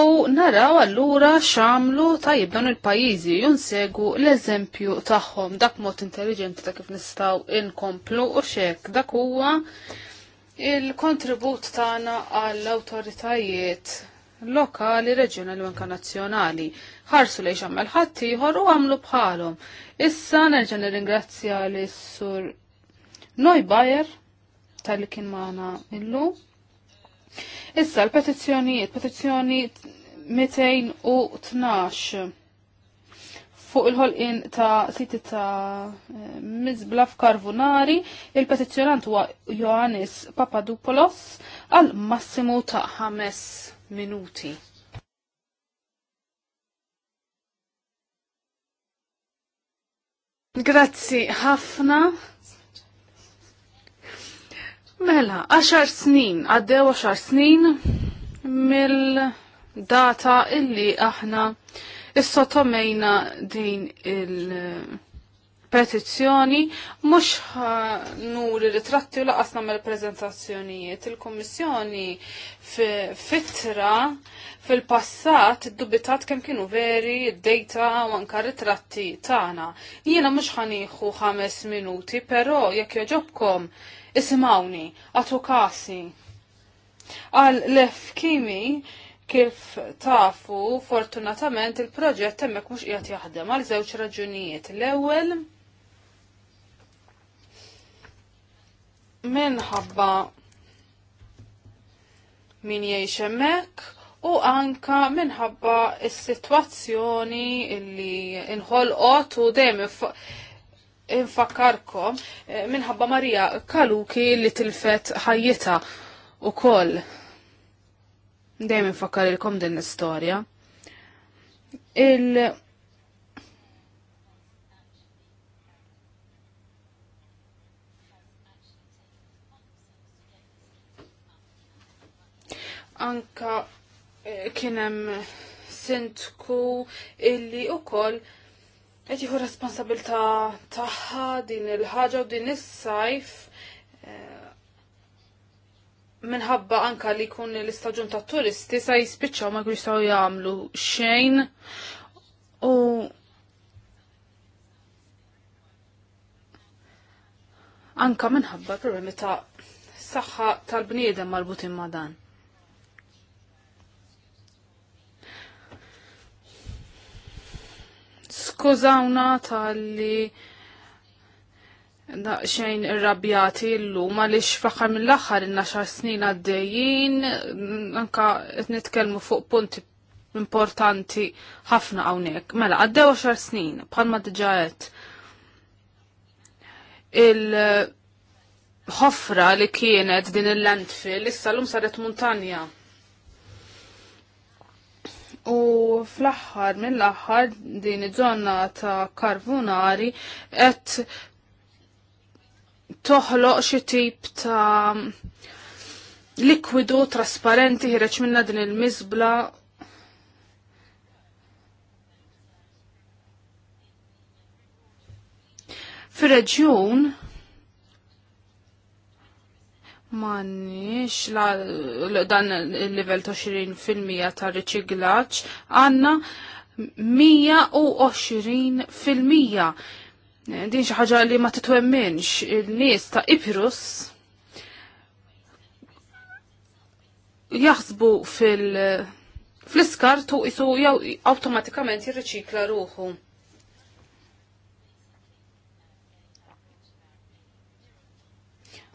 U naraw allura xamlu tajib dan il-pajizi junsegu l-eżempju tagħhom dak mod intelligenti ta' kif nistaw inkomplu u xek dak huwa il-kontribut tagħna għall-awtoritajiet lokali, reġjonali u anka nazzjonali. Ħarsu lejn xammel ħadd ieħor u għamlu bħalhom. Issa nerġa' nirringrazzja lis-sur Neubayer tal-li kien magħna illum Issa l-petizzjonijiet, petizzjoni 212 fuq il-ħolqin ta' siti ta' eh, mizbla f'Karvunari, il-petizzjonant huwa Johannes Papadopoulos għal massimu ta' ħames minuti. Grazzi ħafna. Mela, 10 snin, għaddew 10 snin mill-data illi aħna is sottomejna din il- petizzjoni mux nur ritratti u laqasna mill prezentazzjonijiet. Il-Kommissjoni fitra fil-passat dubitat kem kienu veri id-dejta u anka ritratti tagħna. Jiena mux ħaniħu ħames minuti, pero jekk joġobkom Isimawni, għatu Għal lef kimi kif tafu fortunatament il-proġett hemmhekk mhux qiegħed jaħdem għal żewġ raġunijiet. L-ewwel minħabba min jiex hemmhekk u anka minħabba s-sitwazzjoni illi inħolqot u dejjem infakkarkom eh, minħabba Marija Kaluki li tilfet ħajjita u koll. Dejjem infakkar ilkom din l-istorja. Il anka eh, kienem sintku illi u koll qed jieħu responsabilità tagħha din il-ħaġa u din is-sajf eh, minħabba anka li jkun l-istaġun ta' turisti sa jispiċċaw ma għu jistgħu jagħmlu xejn u anka minħabba problemi ta' saħħa tal-bniedem marbutin ma' dan. skużawna tal-li xejn irrabjati l-lum għalix faħar mill-axar inna xar snin għaddejjin, anka nitkelmu fuq punti importanti ħafna għawnek. Mela, għaddew xar snin, bħalma diġaħet il-ħofra li kienet din il-landfill, issa l-lum saret montanja. U fl-aħħar mill-aħħar din iż-żonna ta' karvunari qed toħloq xi tip ta' likwidu trasparenti ħireċ minna din il mizbla fir-reġjun Manix, la, dan il-level ta' mija ta' riċiklaċ, għanna 120%. Din xi ħaġa li ma titwemminx il-nies ta' Iprus jaħsbu fil- fl-iskar tu jisu jew awtomatikament jirriċikla ruħu.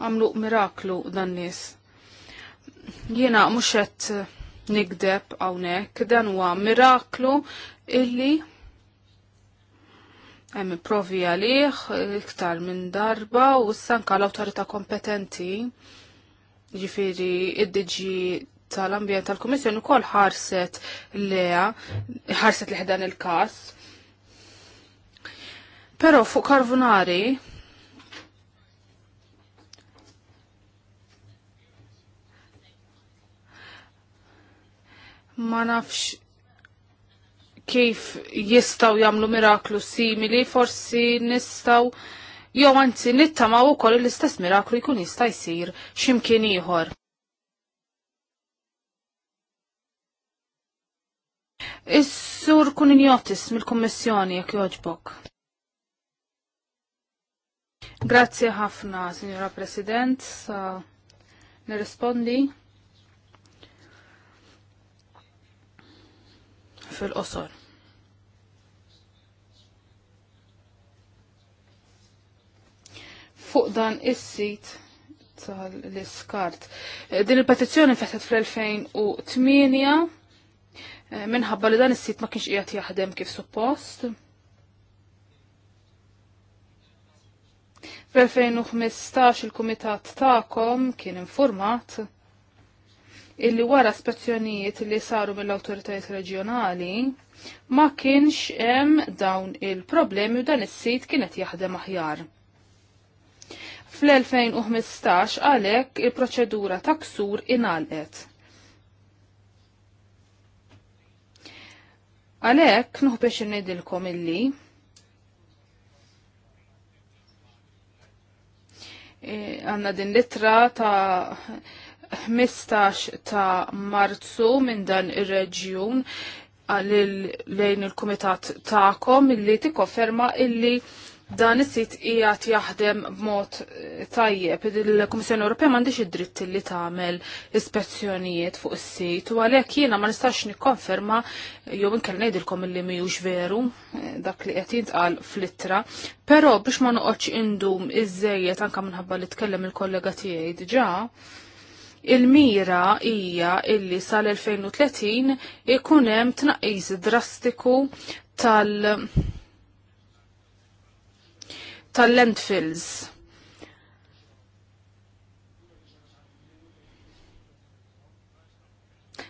għamlu miraklu dan nies. Jiena mhux qed nikdeb hawnhekk, dan huwa miraklu illi hemm provi għalih iktar minn darba u s-sanka l-awtorità kompetenti ġifiri id-diġi tal-ambjent tal-Komissjoni kol ħarset l-leja, ħarset l ħedan il-kas. Pero fuq Karvunari, ma nafx kif jistaw jamlu miraklu simili, forsi nistaw jew anzi u koll l-istess miraklu jkun jista' jsir x'imkien ieħor. Is-sur kun injotis mill-Kummissjoni jekk joġbok. Grazzi ħafna, Signora President, sa nirrispondi. fil-qosor. Fuq dan is-sit tal-iskart. Eh, din il-petizzjoni fetħet fl-2008 eh, minħabba li dan is-sit ma kienx qiegħed jaħdem kif suppost. Fl-2015 il-kumitat ta'kom kien informat illi wara spezzjonijiet li saru mill-autoritajiet reġjonali ma kienx hemm dawn il-problemi u dan is-sit kienet jaħdem aħjar. Fl-2015 għalhekk il-proċedura ta' ksur inalqet. Għalhekk nuħbex ngħidilkom illi eh, għandna din litra ta' 15 ta' marzu minn dan ir-reġjun lejn il-kumitat ta'kom illi tikkonferma illi dan is-sit qiegħed jaħdem b'mod eh, tajjeb. Il-Kummissjoni Ewropea m'għandix id-dritt li tagħmel ispezzjonijiet fuq is-sit u għalhekk jiena ma nistax nikkonferma jew inkella ngħidilkom illi mhijiex veru eh, dak li qed jintqal fl-ittra, però biex ma noqgħodx indum iż-żejjed anke minħabba li tkellem il-kollega tiegħi diġà, Il-mira hija illi sal-2030 ikun hemm tnaqqis drastiku tal- tal-landfills.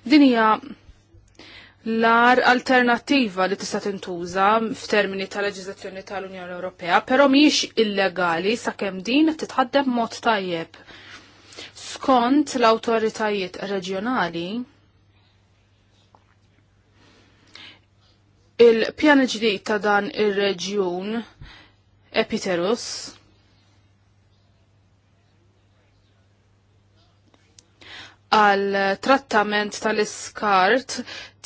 Din hija l-ar alternativa li tista' tintuża f'termini tal leġiżlazzjoni tal-Unjoni Ewropea, però mhijiex illegali sakemm din titħaddem mod tajjeb skont l-autoritajiet reġjonali il-pjan ġdid ta' dan ir-reġjun Epiterus għal trattament tal-iskart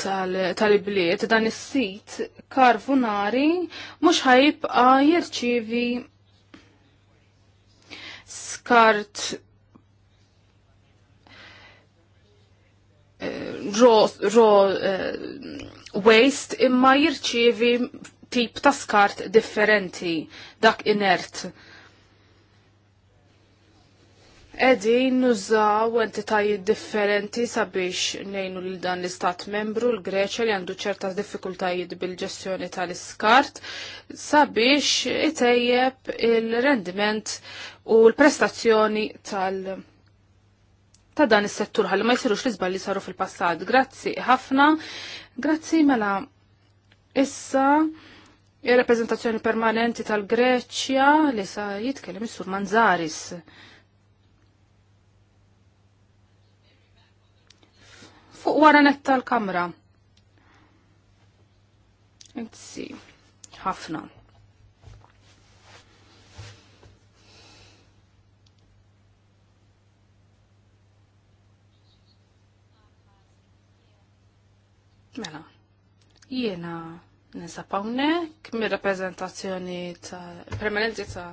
tal-ibliet dan is-sit karvunari mux ħajibqa' jirċievi skart raw, raw eh, waste imma jirċievi tip ta' skart differenti, dak inert. Edi nużaw entitajiet differenti sabiex nejnu l dan l-istat membru l-Greċa li għandu ċerta diffikultajiet bil-ġestjoni tal-iskart sabiex itejjeb il-rendiment u l-prestazzjoni tal-iskart ta' dan is-settur ħalli ma jsirux l li saru fil-passat. Grazzi ħafna, grazzi mela issa ir-reprezentazzjoni permanenti tal-Greċja li sa jitkellem is-sur Manzaris. Fuq wara netta tal-kamra. Grazzi ħafna. Mela, jiena ninsab hawnhekk mir-rappreżentazzjoni ta' permanenti ta'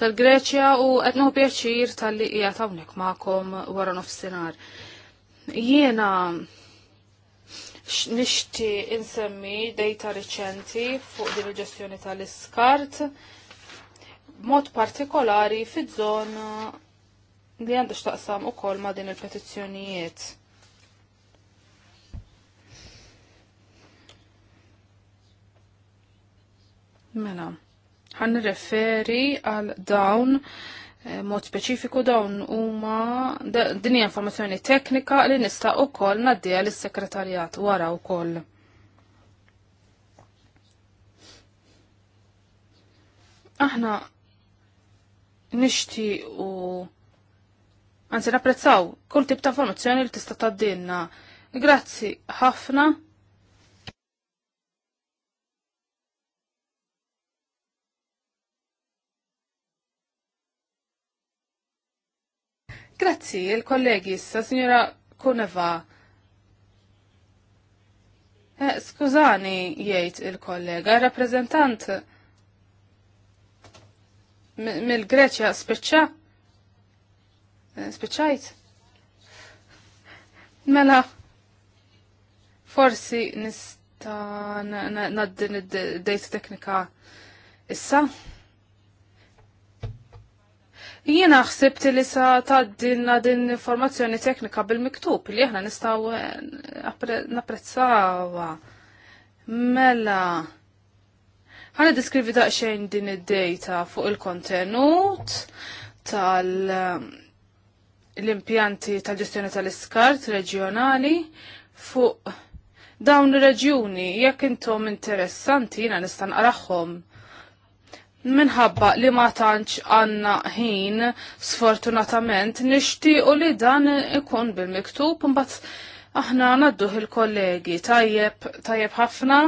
tal-Greċja u qed nħu pjaċir tal-li hija hawnhekk waran wara nofsinhar. Jiena nishti insemmi dejta riċenti fuq din il-ġestjoni tal-iskart mod partikolari fid-żona li għandha xtaqsam ukoll ma' din il-petizzjonijiet. Mela, ħan referi għal dawn eh, mod speċifiku dawn huma din hija informazzjoni teknika li nista' ukoll ngħaddiha lis-sekretarjat wara wkoll. Aħna u anzi napprezzaw kull tip ta' informazzjoni li tista' tgħaddilna. Grazzi ħafna Grazzi, il-kollegi issa, signora Kuneva. Eh, skużani, jgħid il-kollega, rappresentant mill-Greċja spiċċa? Eh, spiċċajt? Mela, forsi nista' naddin id-dejt teknika issa? Jiena ħsibt li sa ta' din informazzjoni teknika bil-miktub li aħna nistgħu eh, napprezzawha. Mela, ħana diskrivi daqsxejn din id-data fuq il-kontenut tal eh, l-impjanti tal-ġestjoni tal-iskart reġjonali fuq dawn ir-reġjuni jekk intom interessanti jiena nista' naqrahom minħabba li ma tantx għanna ħin sfortunatament nixtiequ li dan ikun bil-miktub mbagħad aħna nadduh il-kollegi tajjeb tajjeb ħafna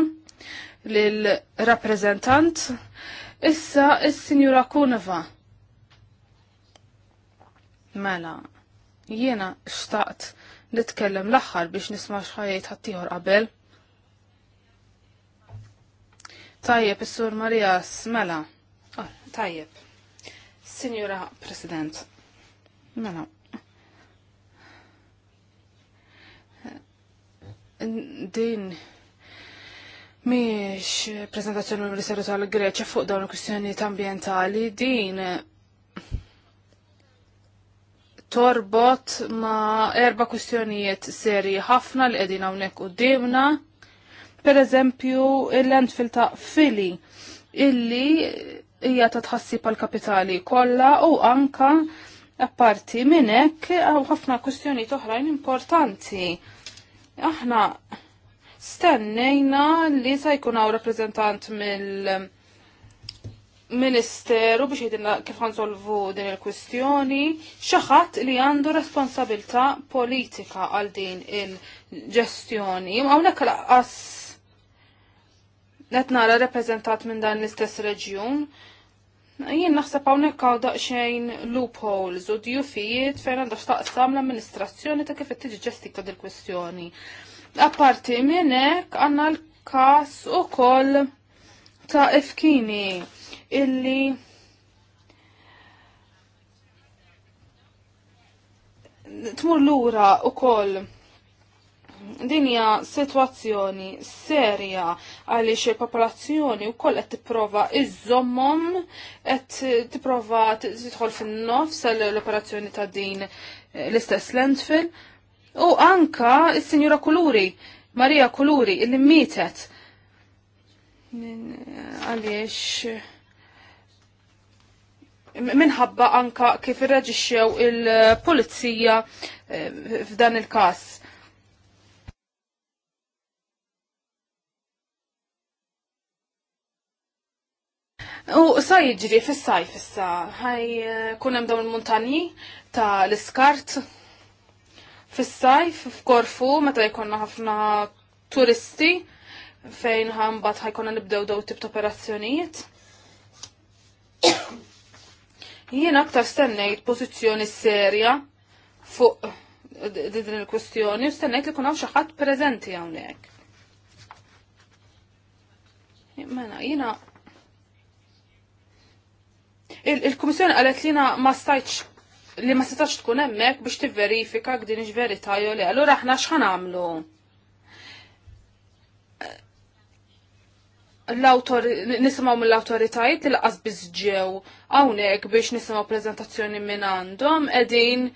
lil-rappreżentant issa il sinjura Kunva. Mela, jiena xtaqt nitkellem l-aħħar biex nisma' xħajiet ħaddieħor qabel. Tajjeb is-Sur Marijas, mela. Tajjeb. Signora President. Mela. Din Miex prezentazzjoni mill-Ministeru tal-Greċja fuq dawn il-kwistjonijiet ambjentali din torbot ma erba' kwistjonijiet serji ħafna li qegħdin hawnhekk qudiemna. Per eżempju, il-landfill ta' Fili illi hija ta' tħassib pal kapitali kollha u anka apparti minn hekk hawn ħafna kwistjonijiet oħrajn importanti. Aħna stennejna li se jkun hawn rappreżentant mill Ministeru biex jidinna kif għansolvu din il-kwistjoni, xaħat li għandu responsabilta politika għal din il-ġestjoni. Għawnek laqqas net nara reprezentat minn dan l-istess reġjun, Jien naħseb hawnhekk għaw daqsxejn loopholes u djufijiet fejn għandha x'taqsam l-amministrazzjoni ta' kif qed tiġi ġestita dil-kwestjoni. Apparti minn hekk għandna l-każ ukoll ta' Efkini illi tmur lura ukoll Din hija sitwazzjoni serja għaliex il-popolazzjoni wkoll qed tipprova iżommom qed tipprova tidħol fin-nofs l-operazzjoni ta' din l-istess landfill. U anka s-Sinjura Kuluri, Marija Kuluri, illi mietet għaliex minħabba anka kif irreġixxew il-pulizija eh, f'dan il-każ. U sa jiġri fis-sajf issa ħaj eh, kun hemm dawn il muntani ta' l-iskart fis-sajf f'Korfu meta jkollna ħafna turisti fejn ħambat ħajkonna nibdew daw tip operazzjonijiet. Jien aktar stennejt pożizzjoni serja fuq din il-kwestjoni u stennejt li kun hawn xi ħadd preżenti hawnhekk. Mela, jiena Il-Kummissjoni qalet lina ma stajċ li ma setax tkun hemmhekk biex tivverifika din verità jew li. Allura aħna x'ħan għamlu? nisimaw mill-autoritajiet li laqas bizġew hawnhekk biex nisimgħu preżentazzjoni minn għandhom qegħdin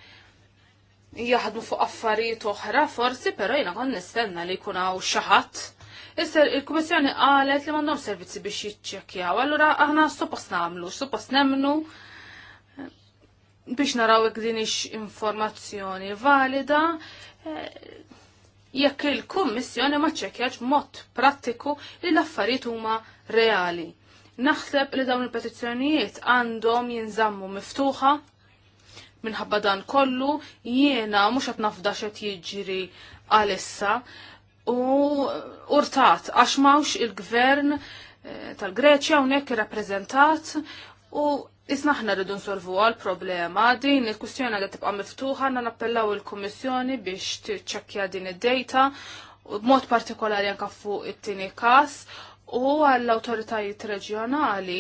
jaħdmu fuq affarijiet oħra forsi, però jiena kon nistenna li jkun hawn xi ħadd Issa il-Kummissjoni qalet li m'għandhom servizzi biex jiċċekkjaw. Allura aħna suppost nagħmlu, suppost nemmnu eh, biex naraw jekk din informazzjoni valida eh, jekk il-Kummissjoni ma ċċekkjax mod prattiku li l-affarijiet huma reali. Naħseb li dawn il-petizzjonijiet għandhom jinżammu miftuħa minħabba dan kollu jiena mhux qed nafda x'qed jiġri għalissa u urtat għax mawx il-gvern eh, tal-Greċja unek rappresentat u Isnaħna rridu nsolvu għal problema, din il-kustjoni għadha tibqa' miftuħa, għandna nappellaw il-Kummissjoni biex tiċċekkja din id-dejta, b'mod partikolari anke fuq it-tieni każ, u għall-awtoritajiet reġjonali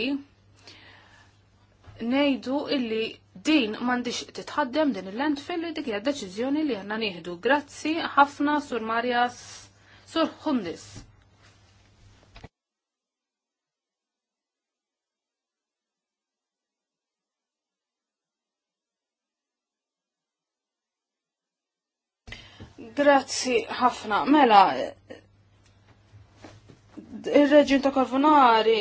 ngħidu illi din m'għandix titħaddem din il-landfill dik hija deċiżjoni li għandna nieħdu. Grazzi ħafna Sur Marjas Sur Hundis. Grazzi ħafna. Mela, il-reġin ta' Karvunari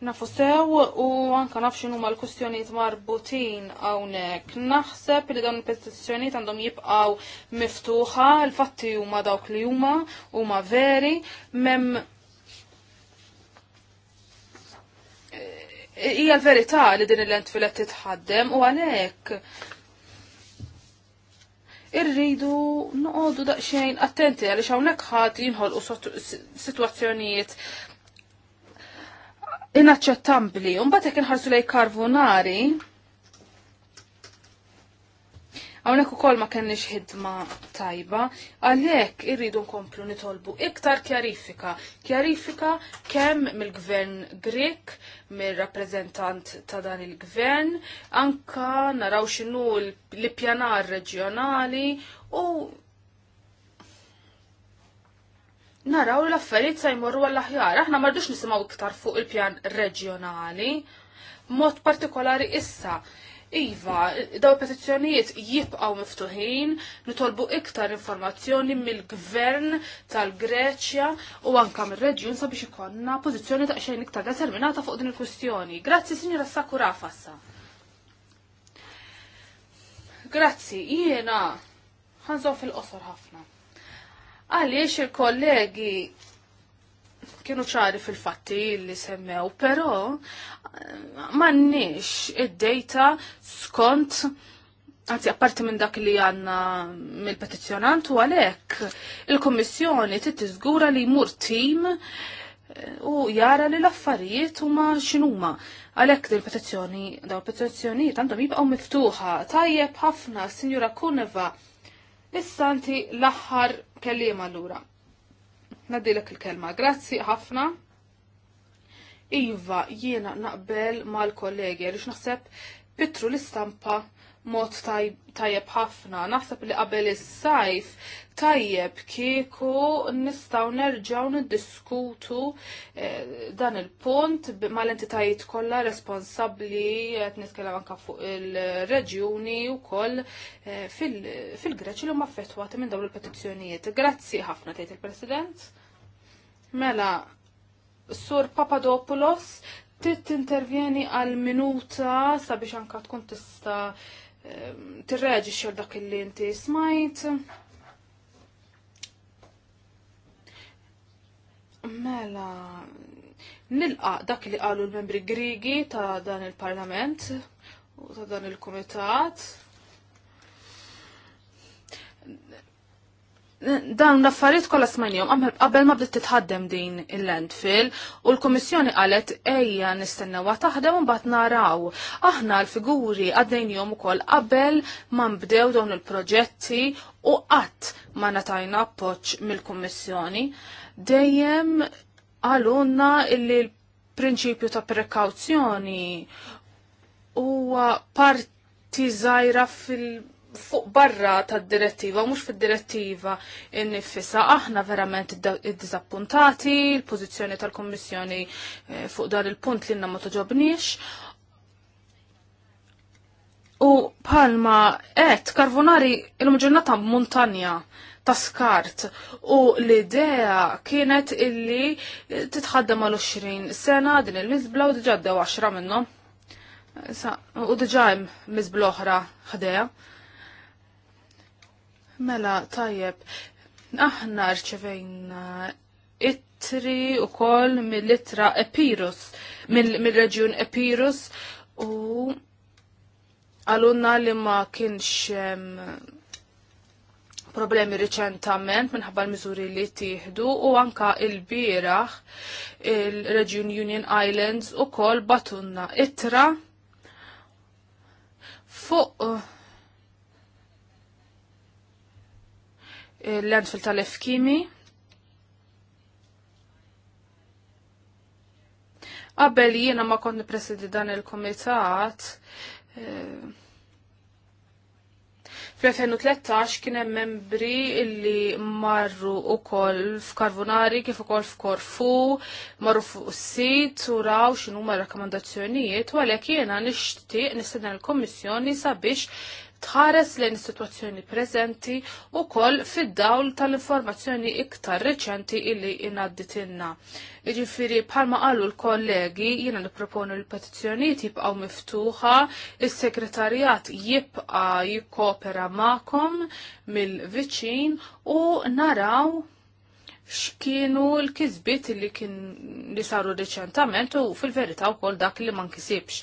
nafu sew u anka naf x'inhu l-kustjonijiet marbutin hawnhekk. Naħseb li dawn il-petizzjonijiet għandhom jibqgħu miftuħa, l-fatti huma dawk li huma huma veri, mem hija l-verità li din l lent filet titħaddem u għalhekk irridu noqogħdu daqsxejn attenti għaliex hawnhekk ħadd jinħolqu sitwazzjonijiet inaċċettabbli. Mbagħad jekk inħarsu lej karbonari, Għawnek u kol ma kenniex ħidma tajba, għalek irridu nkomplu nitolbu iktar kjarifika. Kjarifika kem mill-gvern Grek, mill rappreżentant ta' dan il-gvern, anka naraw xinu l-pjanar reġjonali u naraw l-affarijiet se jmorru għall-aħjar. Aħna marridux nisimgħu iktar fuq il-pjan reġjonali, mod partikolari issa. Iva, daw petizzjonijiet jibqaw miftuħin, nitolbu iktar informazzjoni mill-gvern tal-Greċja u anka mill-reġjun sabiex ikonna pożizzjoni ta' xejn iktar determinata fuq din il-kwistjoni. Grazzi, signora Sakura Fassa. Grazzi, jiena ħanżgħu fil-qosor ħafna għaliex il-kollegi kienu ċari fil-fatti li semmew, pero eh, mannix id-data skont Għanzi, apparti minn dak li għanna mill-petizjonant u għalek, il-Kommissjoni titizgura li jmur tim eh, u jara li l-affarijiet huma x'inhuma. Għalhekk din petizzjoni dawn petizzjonijiet għandhom jibqgħu miftuħa. Tajjeb ħafna, Sinjura Kuneva, l inti l-aħħar Kellima lura. Nadilek il-kelma. Grazzi ħafna. Iva, jiena naqbel mal-kollegi, għalix naħseb pitru l-istampa mod tajjeb ħafna. Naħseb li qabel is-sajf tajjeb kieku nistaw nerġaw niddiskutu eh, dan il-punt mal-entitajiet kollha responsabbli qed niskella anke fuq il-reġjuni wkoll eh, fil-Greċi li huma affettwati minn dawn il-petizzjonijiet. Grazzi ħafna tgħid il-President. Mela, Sur Papadopoulos, tit intervjeni għal minuta sabiex anka tkun tista' eh, t-reġi xer dak il-li inti smajt. Mela, nilqa dak li qalu l-membri Grigi ta' dan il-Parlament u ta' dan il-Kumitat. Dan l-affarijiet kollha smajnijom, qabel ma bdiet titħaddem din il-landfill u l-Kummissjoni qalet ejja nistennewha taħdem u mbagħad naraw. Aħna l-figuri jom ukoll qabel ma nbdew dawn il-proġetti u qatt ma natajna appoġġ mill-Kummissjoni dejjem għalunna illi l-prinċipju ta' prekawzjoni huwa parti żgħira fil- fuq barra tad direttiva mhux fid-direttiva innifisa aħna verament id-dizappuntati, il pożizzjoni tal kummissjoni eh, fuq dan il-punt li ma toġobniex. U palma, et, karvonari il-mġurnata montanja ta' skart u l-idea kienet illi titħaddem għal 20 sena din il-mizbla u diġa ddew 10 minnhom. U diġa mizbla uħra ħdeja. Mela, tajjeb, aħna rċevejna ittri u koll mill-itra Epirus, mill-reġjun Epirus u għalunna li ma kienx problemi riċentament minħabba l-miżuri li tieħdu u anka il biraħ il region Union Islands u kol batunna itra fuq uh, l-landfill tal-efkimi qabel jiena ma kont nipresidi dan il-komitat eh, Fl-2013 kien hemm membri illi marru ukoll f'Karvunari kif ukoll f'Korfu, marru fuq sit u raw x'inhu rakkomandazzjonijiet u għalhekk jiena nixtieq nistenna l-Kommissjoni sabiex tħares lejn is-sitwazzjoni preżenti u koll fid-dawl tal-informazzjoni iktar reċenti illi inadditinna. Iġifiri, bħalma qalu l-kollegi, jina l-proponu l petizjoni jibqaw miftuħa, il segretarjat jibqa jikopera ma'kom mill-viċin u naraw x'kienu l-kizbit li kien li saru reċentament u fil-verità wkoll dak li ma nkisibx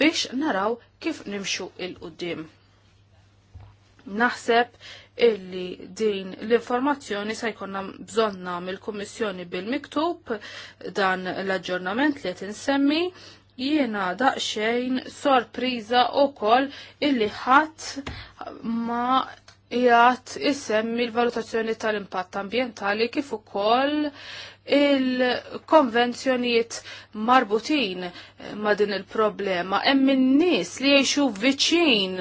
biex naraw kif nimxu il-qudiem. Naħseb illi din l-informazzjoni sa jkonna bżonna mill-Kummissjoni bil-miktub dan l-aġġornament li qed insemmi jiena daqsxejn sorpriża wkoll illi ħadd ma jgħat isemmi l-valutazzjoni tal-impatt ambientali kif ukoll il-konvenzjonijiet marbutin ma' din il-problema hemm in-nies li jgħixu viċin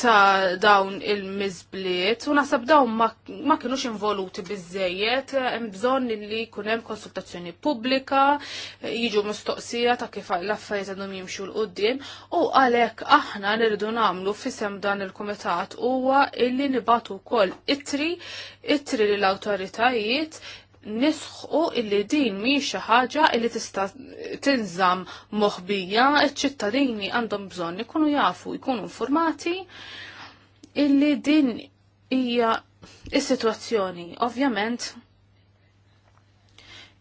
ta' dawn il-mizbliet u nasab dawn ma, kienux involuti bizzejiet, hemm bżonn li jkun hemm konsultazzjoni pubblika, jiġu mistoqsija ta' kif l-affarijiet għadhom jimxu l qudiem u għalhekk aħna nirdu nagħmlu f'isem dan il-kumitat huwa illi nibatu wkoll itri, itri lill awtoritajiet nisħu illi din mhix xi ħaġa illi tista' tinżam moħbija, iċ-ċittadini għandhom bżonn ikunu jafu, jkunu informati illi din hija is-sitwazzjoni. Ovvjament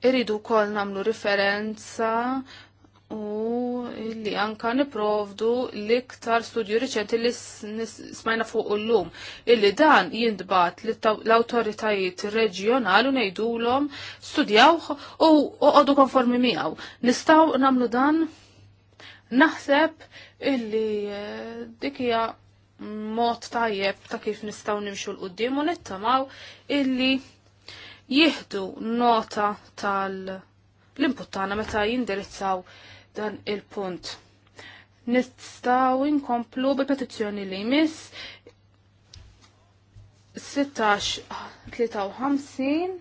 irridu wkoll nagħmlu referenza u li anka niprovdu l-iktar studju riċenti li smajna fuq l-lum illi dan jindbat l-autoritajiet reġjonali u nejdulom studjawh u għodu konformi miegħu. Nistaw namlu dan naħseb illi eh, dikija mod tajjeb ta' kif nistaw nimxu l-qoddim u nittamaw illi jihdu nota tal- l-input tagħna meta jindirizzaw dan il-punt. Nistgħu inkomplu bil-petizzjoni li jmiss 1653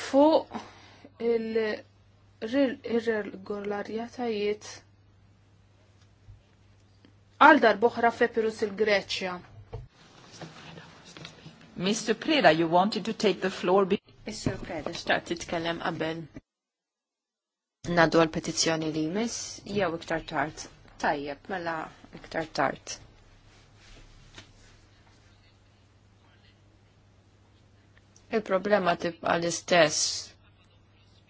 fuq il-regolarjatajiet għal darboħra fepirus il-Greċja. Mr. Preda, you wanted to take the floor. Is-sur Preda, xtaqt titkellem qabel. Nadu għal-petizzjoni li jmiss, jew iktar tard. Tajjeb, mela iktar tard. Il-problema tibqa l-istess.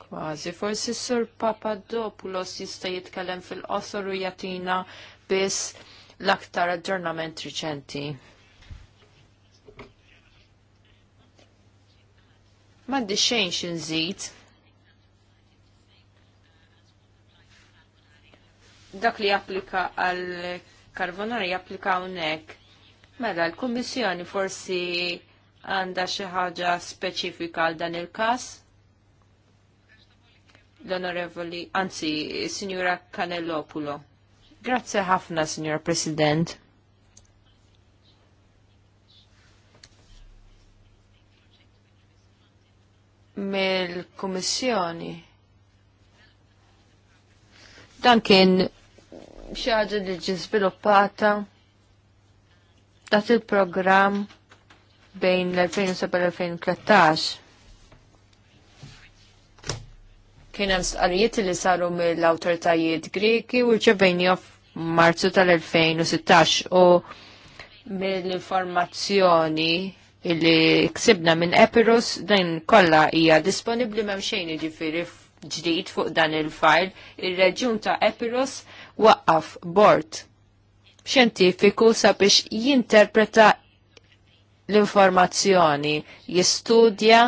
Kważi, forsi s-sur Papadopoulos jista' jitkellem fil-qosor u jatina biss l-aktar aġġornament riċenti. Mandi xejn zid. Dak li japplika għal karbonari japplika hawnhekk. Mela l-Kummissjoni forsi għandha xi ħaġa speċifika għal dan il-każ? L-Onorevoli, anzi, Signora Canellopulo. Grazie ħafna, Signor President. mill-Kummissjoni. Dan kien ħaġa li ġi żviluppata dat il-programm bejn l-2007-2013. Kien hemm stqarijiet li saru mill-awtoritajiet Greki u ġebejni f'Marzu tal-2016 u mill-informazzjoni illi ksibna minn Epirus din kollha hija disponibbli m'hemm xejn jiġifieri ġdid fuq dan il-fajl, ir reġun ta' Epirus waqqaf bord xjentifiku sabiex jinterpreta l-informazzjoni, jistudja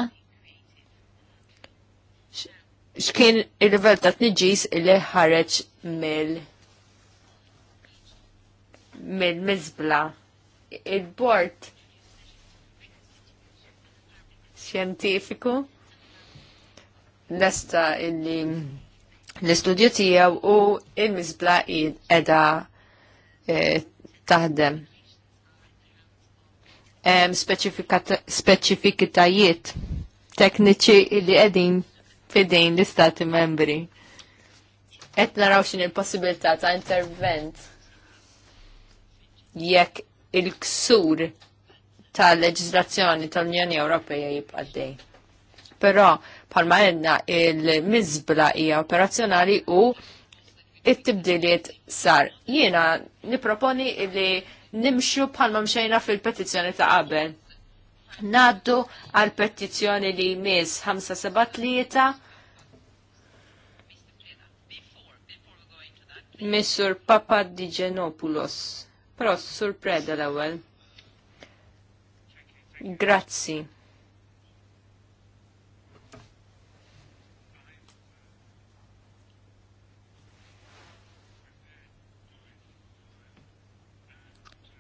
x'kien il-livell ta' tniġis li ħareġ mill mill-mizbla. Il-bord xjentifiku nesta' illi l-istudju tijaw u il-mizbla edha eh, taħdem. Speċifikitajiet tekniċi illi edin fidejn l-istati membri. Et naraw xin il-possibilità ta' intervent jekk il-ksur tal leġizrazzjoni tal-Unjoni Ewropea jibqa' dej. Però palma għedna il-mizbla hija operazzjonali u it-tibdiliet sar. Jiena niproponi li nimxu palma mxejna fil-petizzjoni ta' qabel. Naddu għal petizzjoni li jmiss tlieta Missur Papa Digenopoulos. Però surpreda preda l-ewwel. Grazzi.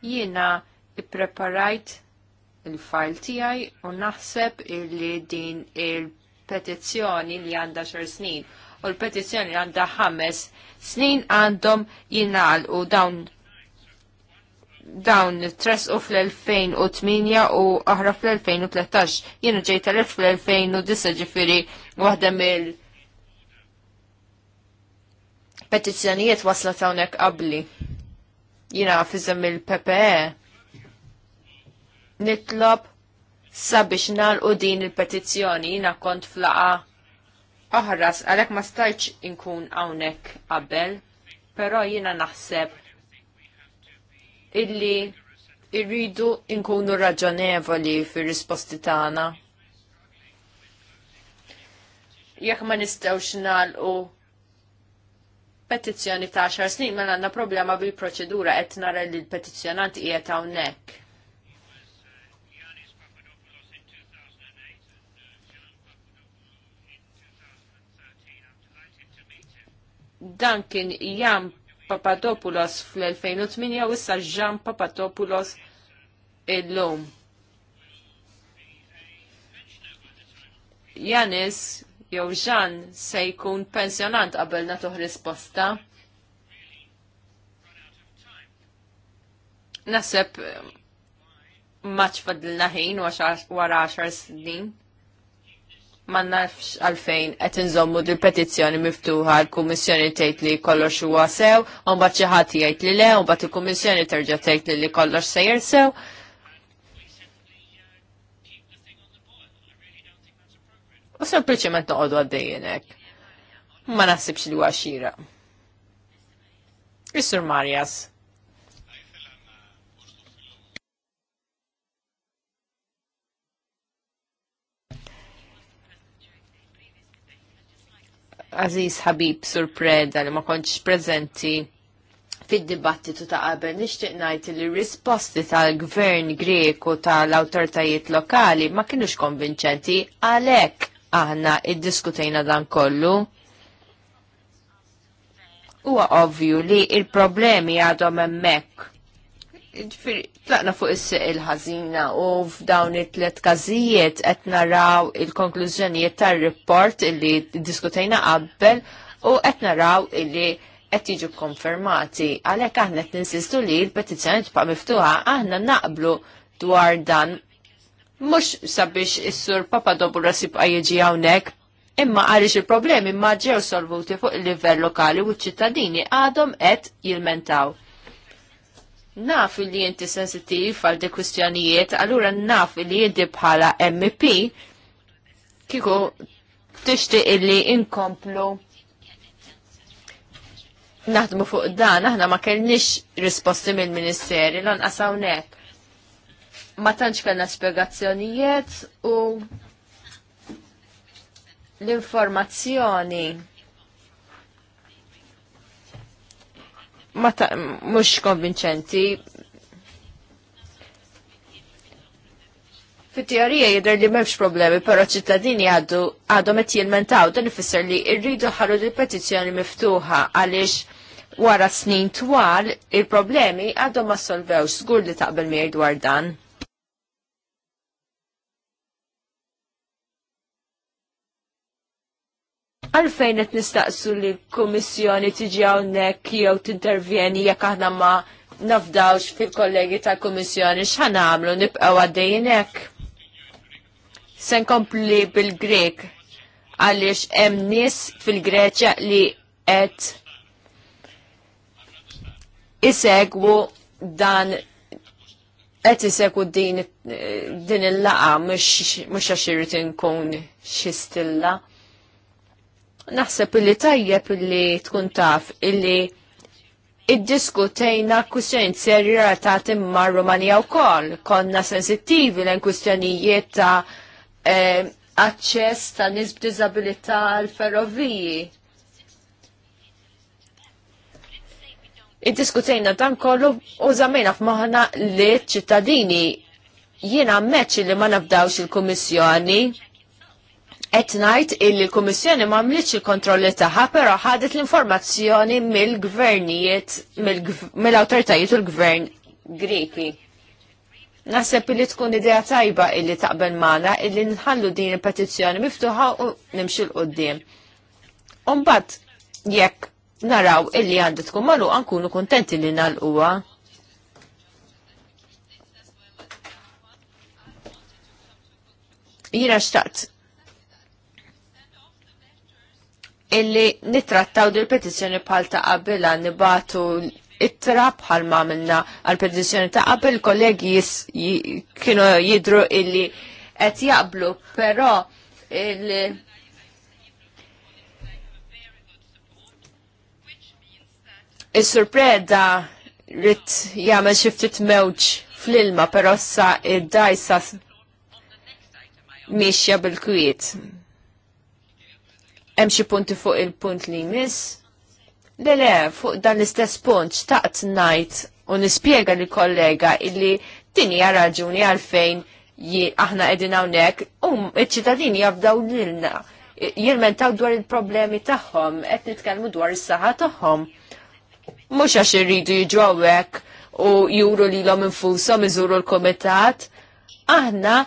Jiena ippreparajt il file tijaj u naħseb li din il-petizjoni li għanda xar snin u l-petizjoni li għanda ħames snin għandhom jinal u dawn dawn tres u fl-2008 u aħra fl-2013. Jienu ġej tal ef fl-2009 ġifiri waħda mill petizzjonijiet wasla tawnek qabli. Jina fizzem il-PPE. Nitlob sabiex u din il-petizzjoni jina kont flaqa oħras għalek ma stajċ inkun għawnek qabel, pero jina naħseb illi irridu inkunu raġonevoli fir risposti tagħna. Jekk ma nistgħux nagħlqu petizzjoni ta' xar snin ma mela għandna problema bil-proċedura qed nara li l-petizzjonant qiegħed hawnhekk. Dan kien jam Papadopoulos fl-2008 u issa Jean Papadopoulos illum. Janis jew Jean se jkun pensjonant qabel natuħ risposta. Naseb um, maċ fadilna ħin wara 10 snin ma nafx għalfejn qed inżommu dil petizzjoni miftuħa l-Kummissjoni tgħid li kollox huwa sew, u mbagħad xi ħadd jgħid li le, u mbagħad il-Kummissjoni terġa' tgħid li kollox sejjer sew. U sempliċement noqogħdu għaddejjin hekk. Ma naħsibx li huwa xira. Is-Sur Marjas. Aziz Habib surpreda li ma konċ prezenti fid-dibattitu ta' qabel nixtieq ngħid li risposti tal-gvern Greku tal-awtoritajiet lokali ma kinux konvinċenti għalhekk aħna iddiskutejna dan kollu. Huwa ovvju li il-problemi għadhom hemmhekk tlaqna fuq is-seq il-ħażina u f'dawn it-tlet każijiet qed naraw il-konklużjonijiet tar-report illi diskutejna qabel u qed naraw illi qed jiġu konfermati. Għalhekk aħna qed ninsistu li l-petizzjoni tibqa' miftuħa aħna naqblu dwar dan mhux sabiex is-sur Papadopoulos jibqa' jiġi hawnhekk imma għaliex il-problemi ma ġew solvuti fuq il-livell lokali u ċ-ċittadini għadhom qed jilmentaw naf li inti sensitiv għal de kwistjonijiet, allura naf li jinti bħala MP kiku tixti illi inkomplu naħdmu fuq dan, aħna ma kellniex risposti mill ministeri lan hawnhekk. Ma tantx kellna spjegazzjonijiet u l-informazzjoni mux konvinċenti. Fit-teorija jidher li m'hemmx problemi, però ċittadini għaddu għadhom qed jilmentaw dan ifisser li rridu ħallu l-petizzjoni miftuħa għaliex wara snin twal il-problemi għadhom ma solvewx żgur li taqbel miegħi dwar dan. Għalfejn qed nistaqsu li l-Kummissjoni tiġi hawnhekk jew tintervjeni jekk aħna ma nafdawx fil-kollegi tal-Kummissjoni x'ħan għamlu nibqgħu għaddejjin hekk. Se nkompli bil-Grek għaliex hemm nies fil-Greċja li qed isegwu dan qed isegwu din din il-laqa mhux għax irid inkun xi stilla naħseb illi tajjeb illi tkun taf illi id-diskutejna kwistjoni serja ta' timma Rumanija u kol, Konna sensittivi l kwistjonijiet ta' eh, aċċess ta' nisb disabilità l-ferroviji. Id-diskutejna dan kollu u zamejna f'maħna li ċittadini jiena meċ li ma nafdawx il-Kummissjoni qed ngħid illi l-Kummissjoni m'għamlitx il-kontrolli tagħha però ħadet l-informazzjoni mill-gvernijiet mill-awtoritajiet u l-gvern Greki. Naħseb li tkun idea tajba illi taqbel magħna illi nħallu din il-petizzjoni miftuħa u nimxil l-qudiem. Umbat, jekk naraw illi għandet tkun magħluqa nkunu kuntenti li nagħlquha. jina xtaqt illi nitrattaw dil petizzjoni bħal ta' għan nibatu it-tra bħal ma' minna għal petizzjoni ta' qabel kollegi kienu jidru illi qed jaqblu, però il- Is-surpreda rrit jagħmel xi ftit mewġ fl-ilma, però sa id-dajsa miexja bil-kwiet. Hemm xi punti fuq il-punt li jmiss? Le le, fuq dan l-istess punt xtaqt ngħid u nispjega li kollega illi tini hija raġuni għalfejn aħna qegħdin hawnhekk u iċ-ċittadini jabdaw lilna jilmentaw dwar il-problemi tagħhom qed nitkellmu dwar is-saħħa tagħhom. Mhux għax irridu jiġu hawnhekk u juru li l-om infusom iżuru l-komitat, aħna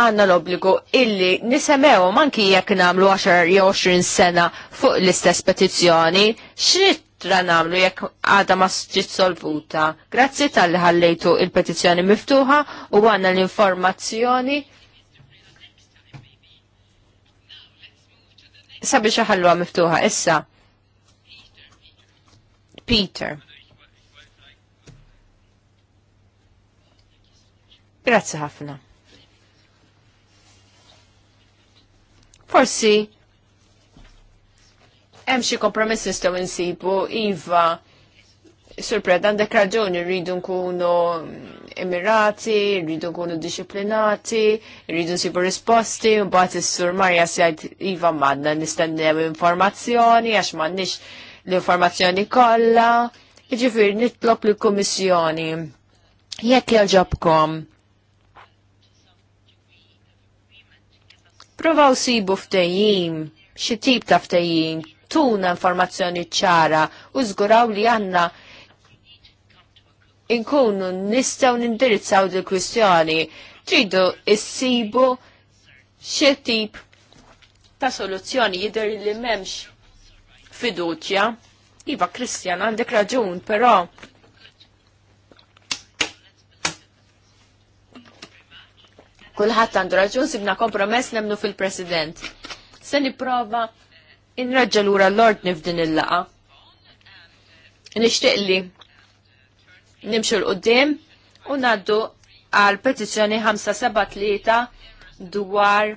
għanna l-obbligu illi nisemew manki jekk namlu 10 jew 20 sena fuq l-istess petizzjoni, xnittra namlu jekk għada ma ġiet solvuta. Grazzi tal-li ħallejtu il-petizzjoni miftuħa u għanna l-informazzjoni sabiex ħalluha miftuħa issa. Peter. Grazzi ħafna. Forsi hemm xi kompromess nistgħu insibu iva surpred għandek raġuni rridu nkunu emirati, rridu nkunu disciplinati, rridu nsibu risposti, u bat is-sur Marja sjajt iva madna nistennew informazzjoni għax m'għandniex l-informazzjoni kollha. Jiġifieri nitlob lill kummissjoni Jekk jaġobkom Provaw sibu ftejjim, xi tip ta' ftejjim, tuna informazzjoni ċara u żguraw li għandna inkunu nistgħu nindirizzaw dil kwistjoni tridu issibu xi tip ta' soluzzjoni jidher li m'hemmx fiduċja. Iva Kristjan għandek raġun, però Kulħadd għandu raġun sibna kompromess nemnu fil-President. Se nipprova inraġġel lura l-ordni f'din il-laqa. Nishtiq li nimxu l-qudiem u ngħaddu għal petizzjoni 573 dwar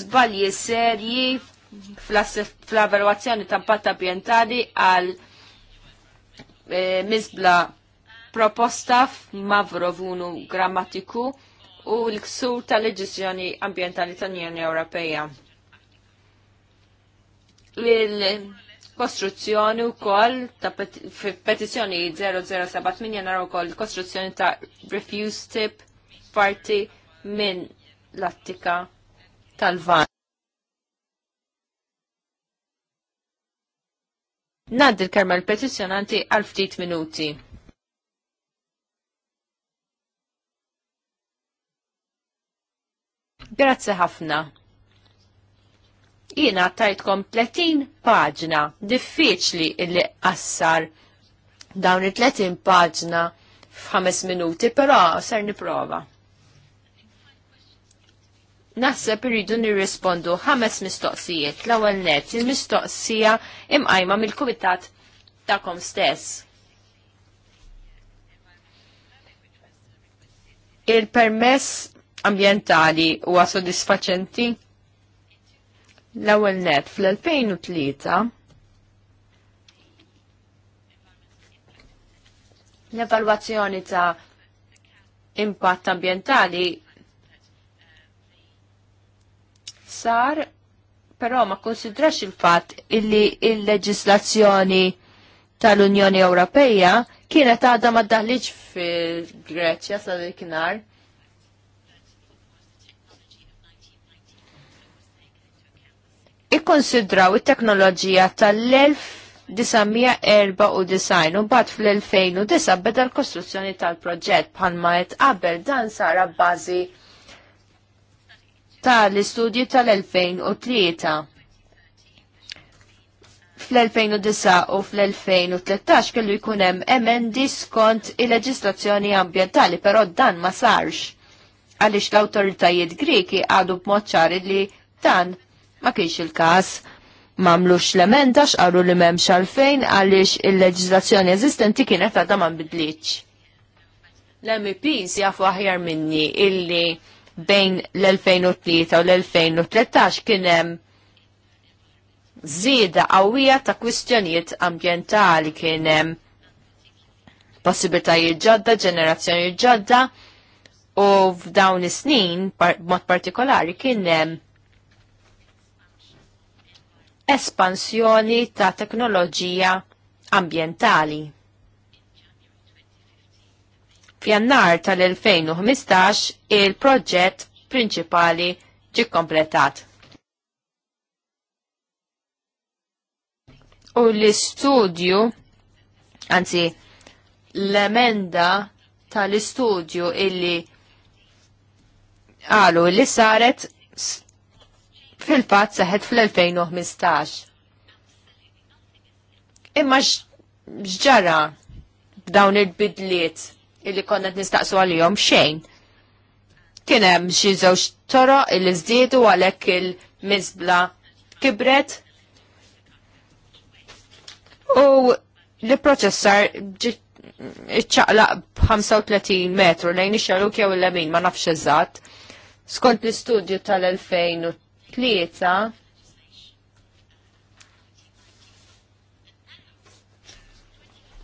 żbalji serji fl avaluazzjoni ta' impatt ambjentali għal eh, mizbla proposta f'Mavrovunu grammatiku u l-ksur tal-leġizjoni ambientali tal-Unjoni Ewropeja. Il-kostruzzjoni u koll ta' petizjoni 0078 naraw koll kostruzzjoni ta' refuse tip parti minn l-attika tal-van. Naddi il karma l-petizjonanti għal ftit minuti. Grazzi ħafna. Jina tajtkom 30 paġna diffiċli illi assar dawn it-30 paġna f'ħames minuti, però ser niprova. Naħseb irridu nirrispondu ħames mistoqsijiet l-ewwel net il-mistoqsija imqajma mill-kumitat tagħkom stess. Il-permess ambientali huwa sodisfaċenti? L-ewwel net fl-2003 l-evalwazzjoni ta' impatt ambientali sar però ma konsidrax il-fatt illi il-leġislazzjoni tal-Unjoni Ewropeja kienet għadha ma daħliġ fil-Greċja sa' nar. ikkonsidraw it-teknoloġija tal-1994 u bat fl-2009 beda l-kostruzzjoni tal-proġett bħalma qed qabel dan sara bażi tal-istudju tal-2003. Fl-2009 u fl-2013 kellu jkun hemm emendi skont il-leġislazzjoni ambjentali, però dan ma sarx għaliex l-awtoritajiet Griki għadu b'mod ċari li dan Ma kienx il-każ mamlux l-emenda xqaru li memx għalfejn għaliex il-leġizlazzjoni eżistenti kienet għadha ma bidlitx. l mps jafu aħjar minni illi bejn l-2003 u l-2013 kienem zida qawwija ta' kwistjonijiet ambientali kienem possibilitajiet ġodda, ġenerazzjoni ġodda u f'dawn is-snin mod partikolari kienem espansjoni ta' teknoloġija ambientali. F'jannar tal-2015 il-proġett prinċipali ġi kompletat. U l-istudju, anzi, l-emenda tal-istudju illi għalu li saret fil-fat seħet fl-2015. Imma xġara b'dawn il-bidliet illi konna nistaqsu għalihom xejn. Kien hemm xi żewġ toroq illi żdiedu għalhekk il-miżbla kibret u li proċessar iċċaqlaq b'35 metru lejn ix-xaruk jew il-lemin ma nafx eżatt. Skont l-istudju tal-2008 tlieta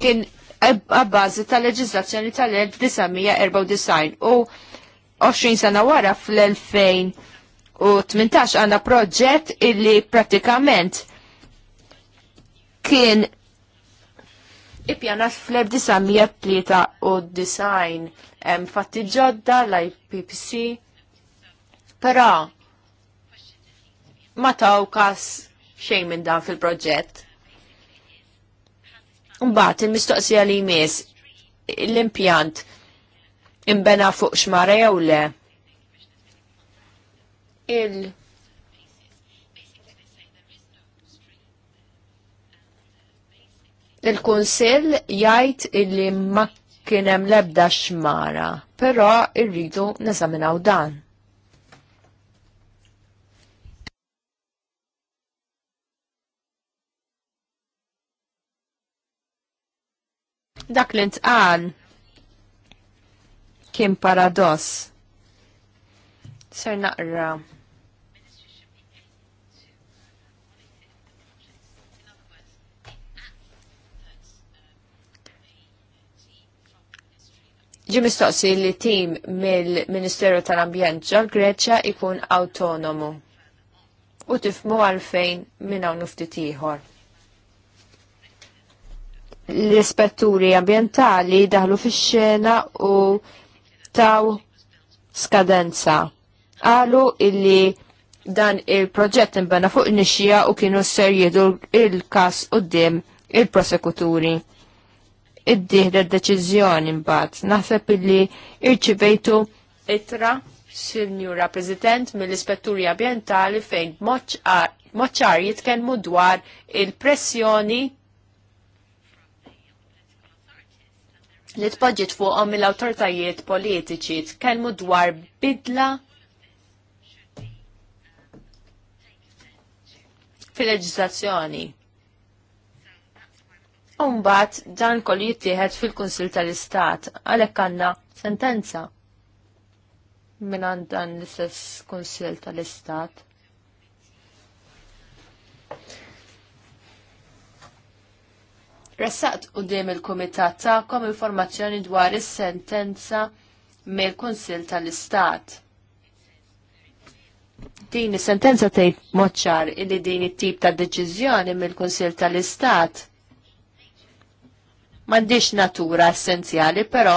kien għabbażi ta' leġizlazzjoni tal-1994 u 20 sena wara fl-2018 għanna proġett illi pratikament kien ipjana fl-1993 u design fatti ġodda l-IPPC. Però ma taw kas xejn minn dan fil-proġett. Mbagħad il-mistoqsija li jmiss l-impjant imbena fuq xmara jew le. Il- il-Kunsill jgħid illi ma kien hemm l-ebda xmara, però rridu nesaminaw dan. Dak li ntqal kien paradoss. Ser naqra. Ġi mistoqsi li tim mill-Ministeru tal-Ambjent ġol Greċja ikun autonomu u tifmu għalfejn minn hawn ftit ieħor l-ispetturi ambientali daħlu fix-xena u taw skadenza. Għalu illi dan il-proġett imbena fuq nixija u kienu ser jidu il-kas u dim il-prosekuturi. Id-dihda deċizjoni mbagħad. Naħseb illi irċivejtu itra Sinjura President mill-Ispetturi Ambientali fejn moċċar jitkellmu dwar il-pressjoni li tpoġġiet fuqhom mill-awtoritajiet politiċi tkellmu dwar bidla fil leġizzazzjoni Umbat dan kol jittieħed fil-Kunsil tal-Istat għalhekk għandna sentenza minn dan l-istess Kunsil tal-Istat. Ressaqt u dim il-Kumitat ta'kom informazzjoni dwar is-sentenza mill-Kunsil tal-Istat. Din is-sentenza tgħid moċċar illi din it-tip ta' deċiżjoni mill-Kunsil tal-Istat m'għandix natura essenzjali, però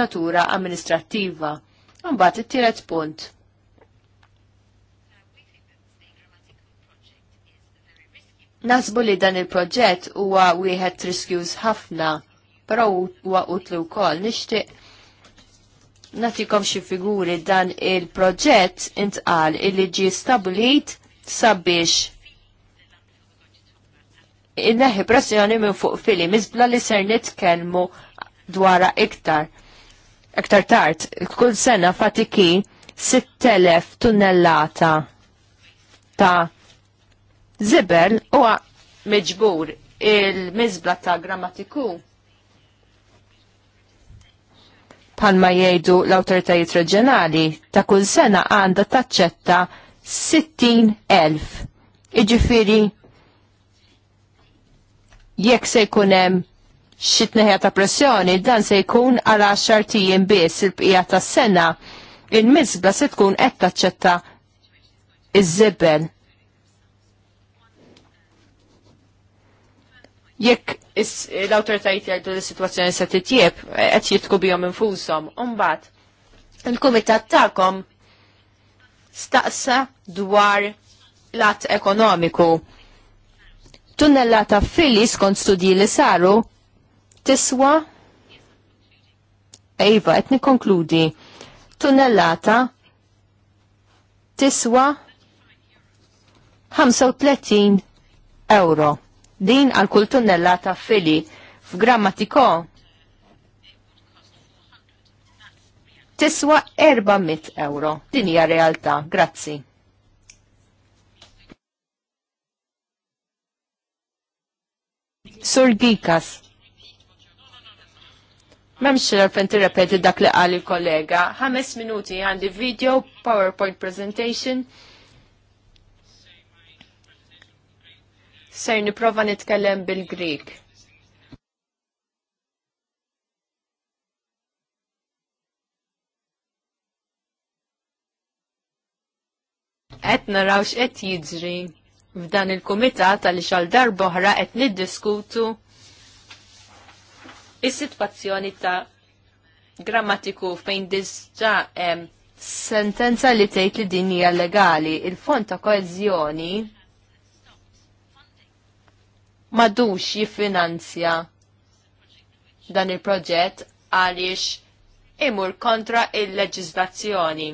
natura amministrattiva. Mbagħad it-tielet punt Nasbu li dan il-proġett huwa wieħed riskjuż ħafna, però huwa utlu wkoll. Nixtieq nagħtikom xi figuri dan il-proġett intqal illi ġie stabilit sabiex inneħi pressjoni minn fuq fili miżbla li ser nitkellmu dwara iktar. Iktar tard, kull sena fatiki 6000 tunnellata ta' Zibel huwa miġbur il-mizbla ta' grammatiku ma jgħidu l-autoritajiet reġjonali ta' kull sena għanda taċċetta 60,000. Iġifiri, jekk se jkunem xitneħja ta' pressjoni, dan se jkun għal 10 tijin biss il-bqija ta' sena, il-mizbla se tkun qed taċċetta iż-żibel jekk l autoritajt jgħidu l situazzjoni se titjieb, qed jitku bihom infushom. Imbagħad il-kumitat tagħkom staqsa dwar lat ekonomiku. Tunnellata fili skont studji li saru tiswa ejva, qed nikkonkludi. Tunnellata tiswa 35 euro din għal kull tunnella ta' fili f'grammatiko tiswa 400 euro. Din hija realtà. Grazzi. Sur Gikas. Memx xerfen tirrepeti dak li qal il-kollega. Ħames minuti għandi video, PowerPoint presentation ser niprofa nitkellem bil-Grik. Qed naraw x'qed jiġri f'dan il-kumitat għal xal darboħra qed niddiskutu is-sitwazzjoni ta' grammatiku fejn diġà sentenza li tgħid li din hija legali, il-fond ta' koeżjoni madux jiffinanzja dan il-proġett għaliex imur kontra il-leġizlazzjoni.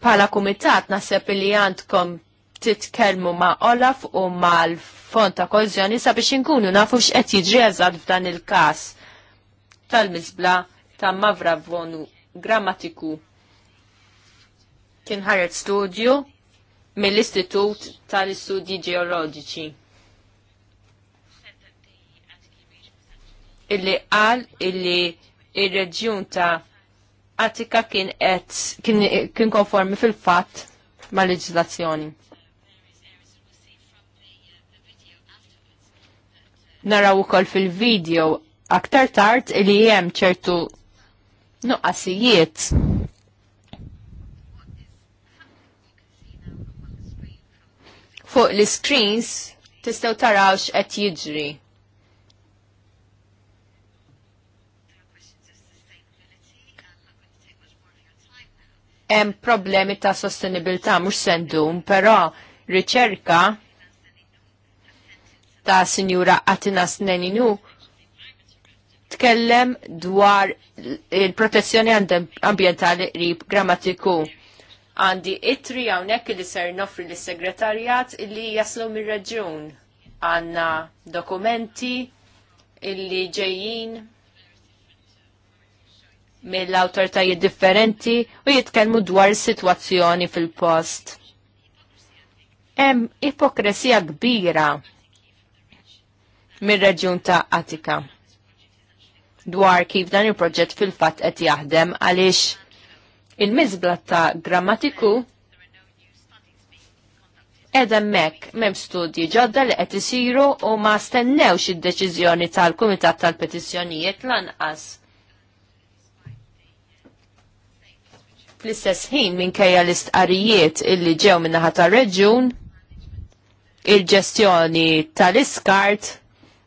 Pala kumitat naseb li għandkom titkelmu ma' Olaf u ma' l-fond ta' kozjoni sabiex inkunu nafu x'qed jiġri eżatt f'dan il-każ tal miżbla ta' Mavravonu grammatiku. Kien ħaret studju mill-Istitut tal-Istudji Ġeoloġiċi. Illi qal illi il reġjun ta' Attika kien qed kien, konformi fil-fatt ma' leġislazzjoni. Naraw ukoll fil-video aktar tard li hemm ċertu nuqqasijiet fuq l-screens tistgħu tarawx qed jiġri. Hemm problemi ta' sostenibilità mhux sendum, però riċerka ta' sinjura Atina Sneninu tkellem dwar il-protezzjoni ambientali rib grammatiku għandi itri hawnhekk li ser nofri lis segretarjat li jaslu mir-reġjun. Għandna dokumenti illi ġejjin mill-awtoritajiet differenti u jitkellmu dwar is-sitwazzjoni fil-post. Hemm ipokresija kbira mir-reġjun ta' Atika dwar kif dan il-proġett fil-fatt qed jaħdem għaliex Il-mizbla ta' grammatiku edha mek mem studji ġodda li qed isiru u ma stennewx id-deċiżjoni tal-Kumitat tal-Petizzjonijiet lanqas. Fl-istess ħin minkejja l-istqarijiet illi ġew minnaħa tar-reġjun, il-ġestjoni tal-iskart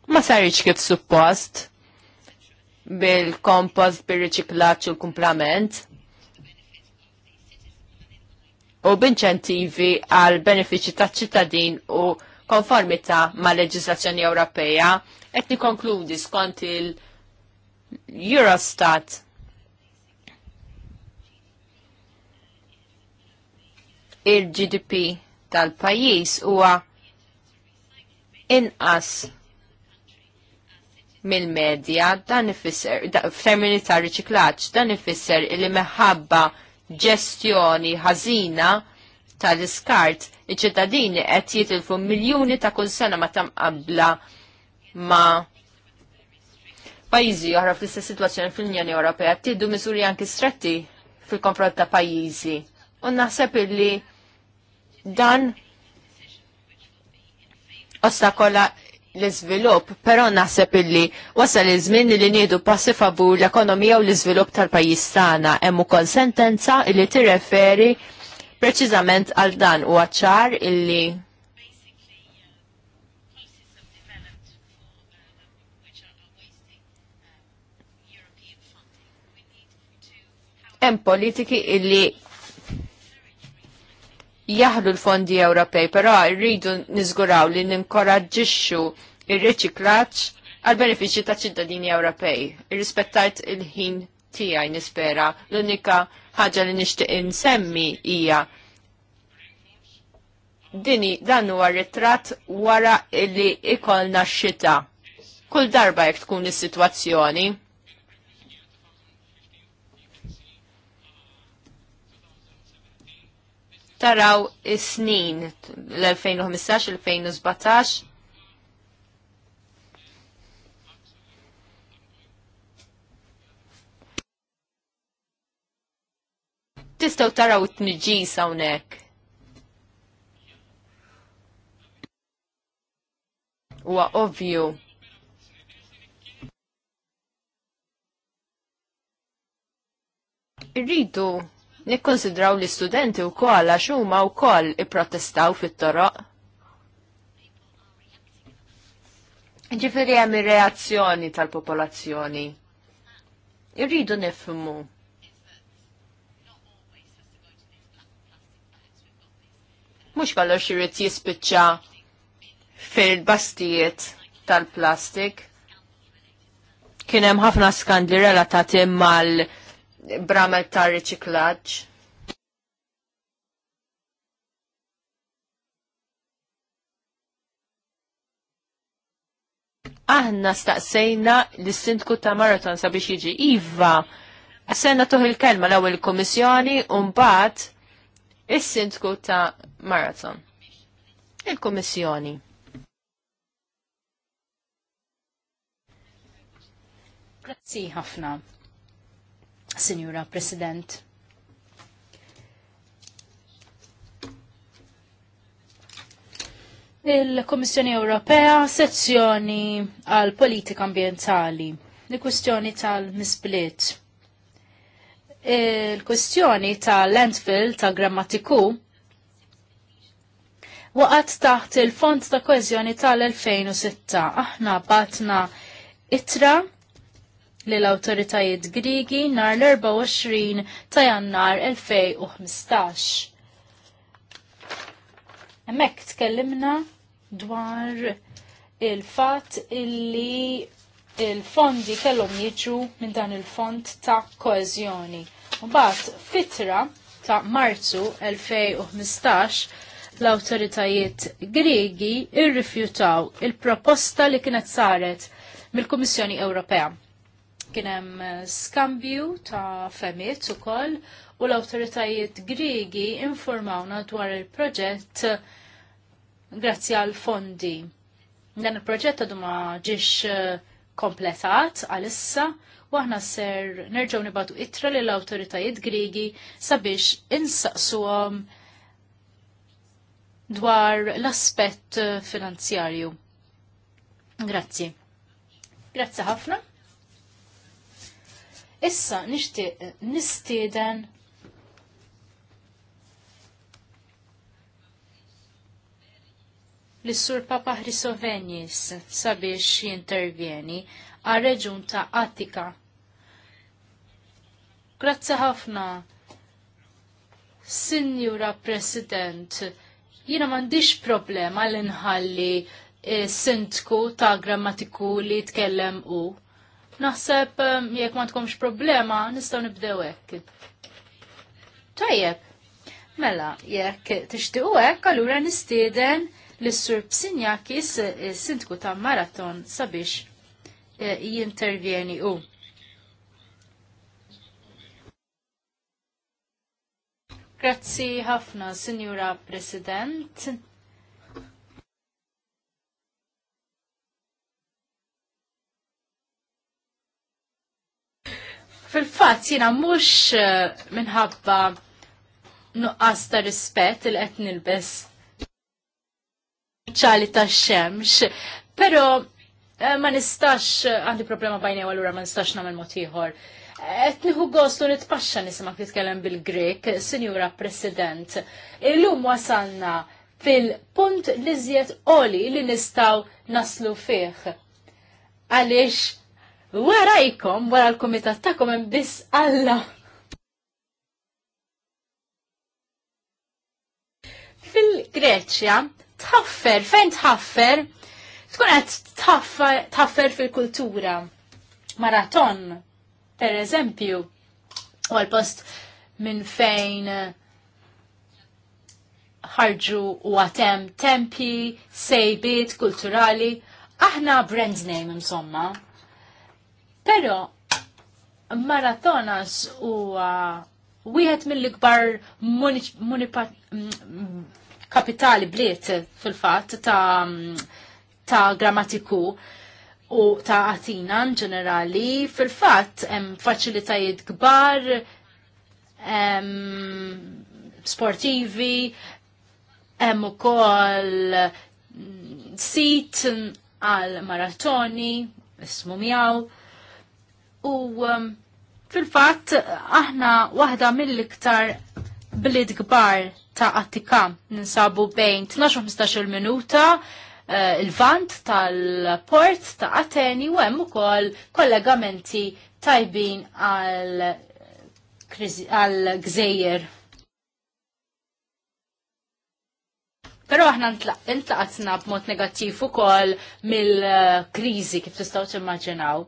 ma sarriċ kif suppost bil-kompost, bil-riċiklaċ u l-kumplament u b'inċentivi għal benefiċi ta' ċittadin u konformita ma' leġislazzjoni Ewropea. Et nikonkludi skont il-Eurostat. Il-GDP tal-pajis huwa inqas mill-medja dan ifisser f'termini ta' riċiklaġġ dan ifisser li meħabba ġestjoni ħażina tal-iskart, iċ-ċittadini qed jitilfu miljuni ta' kull sena ma tamqabla ma' pajjiżi oħra fl-istess sitwazzjoni fl-Unjoni Ewropea tiddu miżuri anki stretti fil-konfront ta' pajjiżi. U naħseb illi dan ostakola l izvilup però naħseb illi wasal iż-żmien li niedu passi favur l-ekonomija u l-iżvilupp tal-pajjiż tagħna hemm ukoll sentenza li tirreferi preċiżament għal dan u għaċċar illi hemm politiki illi jaħlu l-fondi Ewropej, però rridu niżguraw li ninkoraġġixxu ir-riċiklaġġ għal benefiċċju ta' ċittadini Ewropej. Irrispettajt il-ħin tiegħi nispera l-unika ħaġa li nixtieq insemmi hija dini dan huwa ritratt wara li ikolna x-xita. Kull darba jekk tkun is-sitwazzjoni taraw is-snin l-2015-2017 tistaw taraw t-nġi sawnek. Huwa ovju. Irridu nikkonsidraw li studenti u koll għax huma wkoll ipprotestaw fit-toroq. Ġifiri hemm ir-reazzjoni tal-popolazzjoni. Irridu nifhmu. Mhux kollox irid jispiċċa fil-bastijiet tal-plastik. Kien hemm ħafna skandli relatati mal- bramel ta' riċiklaġġ. Aħna staqsejna l-sindku ta' maraton sabiex jiġi Iva, għasenna tuħ il-kelma l il Kommissjoni un-bat il-sindku ta' maraton. il kommissjoni Grazzi ħafna. Signora President. Il-Komissjoni Ewropea sezzjoni għal politika ambientali, l-kwistjoni tal-misblit. Il-kwistjoni tal-landfill ta' grammatiku waqat taħt il-Fond ta' Koezjoni tal-2006. Aħna batna itra l awtoritajiet Grigi nhar l-24 ta' Jannar 2015. Hemmhekk tkellimna dwar il-fatt illi il-fondi kellhom jiġu minn dan il-fond ta' U bat fitra ta' Marzu 2015 l-autoritajiet Griegi irrifjutaw il-proposta li kienet saret mill-Kummissjoni Ewropea. Kienem eh, skambju ta' femiet u koll u l-autoritajiet gregi informawna dwar il-proġett eh, grazzi għal fondi. Dan il-proġett għadu ma ġiex eh, kompletat għalissa u aħna ser nerġaw nibadu itra l autoritajiet gregi sabiex insaqsuhom dwar l-aspett finanzjarju. Grazzi. Grazzi ħafna. Issa nixtieq nistieden l-Sur Papa Hrisovenis sabiex jintervjeni għal reġun ta' Attika. Grazzi ħafna, Sinjura President, jina mandiċ problema l-inħalli eh, sintku ta' grammatiku li tkellem u. Naħseb um, jekk ma tkomx problema nistgħu nibdew hekk. Tajjeb. Mela, jekk tixtiequ hekk allura nistieden l-Sur Psinjakis sindku ta' Maraton sabiex e, jintervjeni u. Grazzi ħafna, Sinjura President. Fil-fatt jiena mhux eh, minħabba nuqqas ta' rispett il qed nilbes ċali ta' xemx, però eh, ma nistax eh, għandi problema bajnija għallura ma nistax nagħmel mod ieħor. Qed nieħu gostu nitpaxxa nisimak titkellem bil-Grek, Sinjura President. Illum wasanna fil-punt li zjed oli li nistaw naslu fih. Għaliex warajkom, wara l-komitat takom hemm biss Alla. Fil-Greċja, tħaffer, fejn tħaffer, tkun qed tħaffer fil-kultura. Maraton, per eżempju, u għal-post minn fejn ħarġu u għatem tempi, sejbiet, kulturali, aħna brand name insomma. Pero maratonas huwa wieħed mill-ikbar mm, kapitali bliet fil-fatt ta' ta' grammatiku u ta' Atina ġenerali fil-fatt hemm faċilitajiet kbar sportivi hemm ukoll mm, sit għal maratoni ismu miegħu U um, fil fat aħna waħda mill-iktar blid gbar ta' Attika ninsabu bejn 12-15 minuta eh, il-vant tal-port ta' Ateni u hemm ukoll kollegamenti tajbin għal għal gżejjer. Pero aħna intlaqatna b'mod negattiv ukoll mill-kriżi eh, kif tistgħu timmaġinaw.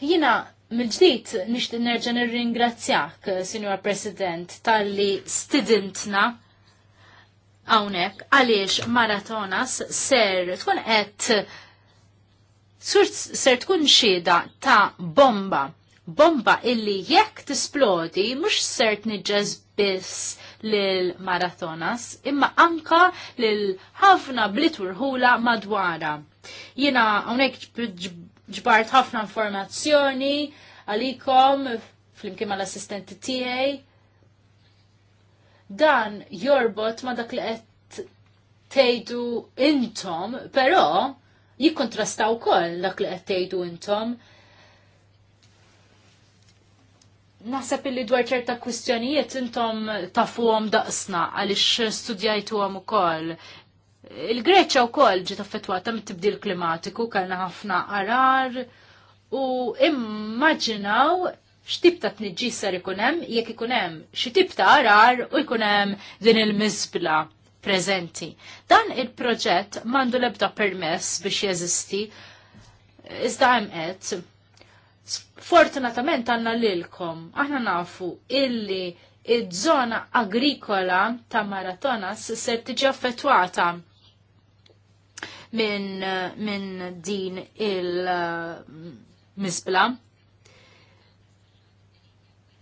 Jina mill-ġdid nixtieq nerġa' nirringrazzjak, Signor President, talli stidintna hawnhekk għaliex maratonas ser tkun qed ser tkun xieda ta' bomba bomba illi jekk tisplodi mhux ser tniġġez biss lil maratonas imma anka lil ħafna blit urħula madwara. Jiena hawnhekk ġbart ħafna informazzjoni għalikom flimkien mal-assistenti tiegħi. Dan jorbot ma dak li qed tgħidu intom, però jikkontrastaw wkoll dak li qed tgħidu intom. Naħseb illi dwar ċerta kwistjonijiet intom tafuhom daqsna għaliex studjajtuhom ukoll. Il-Greċa wkoll ġiet affettwata mit-tibdil klimatiku, kellna ħafna arar u immaġinaw x'tib ta' tniġġis ser ikun hemm jekk ikun hemm xi ta' arar u jkun hemm din il mizbla preżenti. Dan il-proġett m'għandu l-ebda permess biex jeżisti iżda hemm qed. Fortunatament għandna lilkom, aħna nafu illi id-żona agrikola ta' Maratonas se tiġi affettwata minn min din il-misbla. Uh,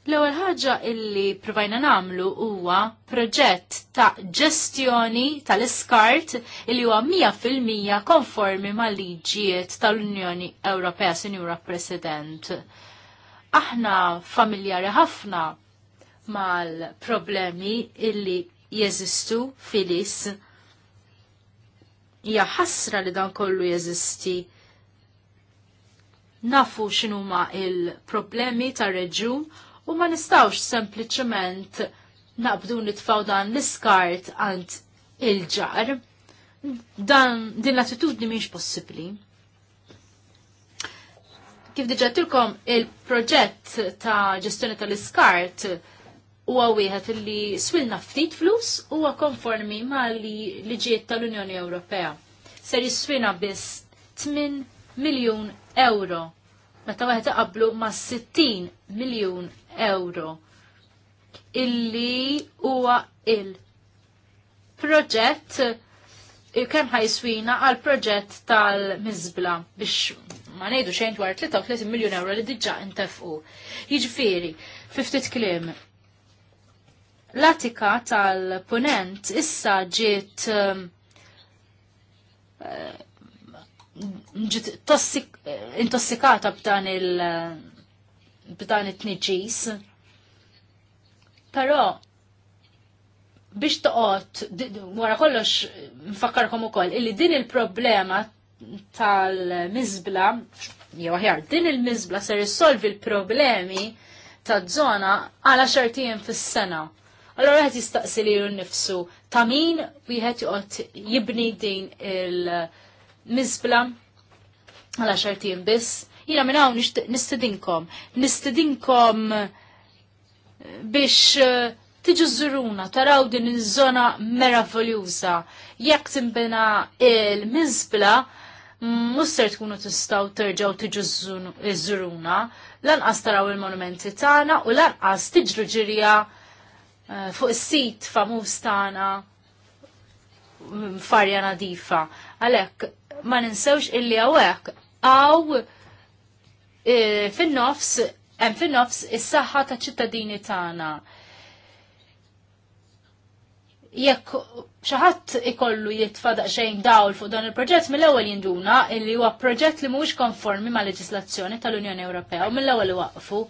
L-ewwel ħaġa illi provajna namlu huwa proġett ta' ġestjoni tal-iskart illi huwa 100% konformi mal-liġijiet tal-Unjoni Ewropea, Sinjura President. Aħna familjari ħafna mal-problemi illi jeżistu filis hija ħasra li dan kollu jeżisti. Nafu x'inhuma il-problemi tar-reġjun u ma nistawx sempliċement naqbdu nitfaw dan l-iskart għand il-ġar. Dan din l-attitudni mhix possibbli. Kif diġa tilkom il-proġett ta' ġestjoni tal-iskart huwa wieħed li swilna ftit flus huwa konformi ma' li liġijiet tal-Unjoni Ewropea. Ser jiswina biss 8 miljun euro meta wieħed iqablu ma' 60 miljun euro illi huwa il-proġett kemm ħajswina għal proġett tal-Mizbla biex ma ngħidu xejn dwar 33 miljun euro li diġà intefqu. Jiġifieri, fiftit kliem, l-Atika tal-Punent issa ġiet um, eh, ġiet intossikata b'dan il- b'dan it-tniġis. Però biex toqgħod wara kollox nfakkarkom ukoll illi din il-problema tal-miżbla jew aħjar din il-miżbla ser issolvi l-problemi taż-żona għala xartijin fis-sena. Allora għet jistaqsi li nifsu ta' min wieħed joqgħod jibni din il-mizbla għal xartin biss. Jina minn hawn nistedinkom, nistedinkom eh, biex eh, tiġu żuruna taraw din iż-żona meravoljuża. Jekk timbina il-miżbla, muster tkunu tistaw terġaw tiġu żuruna, lanqas taraw il-monumenti tagħna u lanqas tiġru ġirja Eh, fuq is-sit famuż tagħna mm, farja nadifa. Għalhekk ma ninsewx illi hawnhekk għaw eh, fin-nofs hemm fin-nofs is-saħħa taċ-ċittadini tagħna. Jekk xi ħadd ikollu jitfa' daqsxejn dawl fuq dan il-proġett mill-ewwel jinduna illi huwa proġett li mhuwiex konformi mal leġislazzjoni tal-Unjoni Ewropea u mill-ewwel waqfu.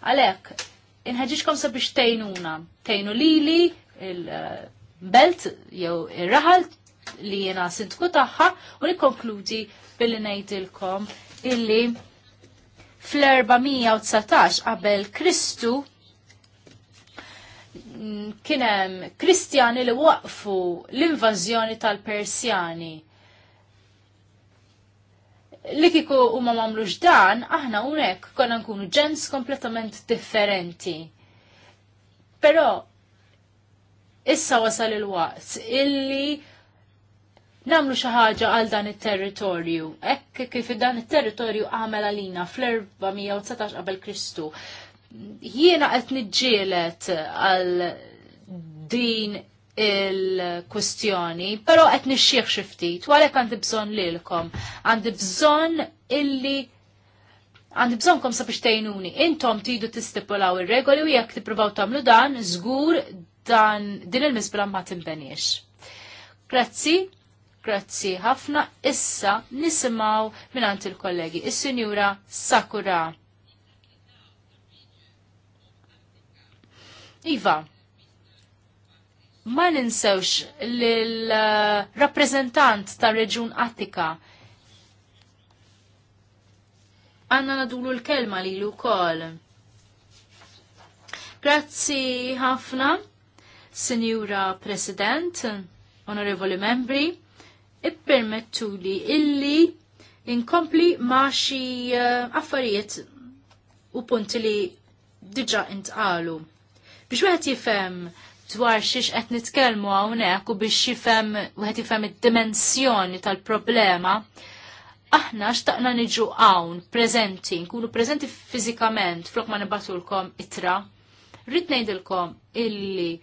Għalhekk inħeġiġkom sabiex tejnuna. Tejnu lili, il-belt, jew il-raħal li jena sintku taħħa u nikonkludi billi nejdilkom illi fl-419 qabel Kristu mm, kienem kristjani li waqfu l-invażjoni tal-Persjani li kiko u ma mamlux dan, aħna unek konna nkunu ġens kompletament differenti. Pero, issa wasal il-waqt illi namlu xaħġa għal dan il-territorju. Ekk kif dan il-territorju għamel lina fl-419 qabel Kristu. Jiena qed niġġielet għal din il-kustjoni, pero qed nixxieħ xi ftit, għandi bżon li bżonn lilkom, għandi bżonn illi għandi kom sabiex tgħinuni. Intom tridu tistipulaw ir-regoli u jekk tippruvaw tagħmlu dan, żgur dan din il-miżbla ma timbenix. Grazzi, grazzi ħafna. Issa nisimgħu mingħand il-kollegi, il sinjura Sakura. Iva, ma ninsewx l-rappresentant ta' reġun Attika. Għanna nadulu l-kelma li l kol. Grazzi ħafna, Sinjura President, Onorevoli Membri, ippermettu li illi inkompli ma xi eh, affarijiet u punti li diġa intqalu. Biex wieħed jifhem dwar xiex qed nitkellmu hawnhekk u biex jifhem wieħed jifhem id-dimensjoni tal-problema, aħna xtaqna niġu hawn preżenti, nkunu preżenti fiżikament flok ma nibatulkom itra. Rrid ngħidilkom illi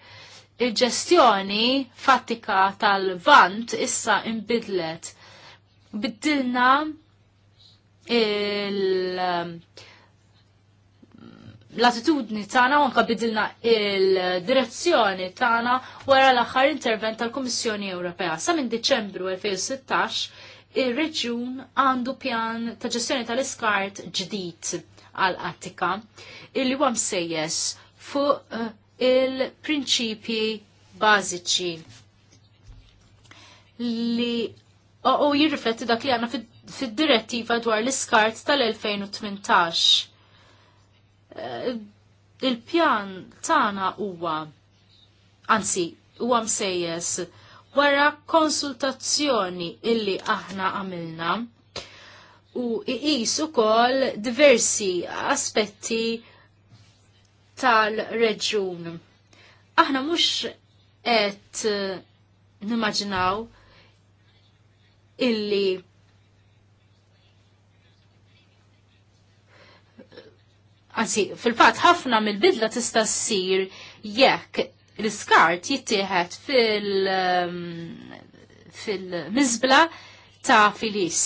il-ġestjoni fattika tal-vant issa imbidlet. Biddilna il- l-attitudni tagħna u anke bidilna il-direzzjoni tagħna wara l-aħħar intervent tal-Kummissjoni Ewropea. Sa minn Diċembru 2016 ir-reġjun għandu pjan ta' ġestjoni tal-iskart ġdid għal attika illi huwa msejjes fuq eh, il-prinċipji bażiċi li u jirrifletti dak li għanna fid-direttiva dwar l-iskart tal-2018. Eh, il-pjan tagħna huwa anzi huwa msejjes wara konsultazzjoni illi aħna għamilna u iqis ukoll diversi aspetti tal-reġun. Aħna mhux qed nimmaġinaw illi Anzi, fil-fatt ħafna mill-bidla tista' ssir jekk l-iskart jittieħed fil- um, mizbla ta' filis.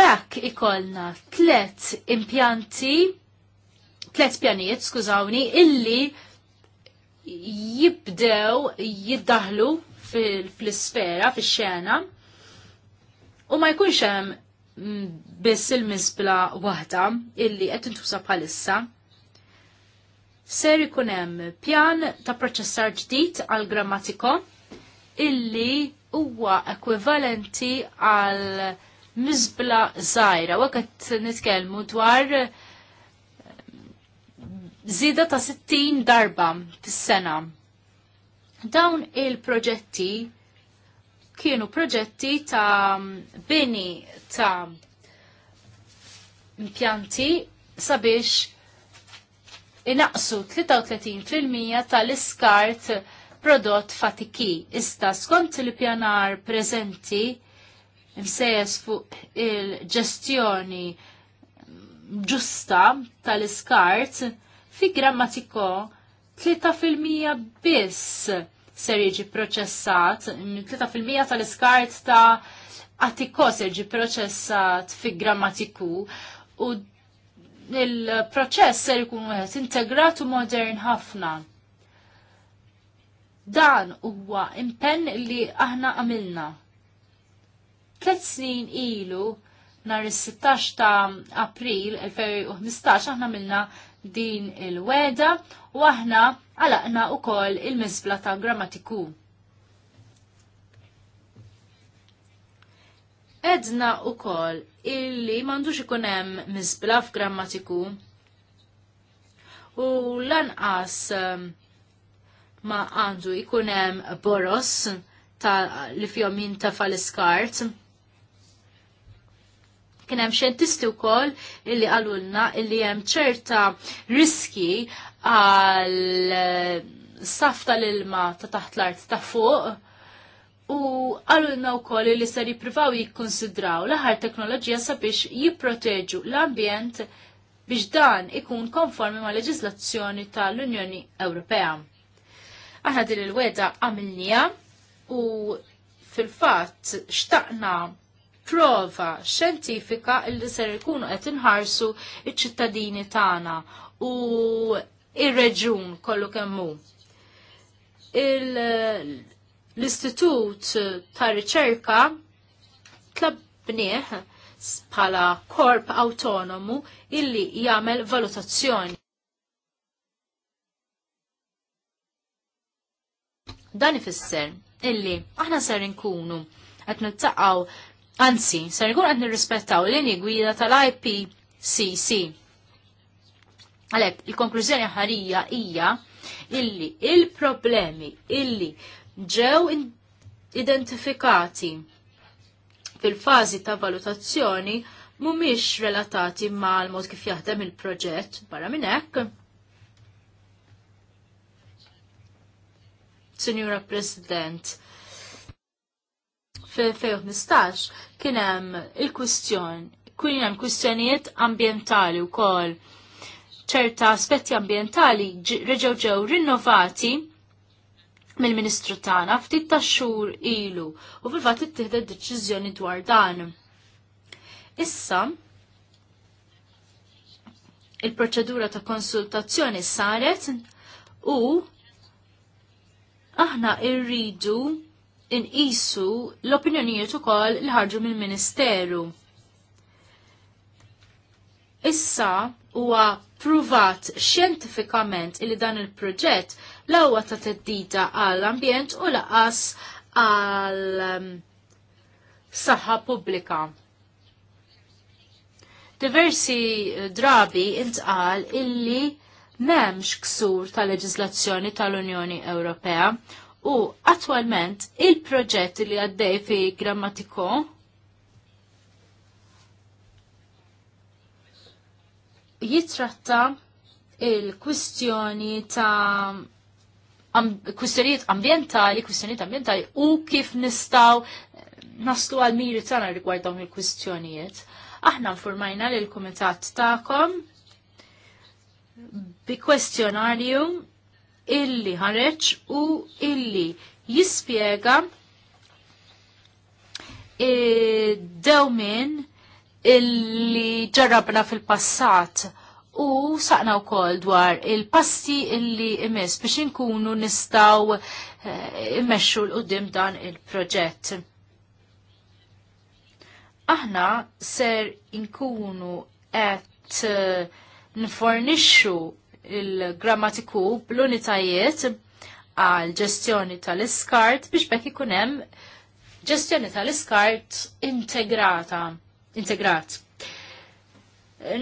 Bekk ikolna tlet impjanti, tlet pjanijiet, skużawni, illi jibdew jiddaħlu fil-sfera, fil-xena, u ma jkunx hemm Mm, biss il-misbla waħda illi qed intuża bħalissa. Ser ikun hemm pjan ta' proċessar ġdid għal grammatiko illi huwa ekwivalenti għal miżbla żgħira u qed nitkellmu dwar zida eh, ta' 60 darba fis-sena. Dawn il-proġetti kienu proġetti ta' bini ta' impjanti sabiex inaqsu 33% tal-iskart prodott fatiki. Ista skont il-pjanar prezenti msejes fuq il-ġestjoni ġusta tal-iskart fi grammatiko 3% biss ser jiġi proċessat, 3% tal-iskart ta' attikko ser jiġi proċessat fi grammatiku u il-proċess ser jkun wieħed integrat u modern ħafna. Dan huwa impenn li aħna għamilna. Tlet snin ilu nar is-16 ta' April 2015 aħna għamilna din il-weda u aħna għalaqna u kol il-mizbla ta' grammatiku. Edna u koll illi mandux ikunem mizbla f'grammatiku u lanqas um, ma għandu ikunem boros ta' li ta' fal-skart. Kien hemm xjentisti wkoll illi qalulna illi hemm ċerta riski għal eh, saf tal-ilma ta' taħt l-art ta' fuq u għalulna wkoll illi ser jippruvaw jikkonsidraw l-aħħar teknoloġija sabiex jipproteġu l-ambjent biex dan ikun konformi ma' leġislazzjoni tal-Unjoni Ewropea. Aħna din il-weda għamilnija u fil-fatt xtaqna prova xjentifika li ser ikunu qed inħarsu iċ-ċittadini tagħna u ir-reġun kollu kemm hu. L-Istitut ta' Riċerka tlabnieh bħala korp autonomu illi jagħmel valutazzjoni. Dan ifisser illi aħna ser inkunu qed nittaqgħu Anzi, se nikun qed nirrispettaw l-linji gwida tal-IPCC. Għalhekk, il-konklużjoni ħarija hija illi il-problemi illi ġew identifikati fil-fażi ta' valutazzjoni mhumiex relatati mal mod kif jaħdem il-proġett barra minn hekk. Sinjura President, fil-2015 kien hemm il-kwistjon, kien hemm kwistjonijiet ambjentali wkoll ċerta aspetti ambjentali reġgħu ġew rinnovati mill-Ministru tagħna ftit ta' xhur ilu u fil-fatt ittieħdet deċiżjoni dwar dan. Issa il-proċedura ta' konsultazzjoni saret u aħna irridu inqisu l-opinjonijiet ukoll li ħarġu mill-Ministeru. Issa huwa pruvat xjentifikament li dan il-proġett l huwa ta' teddida għall-ambjent u laqas għal um, saħħa pubblika. Diversi eh, drabi intqal illi memx ksur tal leġislazzjoni tal-Unjoni Ewropea U attualment il-proġett li għaddej fi Grammatiko jitratta il-kwistjoni ta' kwistjonijiet ambientali, kwistjonijiet ambientali u kif nistaw naslu għal miri tana rigward dawn il-kwistjonijiet. Aħna informajna l-komitat ta'kom bi kwestjonarju illi ħareġ u illi jispjega dewmin illi ġarrabna fil-passat u saqna u kol dwar il-pasti illi imis biex inkunu nistaw eh, immexxu l-qoddim dan il-proġett. Aħna ser inkunu qed nifornixxu il-grammatiku bl-unitajiet għal ġestjoni tal-iskart biex bekk ikun hemm ġestjoni tal-iskart integrata, integrat.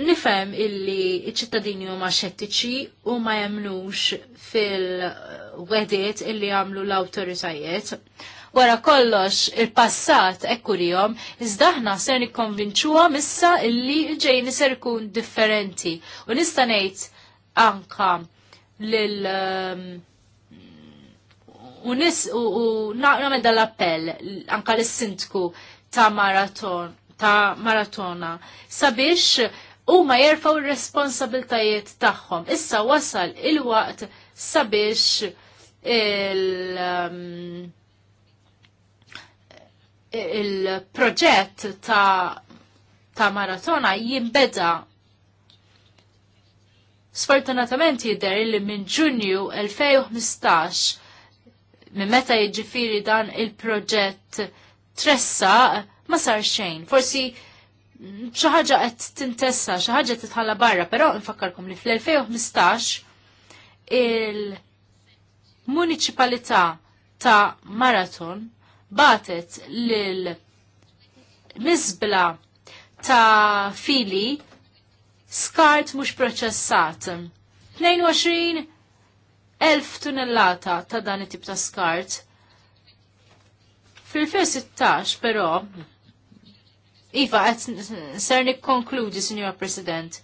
Nifhem illi iċ-ċittadini huma xettiċi u ma jemnux fil-wedit illi għamlu l-awtoritajiet wara kollox il-passat ekkurijom, izdaħna ser nikkonvinċuwa missa illi ġejni ser ikun differenti. U nistanejt anka lil ehm, unis u, u namel dal-appell anka l-sintku ta' maraton ta' maratona sabiex u ma jerfaw responsabiltajiet tagħhom. Issa wasal il-waqt sabiex il- ehm, il-proġett ta' ta' maratona jimbeda Sfortunatament jidher li minn Ġunju 2015 minn meta jiġifieri dan il-proġett tressa ma sar xejn. Forsi mm, xi ħaġa qed tintessa, xi ħaġa tħalla barra, però nfakkarkom li fl-2015 il municipalità ta' Marathon batet lil mizbla ta' fili skart mhux proċessat. 22 elf tunnellata ta' dan it-tip ta' skart. Fil-2016, però, Iva, għet ser nikkonkludi, Signor President,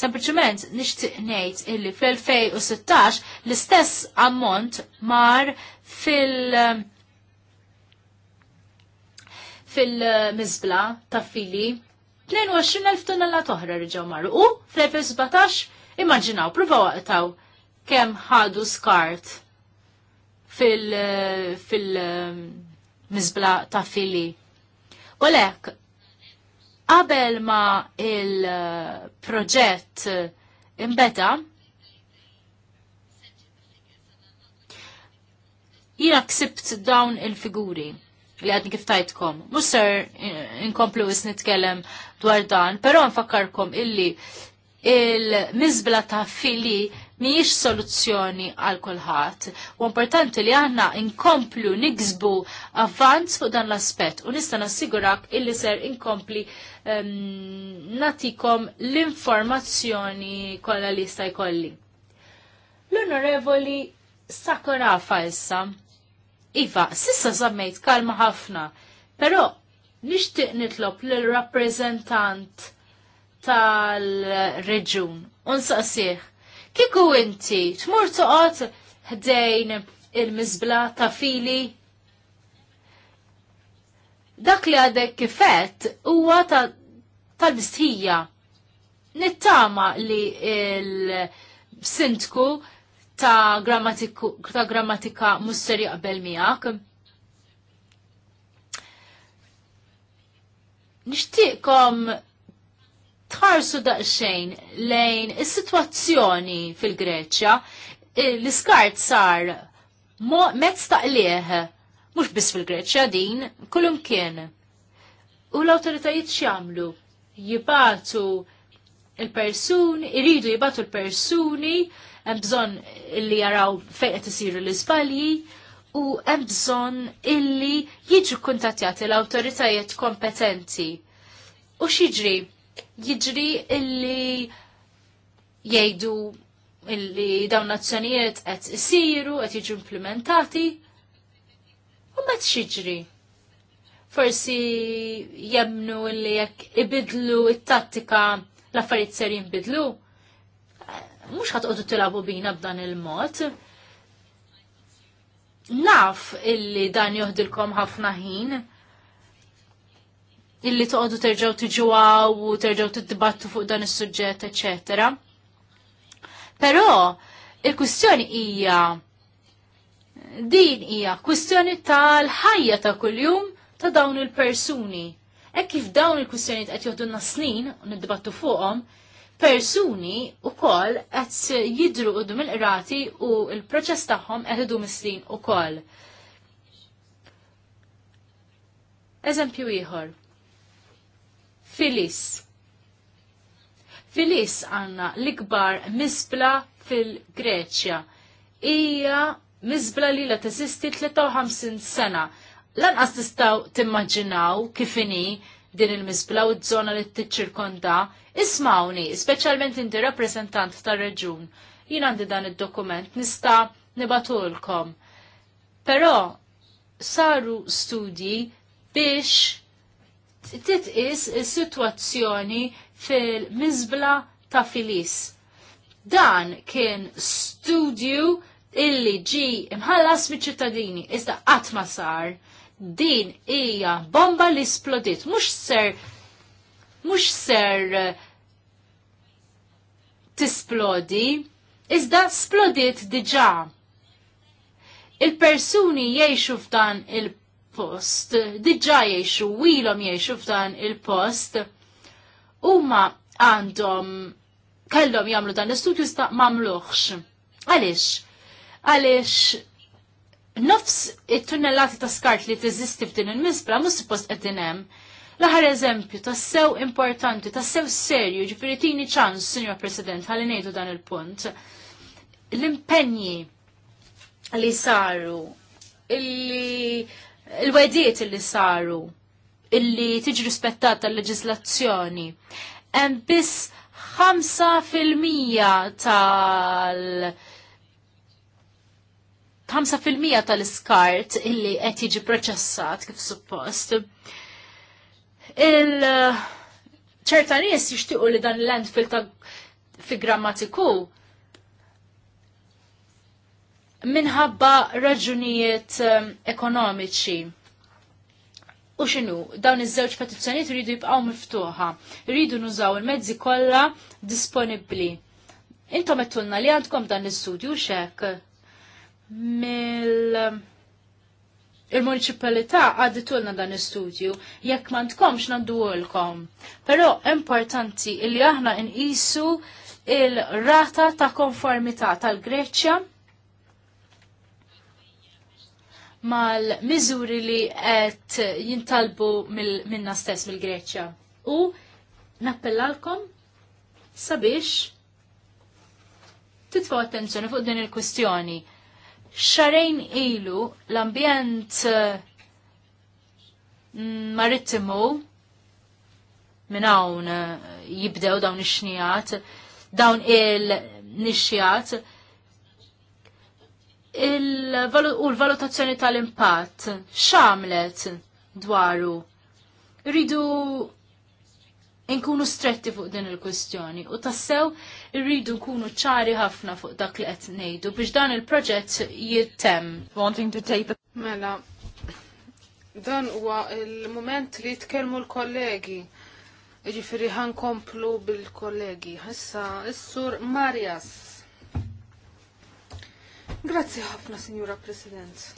sempliciment nixtieq ngħid illi fl-2016 l-istess ammont mar fil- fil-mizbla ta' fili 22.000 tonnella toħra rġaw marru. U fl-2017 immaġinaw, provaw waqtaw kem ħadu skart fil fil um, ta' fili. U lek, qabel ma il-proġett uh, uh, imbeda, jina ksibt dawn il-figuri li għadni kif tajtkom. Musser eh, inkomplu is nitkellem dwar dan, pero nfakkarkom illi il-mizbla ta' fili miex soluzzjoni għal kulħadd. U importanti li għanna inkomplu nigzbu avvanz fuq dan l-aspett u nista' nassigurak illi ser inkompli um, natikom l-informazzjoni kollha li jista' jkolli. L-Onorevoli Sakorafa issa Iva, sissa zammejt kalma ħafna, pero nixtieq nitlob l-rappreżentant tal-reġun unsaqsieħ, Kiku inti tmur toqgħod ħdejn il mizbla ta' fili? Dak li għadek kifet huwa tal-mistħija. Nittama li il-sintku ta' ta' grammatika musser jaqbel miegħek. Nixtieqkom tħarsu daqsxejn lejn is-sitwazzjoni fil-Greċja, l-iskart sar mezz ta' lieħ, mhux biss fil-Greċja din, kullum kien. U l-awtoritajiet x'jagħmlu? Jibatu il-persuni, iridu jibatu l-persuni il persuni hemm bżonn illi jaraw fejn qed isiru l-iżbalji u hemm bżonn illi jiġu kuntattjati l-awtoritajiet kompetenti. U x'jiġri? Jiġri illi jgħidu illi dawn nazzjonijiet qed isiru, qed jiġu implementati. U mbagħad xiġri? Forsi jemnu illi jekk ibidlu it-tattika l-affarijiet ser jinbidlu mhux t tilabu bina b'dan il-mod. Naf illi dan joħdilkom ħafna ħin illi toqgħodu terġgħu tiġuaw u terġgħu tiddibattu fuq dan is-suġġett, eċetera. Però il-kwistjoni hija din hija kwistjoni tal-ħajja ta' kuljum ta' dawn il-persuni. E kif dawn il-kwistjoni qed joħdunna snin u niddibattu fuqhom, persuni u kol għet jidru u dum il-qrati u il-proċess taħħom għet idu mislin u koll. Eżempju iħor. Filis. Filis għanna l-ikbar misbla fil-Greċja. Ija misbla li la teżisti 53 sena. Lanqas tistaw timmaġinaw kifini din il-misbla u d-zona li t-ċirkonda Ismawni, speċjalment inti rappresentant tar-reġun. Jien għandi dan id-dokument, nista' nibatulkom. Però saru studji biex titqis is-sitwazzjoni fil-miżbla ta' Filis. Dan kien studju illi ġi imħallas mi ċittadini iżda qatt ma sar din hija bomba li splodit, mux ser mhux ser eh, tisplodi, iżda splodiet diġà. Il-persuni jgħixu f'dan il-post, diġà jgħixu, wilhom jgħixu f'dan il-post, huma għandhom kellhom jagħmlu dan l-istudju sta mamluħx. Għaliex? Għaliex nofs it-tunnellati ta' skart li teżisti f'din il-misbra mhux suppost għedinem. hemm L-aħar eżempju, tassew importanti, tassew serju, ġifiri tini ċans, Signor President, għalli nejdu dan il-punt. L-impenji li saru, il-wediet li saru, illi tiġi rispettata l-leġislazzjoni, hemm biss 5% tal- 5% tal-iskart illi qed jiġi proċessat kif suppost il ċerta nies jixtiequ li dan l end ta' fi grammatiku minħabba raġunijiet ehm, ekonomiċi. U xinu, dawn iż-żewġ petizzjonijiet rridu jibqgħu miftuħa, rridu nużaw il-mezzi kollha disponibbli. Intom qed li għandkom dan l-istudju xek mill il-municipalità għaditulna dan istudju jekk ma tkomx nanduwolkom. Però importanti li aħna nqisu il-rata ta' konformità tal-Greċja mal-miżuri li qed jintalbu minna stess mill-Greċja. U nappellalkom sabiex titfaw attenzjoni fuq din il-kwistjoni xarajn ilu l-ambjent eh, marittimu minn hawn eh, jibdew dawn ix-xnijat, dawn il-nixjat, u l-valutazzjoni tal-impatt x'għamlet dwaru. Ridu nkunu stretti fuq din il-kwistjoni u tassew irridu nkunu ċari ħafna fuq dak li qed ngħidu biex dan il-proġett jittem. Wanting to take the... Mela, dan huwa il-moment li jitkellmu l-kollegi. Jiġifieri ħan komplu bil-kollegi. Issa is-sur Marjas. Grazzi ħafna, Sinjura President.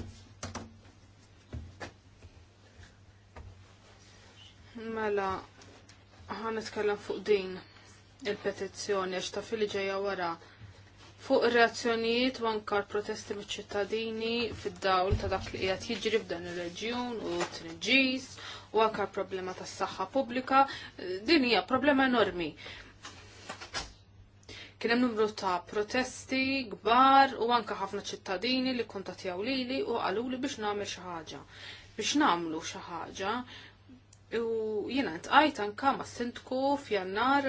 Mela, ħan nitkellem fuq din il-petizzjoni għax ta' fili ġejja wara fuq ir-reazzjonijiet u anke protesti miċ-ċittadini fid-dawl ta' dak li qiegħed jiġri f'dan ir-reġjun u t-tniġġis u anke problema tas-saħħa pubblika. Din hija problema enormi. Kien hemm numru ta' protesti kbar u anke ħafna ċittadini li kuntatjaw lili u qaluli biex nagħmel xi ħaġa. Biex nagħmlu xi ħaġa U jina ntqajt anka ma' sintku f'jannar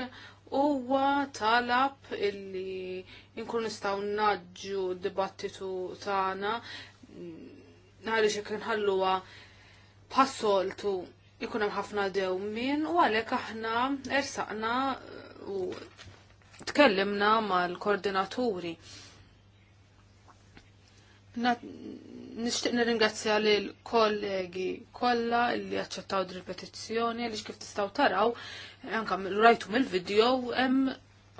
huwa talab illi inkun nistgħu naġġu d-dibattitu tagħna xi kien inħalluha bħas-soltu ikun hemm ħafna dewmien u għalhekk aħna ersaqna u tkellimna mal-koordinaturi Nishtiq nirringrazzja l kollegi kollha li aċċettaw din il-petizzjoni għaliex kif tistgħu taraw anke rajtu mill-video hemm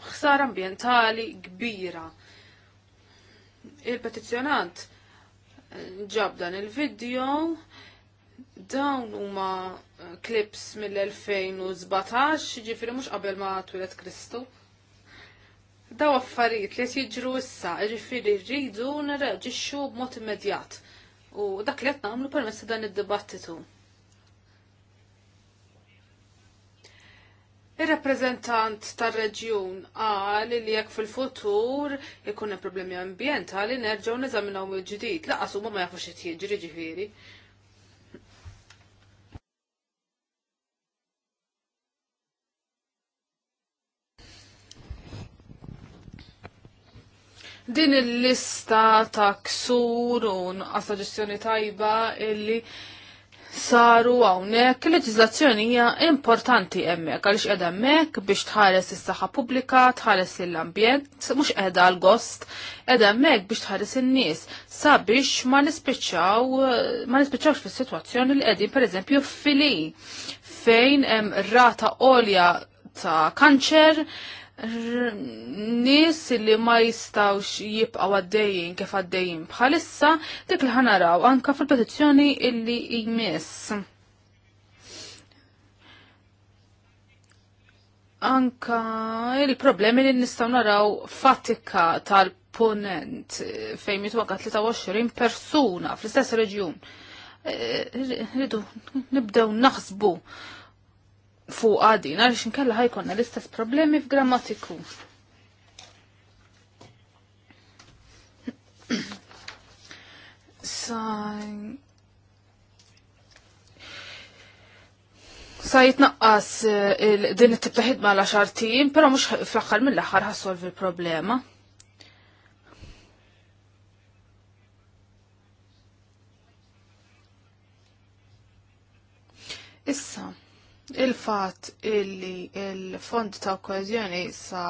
ħsara ambjentali kbira. Il-petizzjonant eh, ġab dan il-video dawn huma klips eh, mill-2017 ġifiri mhux qabel ma twilet Kristu daw affarijiet li jiġru issa, ġifiri rridu nirreġixxu b'mod immedjat. U dak li qed nagħmlu permezz dan id-dibattitu. il rappreżentant tar-reġjun qal li jekk fil-futur ikun hemm problemi ambjentali nerġgħu neżaminaw mill-ġdid laqas huma ma jafux qed jiġri ġifieri. din il-lista ta' ksur u nuqqas tajba illi saru għawnek, leġizlazzjoni hija importanti hemmhekk għaliex qiegħda hemmhekk biex tħares is-saħħa pubblika, tħares l-ambjent, mhux qiegħda l gost qiegħda hemmhekk biex tħares in-nies sabiex ma nispiċċaw ma nispiċċawx fis-sitwazzjoni li qegħdin pereżempju fili fejn hemm rata għolja ta' kanċer, nis li ma jistawx jibqaw għaddejjin kif għaddejjin bħalissa dik li ħanaraw anka fil-petizzjoni illi jmiss. Anka il-problemi li nistaw naraw fatika tal-ponent fejn mitu għaka 23 persuna fl-istess reġjun. Eh, nibdew naħsbu fuq għadi, narix nkella ħajkonna l-istess problemi f'grammatiku. grammatiku Sa jitnaqqas eh, din it-tip ħidma għal xartin, pero mux fl-axħar mill-axħar ħassolvi l problema Issa il-fat illi il-fond ta' kohezjoni sa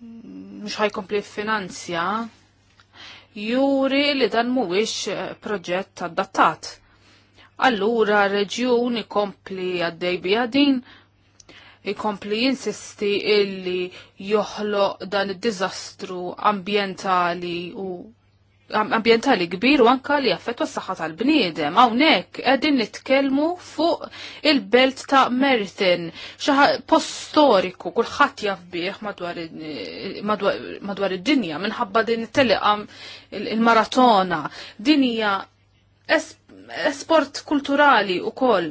mhux ħajkompli finanzja juri li dan mhuwiex eh, proġett adattat. Allura reġjun ikompli għaddej bija din ikompli jinsisti illi joħloq dan id-diżastru ambientali u ambientali kbir u anka li jaffetwa s saxħa tal-bniedem. Hawnhekk qegħdin nitkellmu fuq il-belt ta' Merthin, xaħa post storiku kulħadd jaf madwar id-dinja minħabba din it-teleqam il-maratona. Din hija esport kulturali wkoll.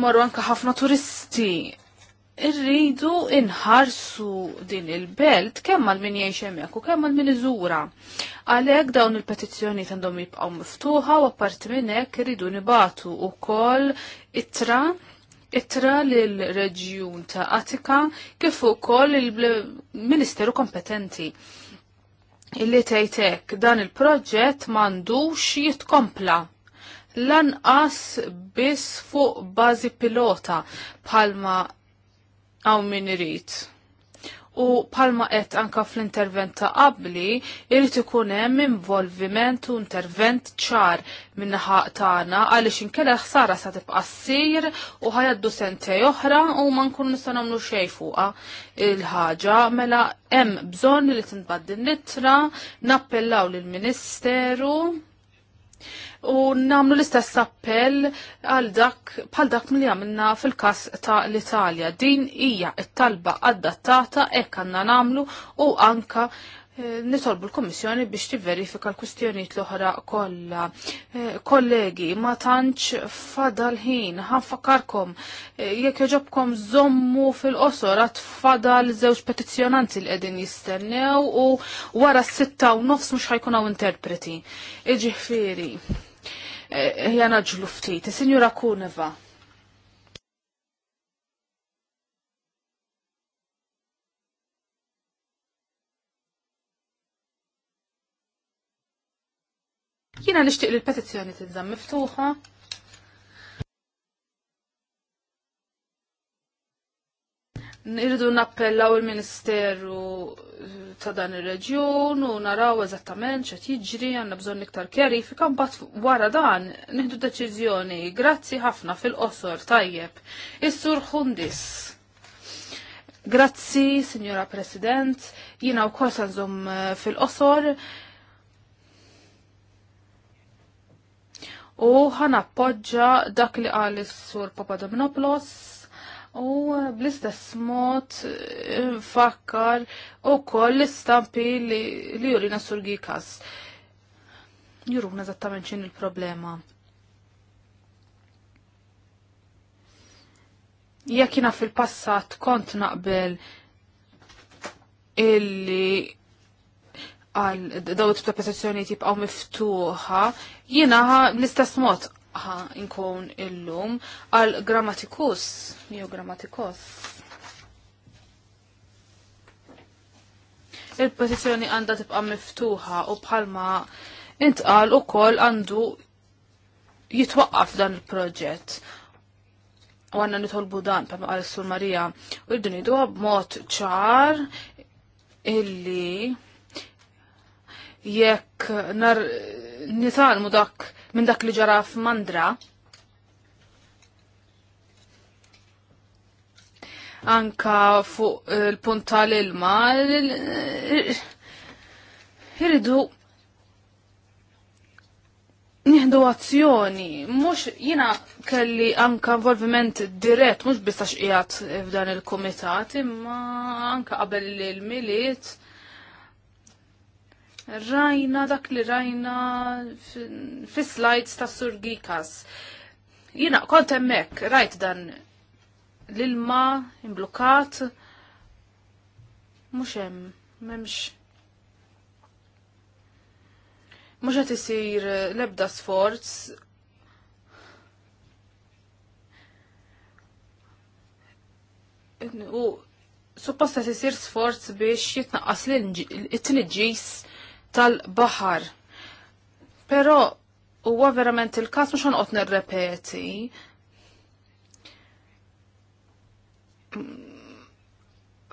Morru anka ħafna turisti irridu inħarsu din il-belt kemm għal min jgħix hemmhekk u kemm għal min iżura. Għalhekk dawn il petizjoni għandhom jibqgħu miftuħa u apparti minn hekk iridu nibatu wkoll itra, ittra l reġjun ta' Atika kif ukoll il-Ministeru kompetenti illi tgħidek dan il-proġett m'għandux jitkompla lanqas biss fuq bażi pilota bħalma għaw min irid u palma qed anka fl-intervent ta' qabli irid ikun hemm involviment u intervent ċar min ħaq tagħna għaliex inkella ħsara sa tibqa' ssir u ħajaddu sentej oħra u ma nkunu nista' nagħmlu xejn fuqha il-ħaġa mela hemm bżonn li tinbaddi nitra nappellaw lill-Ministeru u namlu l-istess appell għal dak bħal dak mill għamilna fil-kas ta' l-Italja. Din hija it-talba adattata hekk għandna namlu u anka eh, nitolbu l kommissjoni biex tiverifika l-kustjonijiet l-oħra kollha. Eh, kollegi, ma tantx fadal ħin, ħanfakarkom eh, jekk joġobkom żommu fil-qosor għad fadal żewġ petizzjonanti li qegħdin jistennew u wara s-sitta u nofs mhux ħajkun hawn interpreti. Iġifieri Eh, jana ġlufti, ftit. Signora Kuneva. Jina nishtiq li l-petizzjoni izzam miftuħa Nirridu nappellaw il-Ministeru eh, ta' dan ir-reġjun u naraw eżattament x'qed jiġri għandna bżonn iktar kjarifika mbagħad wara dan nieħdu deċiżjoni. Grazzi ħafna fil-qosor tajjeb. Is-Sur Hundis. Grazzi, Signora President, jiena wkoll se eh, fil-qosor. U poġġa dak li qal is-Sur Papadomnopoulos u bl-istess mod eh, fakkar u koll l-istampi li, li jurina surgi kas. Juruna eżattament xin il-problema. Jekk jina fil-passat kont naqbel illi għal daw ta' petizzjoni tibqgħu miftuħa, jina l-istess mod Inkun illum għal grammatikus jew grammatikos. Il-petizzjoni għandha tibqa' miftuħa u bħalma intqal ukoll għandu jitwaqqaf dan il-proġett. U għanna nitolbu dan per għal sur Marija u rridu nidu b'mod ċar illi jekk nar nitalmu dak minn dak li ġara f'Mandra. Anka fuq il-punt l ilma Jiridu nieħdu azzjoni, mux jina kelli anka involviment dirett, mux bistax ijat f'dan il-komitat, imma anka qabel il-miliet rajna dak li rajna fis-slides ta' Surgikas. Jina, kont hemmhekk rajt dan l-ilma imblukat mhux hemm m'hemmx mhux qed isir l-ebda sforz u supposta tisir sforz biex jitnaqqas l-tniġġis tal-bahar. Pero huwa verament il-kas mhux ħanqod nirrepeti.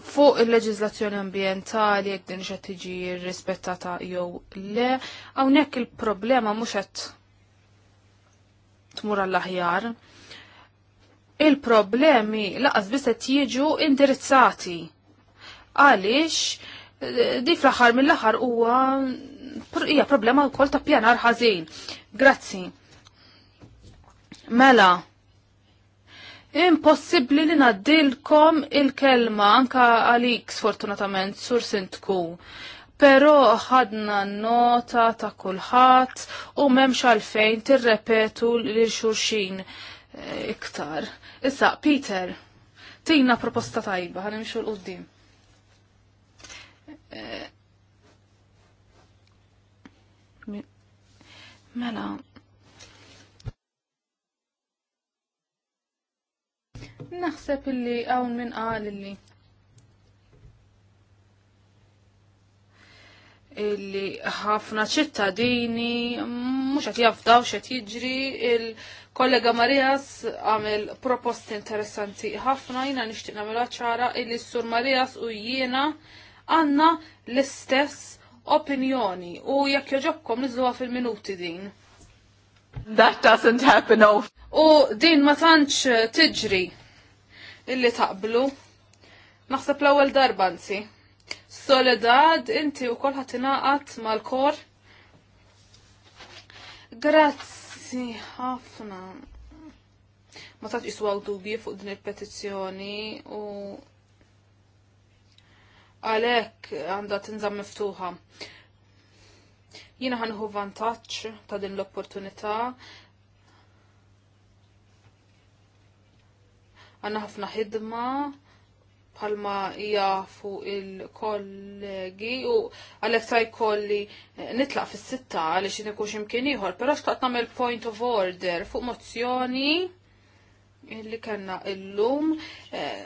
Fuq il-leġiżlazzjoni ambientali jekk din xa tiġi rispettata jew le, hawnhekk il-problema mhux qed tmur għall-aħjar. Il-problemi laqas biss qed jiġu indirizzati. Għaliex di fl-aħħar mill-aħħar huwa hija problema wkoll ta' pjanar ħażin. Grazzi. Mela, impossibbli li naddilkom il-kelma anka għalik sfortunatament sur sintku. Pero ħadna nota ta' kulħadd u m'hemmx għalfejn tirrepetu lil xulxin eh, iktar. Issa, Peter, tina proposta tajba, ħanimxu l-qoddim. Eh, mela. Naħseb illi hawn min qal illi. illi ħafna ċittadini mhux qed jafdaw x'qed jiġri il-kollega Marias għamel proposti interessanti ħafna jiena nixtieq nagħmilha ċara illi s-sur Marias u jiena għanna l-istess opinjoni u jekk joġobkom nizluwa fil-minuti din. That doesn't happen off. U din ma tantx tiġri illi taqblu. Naħseb l-ewwel darba nsi. Soledad, inti u kol ħatinaqat mal-kor. Grazzi ħafna. Ma tatx iswaw dubji fuq din il-petizzjoni u għalhekk għandha tinżamm miftuħa. Jiena ħanħu vantaġġ ta' din l-opportunità għanna ħafna ħidma bħalma fuq il-kollegi u għalek ta' jkolli nitlaq fis sitta għaliex nikux imkien ieħor, però xtaqt nagħmel point of order fuq mozzjoni li kellna illum. Eh,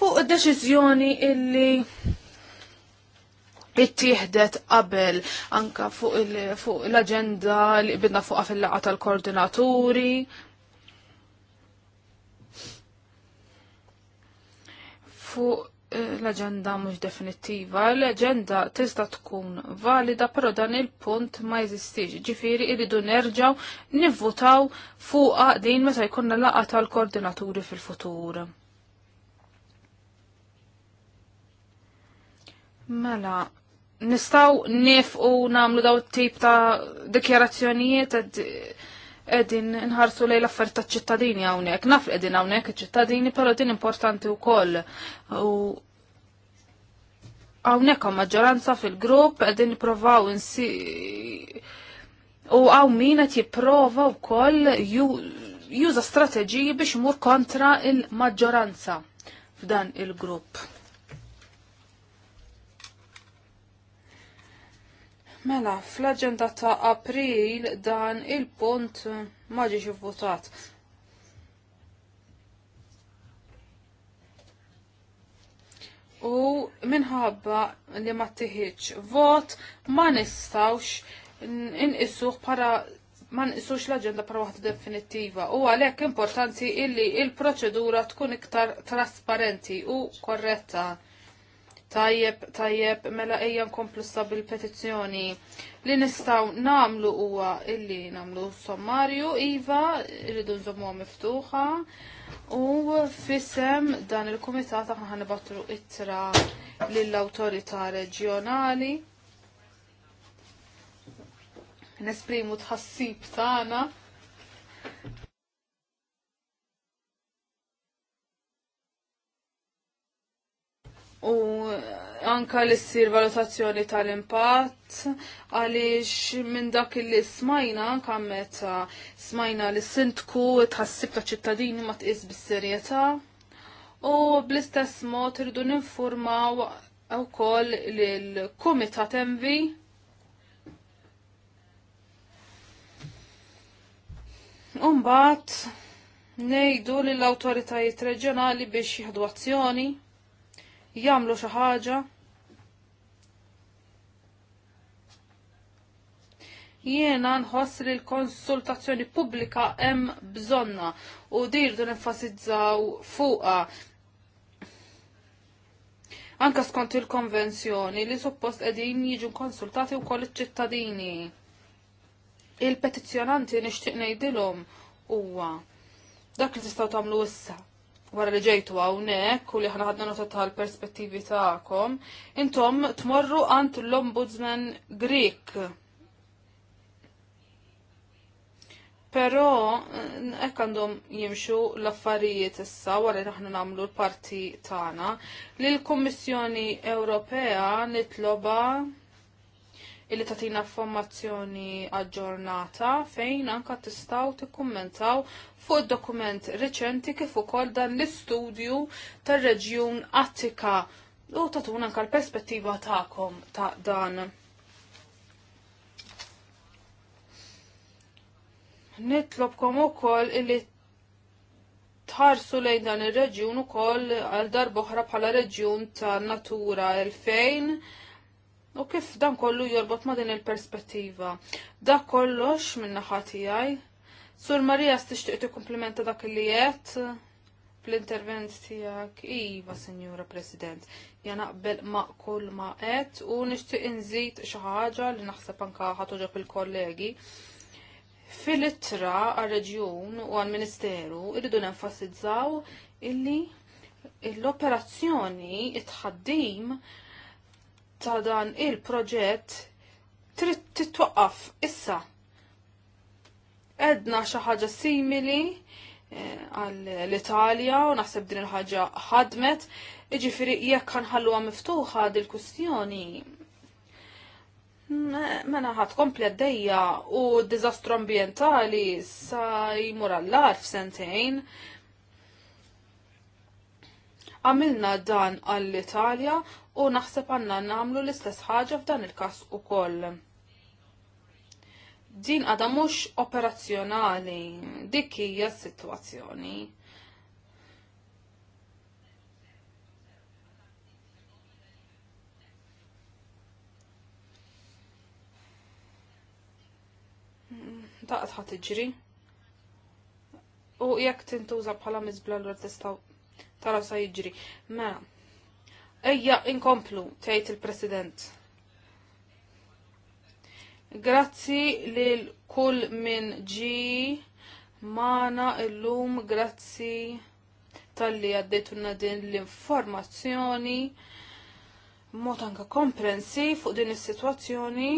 fuq deċiżjoni illi ittieħdet qabel anka fuq l-agenda li bidna fuqha fil-laqa tal-koordinaturi. Fuq eh, l-agenda mhux definittiva, l-agenda tista' tkun valida, però dan il-punt ma jeżistix. Ġifieri iridu nerġgħu nivvutaw fuqha din meta jkunna laqa tal-koordinaturi fil-futur. Mela, nistaw nifqu namlu daw tip ta' dikjarazzjonijiet edin nħarsu lej l-affarijiet ta' ċittadini hawnhekk. Naf li qegħdin hawnhekk iċ-ċittadini, però din importanti wkoll. U hawnhekk maġġoranza fil-grupp qegħdin provaw insi u hawn minet qed jipprova wkoll juża strateġiji biex imur kontra il-maġġoranza f'dan il-grupp. Mela, fl-agenda ta' april dan il-punt maġi votat. U minħabba li ma tiħiċ vot ma nistawx inqisuh para ma nqisux l-aġenda para waħda definittiva u għalhekk importanti illi il-proċedura tkun iktar trasparenti u korretta. Tajjeb, tajjeb, mela ejja nkomplu sabil petizzjoni Li nistaw namlu huwa illi namlu sommarju, Iva, irridu nżommu miftuħa, u fissem dan il-komitat aħna ħanibattru ittra lill-autorità reġjonali. Nesprimu tħassib tagħna u anka li issir valutazzjoni tal-impatt għaliex minn dak li smajna anka meta smajna li sintku tħassib ta' ċittadini ma tqis bis-serjetà u bl-istess mod irridu ninformaw ukoll lil kumitat envi Umbat, nejdu l-autoritajiet reġjonali biex jihdu azzjoni Jamlu xi ħaġa. Jiena nħoss li l-konsultazzjoni pubblika hemm bżonna u dirdu nenfasizzaw fuqha anka skont il-konvenzjoni li suppost qegħdin jiġu konsultati wkoll iċ-ċittadini. Il-petizzjonanti nixtieq ngħidilhom huwa dak li tistgħu tagħmlu issa wara li ġejtu hawnhekk u li ħana ħadna nota tal-perspettivi tagħkom, intom tmorru għand l-Ombudsman Grik. Però hekk għandhom jimxu l-affarijiet issa wara li aħna nagħmlu l-parti tagħna li l-Kummissjoni Ewropea nitloba illi tatina informazzjoni aġġornata fejn anka tistaw tikkummentaw fuq dokument reċenti kif ukoll dan l-istudju tar-reġjun Attika u tatuna anka l-perspettiva tagħkom ta' dan. Nitlobkom ukoll illi tħarsu lejn dan ir-reġjun ukoll għal darboħra bħala reġjun ta' Natura 2000 U kif dan kollu jorbot ma din il-perspettiva? Da kollox minna ħatijaj. Sur Marija ti tikkumplimenta dak li jett fl-intervent tijak. Iva, Senjura President, jana bel ma kull ma qed u nixtieq inżid xi ħaġa li naħseb anka ħatuġa pil kollegi Fil-ittra għal-reġjun u għal-ministeru irridu nenfasizzaw illi l-operazzjoni, it-ħaddim, ta' dan il-proġett trid titwaqqaf issa. Edna xi ħaġa simili eh, għall-Italja u naħseb din il-ħaġa ħadmet, iġifieri jekk ħanħalluha miftuħa din kustjoni Mena ħadd komplet dejja u d-diżastru ambjentali sa jmur għall-ar f'sentejn. Għamilna dan għall-Italja u naħseb għanna namlu l-istess ħaġa f'dan il-kas u koll. Din għada mux operazzjonali, dik hija situazzjoni. Daqt ħat iġri. U jekk tintuża bħala mizbla l-artistaw tara sa jiġri. Mela, Ejja inkomplu, tgħid il-President. Grazzi lil kull minn ġi mana illum grazzi tal-li għaddejtuna din l-informazzjoni mod anka komprensi fuq din is-sitwazzjoni.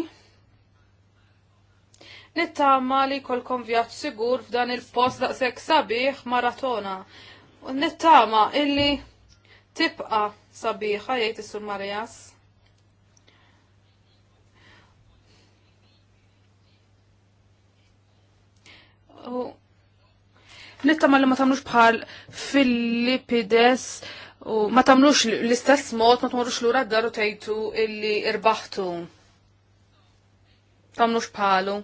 Nittama li kolkom vjaġġ sigur f'dan il-post daqshekk sabiħ maratona. Nittama illi tibqa sabiħa jgħid is-Sur Marjas. U li ma tamlux bħal Filippides u ma tamlux l-istess mod ma tmorrux lura d-daru tgħidu illi irbaħtu. Tamlux bħalu.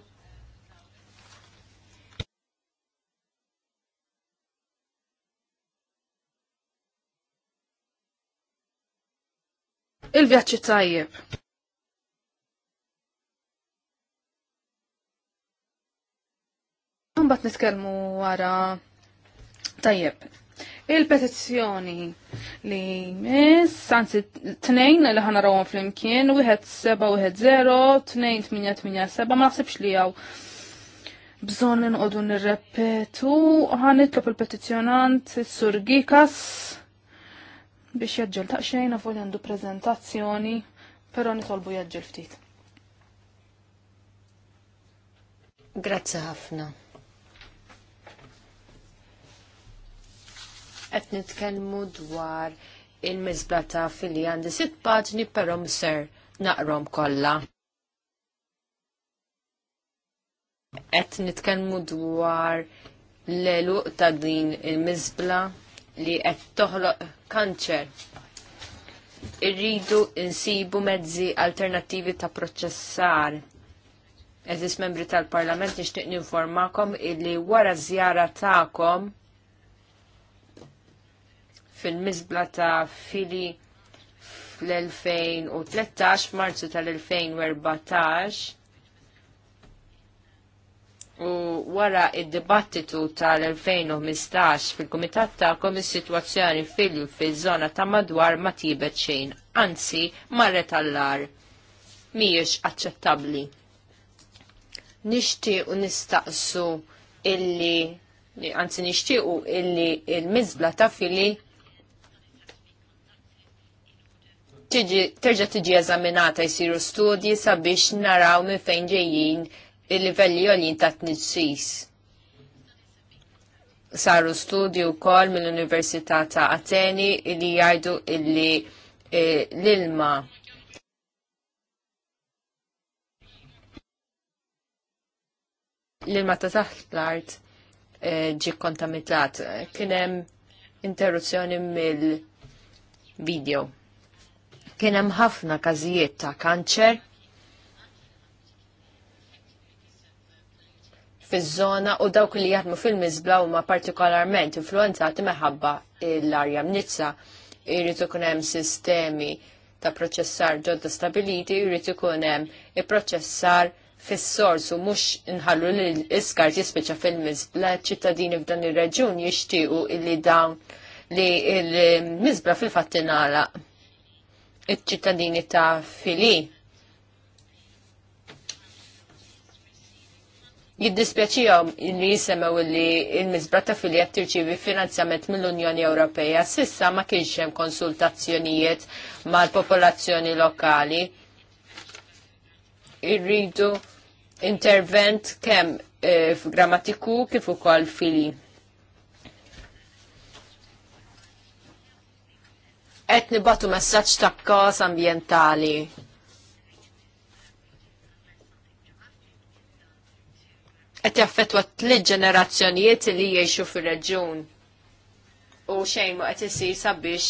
il-vjaġġi tajjeb. Mbagħad nitkellmu wara tajjeb. Il-petizzjoni li jmiss, anzi tnejn li ħana rawhom flimkien, wieħed seba' wieħed zero, tnejn tminja tminja seba' ma naħsibx li hawn bżonn li nqogħdu nirrepetu, ħanitlob il-petizzjonant is-Sur Gikas biex jaġġel taqxejn għafu li għandu prezentazzjoni, pero nitolbu jaġġel ftit. Grazzi ħafna. Qed nitkellmu dwar il ta' fili għandi sitt paġni però mser naqrom kollha. Qed nitkellmu dwar l-eluq ta' din il-mizbla li qed toħloq kanċer. Irridu insibu mezzi alternattivi ta' proċessar. Eżis membri tal-Parlament nixtieq ninformakom illi wara żjara tagħkom fil-mizbla ta' fili fl-2013 marzu tal-2014 U wara id-dibattitu tal-2015 fil-Kumitat ta'kom is-sitwazzjoni fil kumitat ta' is sitwazzjoni fil fil żona ta' madwar ma tibet xejn, anzi marret allar. Mhijiex aċċettabbli. Nishti u nistaqsu illi anzi nixtiequ illi il mizbla ta' fili terġa' tiġi eżaminata jsiru studji sabiex naraw minn fejn ġejjin il-livelli ta' t nissis Saru studju kol mill-Università ta' Ateni li jgħidu illi eh, l-ilma l-ilma ta' taħt l-art eh, ġi kontamitlat. Kienem interruzzjoni mill-video. Kienem ħafna kazijiet ta' kanċer fiż-żona u dawk li jaħdmu fil-miżbla huma partikolarment influenzati meħabba l-arja mnitsa. Irrid ikun hemm sistemi ta' proċessar ġodda stabiliti, irrid ikun hemm il-proċessar fis-sors u mhux inħallu li l-iskart jispiċċa fil-miżbla ċittadini f'dan ir-reġjun jixtiequ li dawn li l-miżbla fil-fattinala iċ-ċittadini ta' fili għom li jisemaw li il-mizbrata fil-jett tirċivi finanzjament mill-Unjoni Ewropeja sissa ma kienx hemm konsultazzjonijiet mal-popolazzjoni lokali. Irridu intervent kemm eh, f'grammatiku grammatiku kif ukoll fili. Qed nibatu messaġġ ta' kos ambjentali qed jaffettwa tliet ġenerazzjonijiet li jgħixu fir-reġjun. U xejn ma qed isir sabiex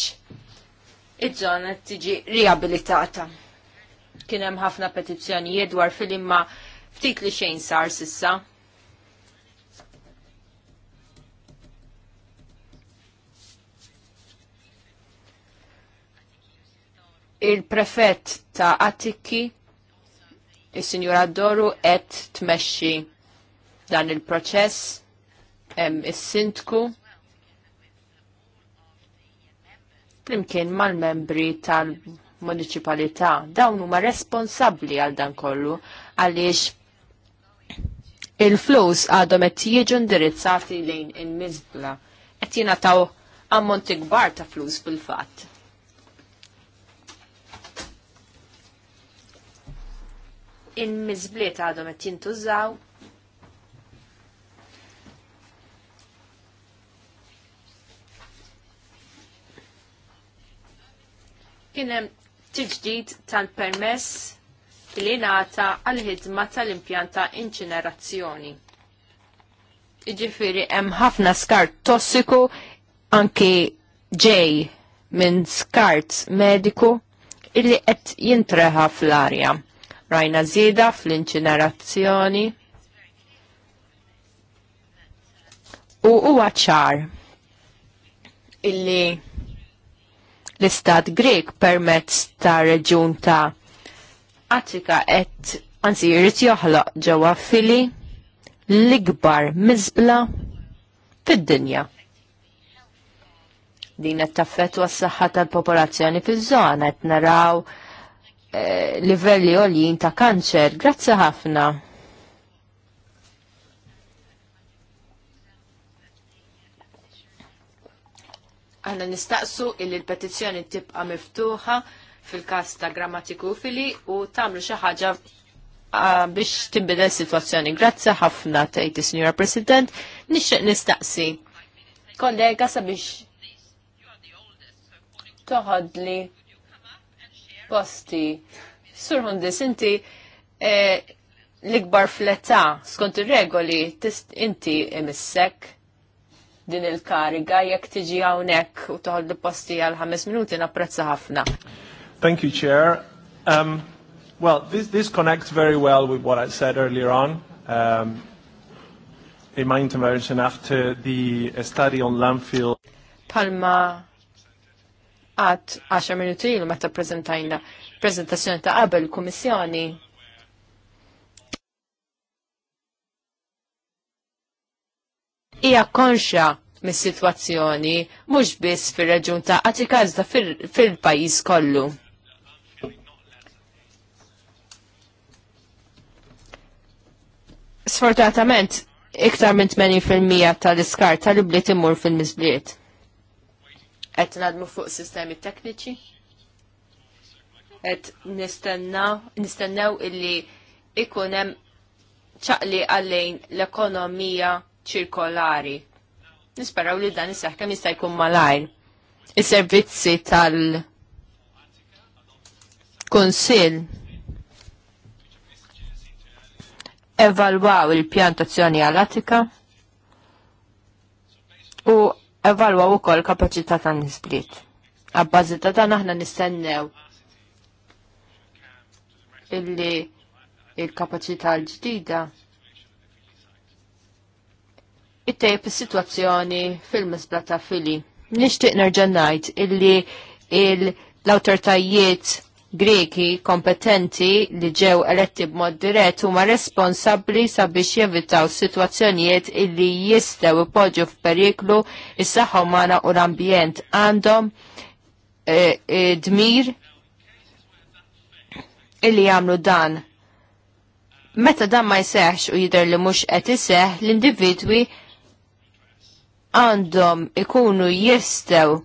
iż-żona tiġi riabilitata. Kien hemm ħafna petizzjonijiet dwar fil-imma ftit li xejn sar sissa. Il-prefett ta' Attiki il-Sinjura Doru, et tmexxi dan il-proċess, hemm sintku sindku flimkien mal-membri tal-municipalità. Dawn huma responsabbli għal dan kollu għaliex il-flus għadhom qed jiġu indirizzati lejn il-miżbla qed jingħataw ammonti kbar ta' flus fil-fatt. Il-miżbliet għadhom qed jintużaw kienem tiġdid tal-permess li nata għal-ħidma tal-impjanta inċinerazzjoni. Iġifiri hemm ħafna skart tossiku anki ġej minn skart mediku illi qed jintreħa fl-arja. Rajna żieda fl-inċinerazzjoni. U huwa ċar illi l-istat Grek permezz ta' reġjun ta' Attika qed anzi jrid joħloq ġewwa fili l-ikbar miżbla fid-dinja din qed taffettwa s-saħħa tal-popolazzjoni fiż-żona qed naraw eh, livelli għoljin ta' kanċer. Grazzi ħafna. Aħna nistaqsu illi l-petizzjoni tibqa' miftuħa fil-każ ta' grammatiku fili u tagħmlu xi ħaġa ah, biex tinbidel sitwazzjoni. Grazzi ħafna tgħid is-Sinjura President, nixtieq nistaqsi. Kollega sabiex toħodli posti. Sur inti eh, l-ikbar fl-età skont ir-regoli inti emissek din il-kariga jekk tiġi hawnhekk u toħollu posti għal ħames minuti napprezza ħafna. Thank you, Chair. Um, well, this, this connects very well with what I said earlier on. Um, in my intervention after the study on landfill. Palma għat 10 minuti il meta prezentajna prezentazzjoni ta' qabel kummissjoni hija konxa mis-sitwazzjoni mhux biss fir-reġjun ta' Atika iżda fil-pajjiż kollu. Sfortunatament, iktar minn 80% tal-iskar tal-ibliet imur fil-mizbliet. Qed nadmu fuq sistemi tekniċi. Et nistennew illi ikun hemm ċaqli għalejn l-ekonomija ċirkolari. Nisperaw li dan is kemm jista' jkun malajr. Is-servizzi tal-Kunsill evalwaw il-pjantazzjoni għal attika u evalwaw ukoll kapaċità tan-nisbliet. Għabbażi ta' dan aħna nistennew illi il kapaċità l-ġdida it-tejb is-sitwazzjoni fil-misbla ta' fili. Nixtieq nerġa' ngħid illi l-awtoritajiet Greki kompetenti li ġew eletti b'mod dirett huma responsabbli sabiex jevitaw sitwazzjonijiet illi jistgħu ipoġġu f'periklu is-saħħa umana u l-ambjent għandhom e, e, dmir illi jagħmlu dan. Meta dan ma jseħx u jidher li mhux qed iseħħ l-individwi għandhom ikunu jistew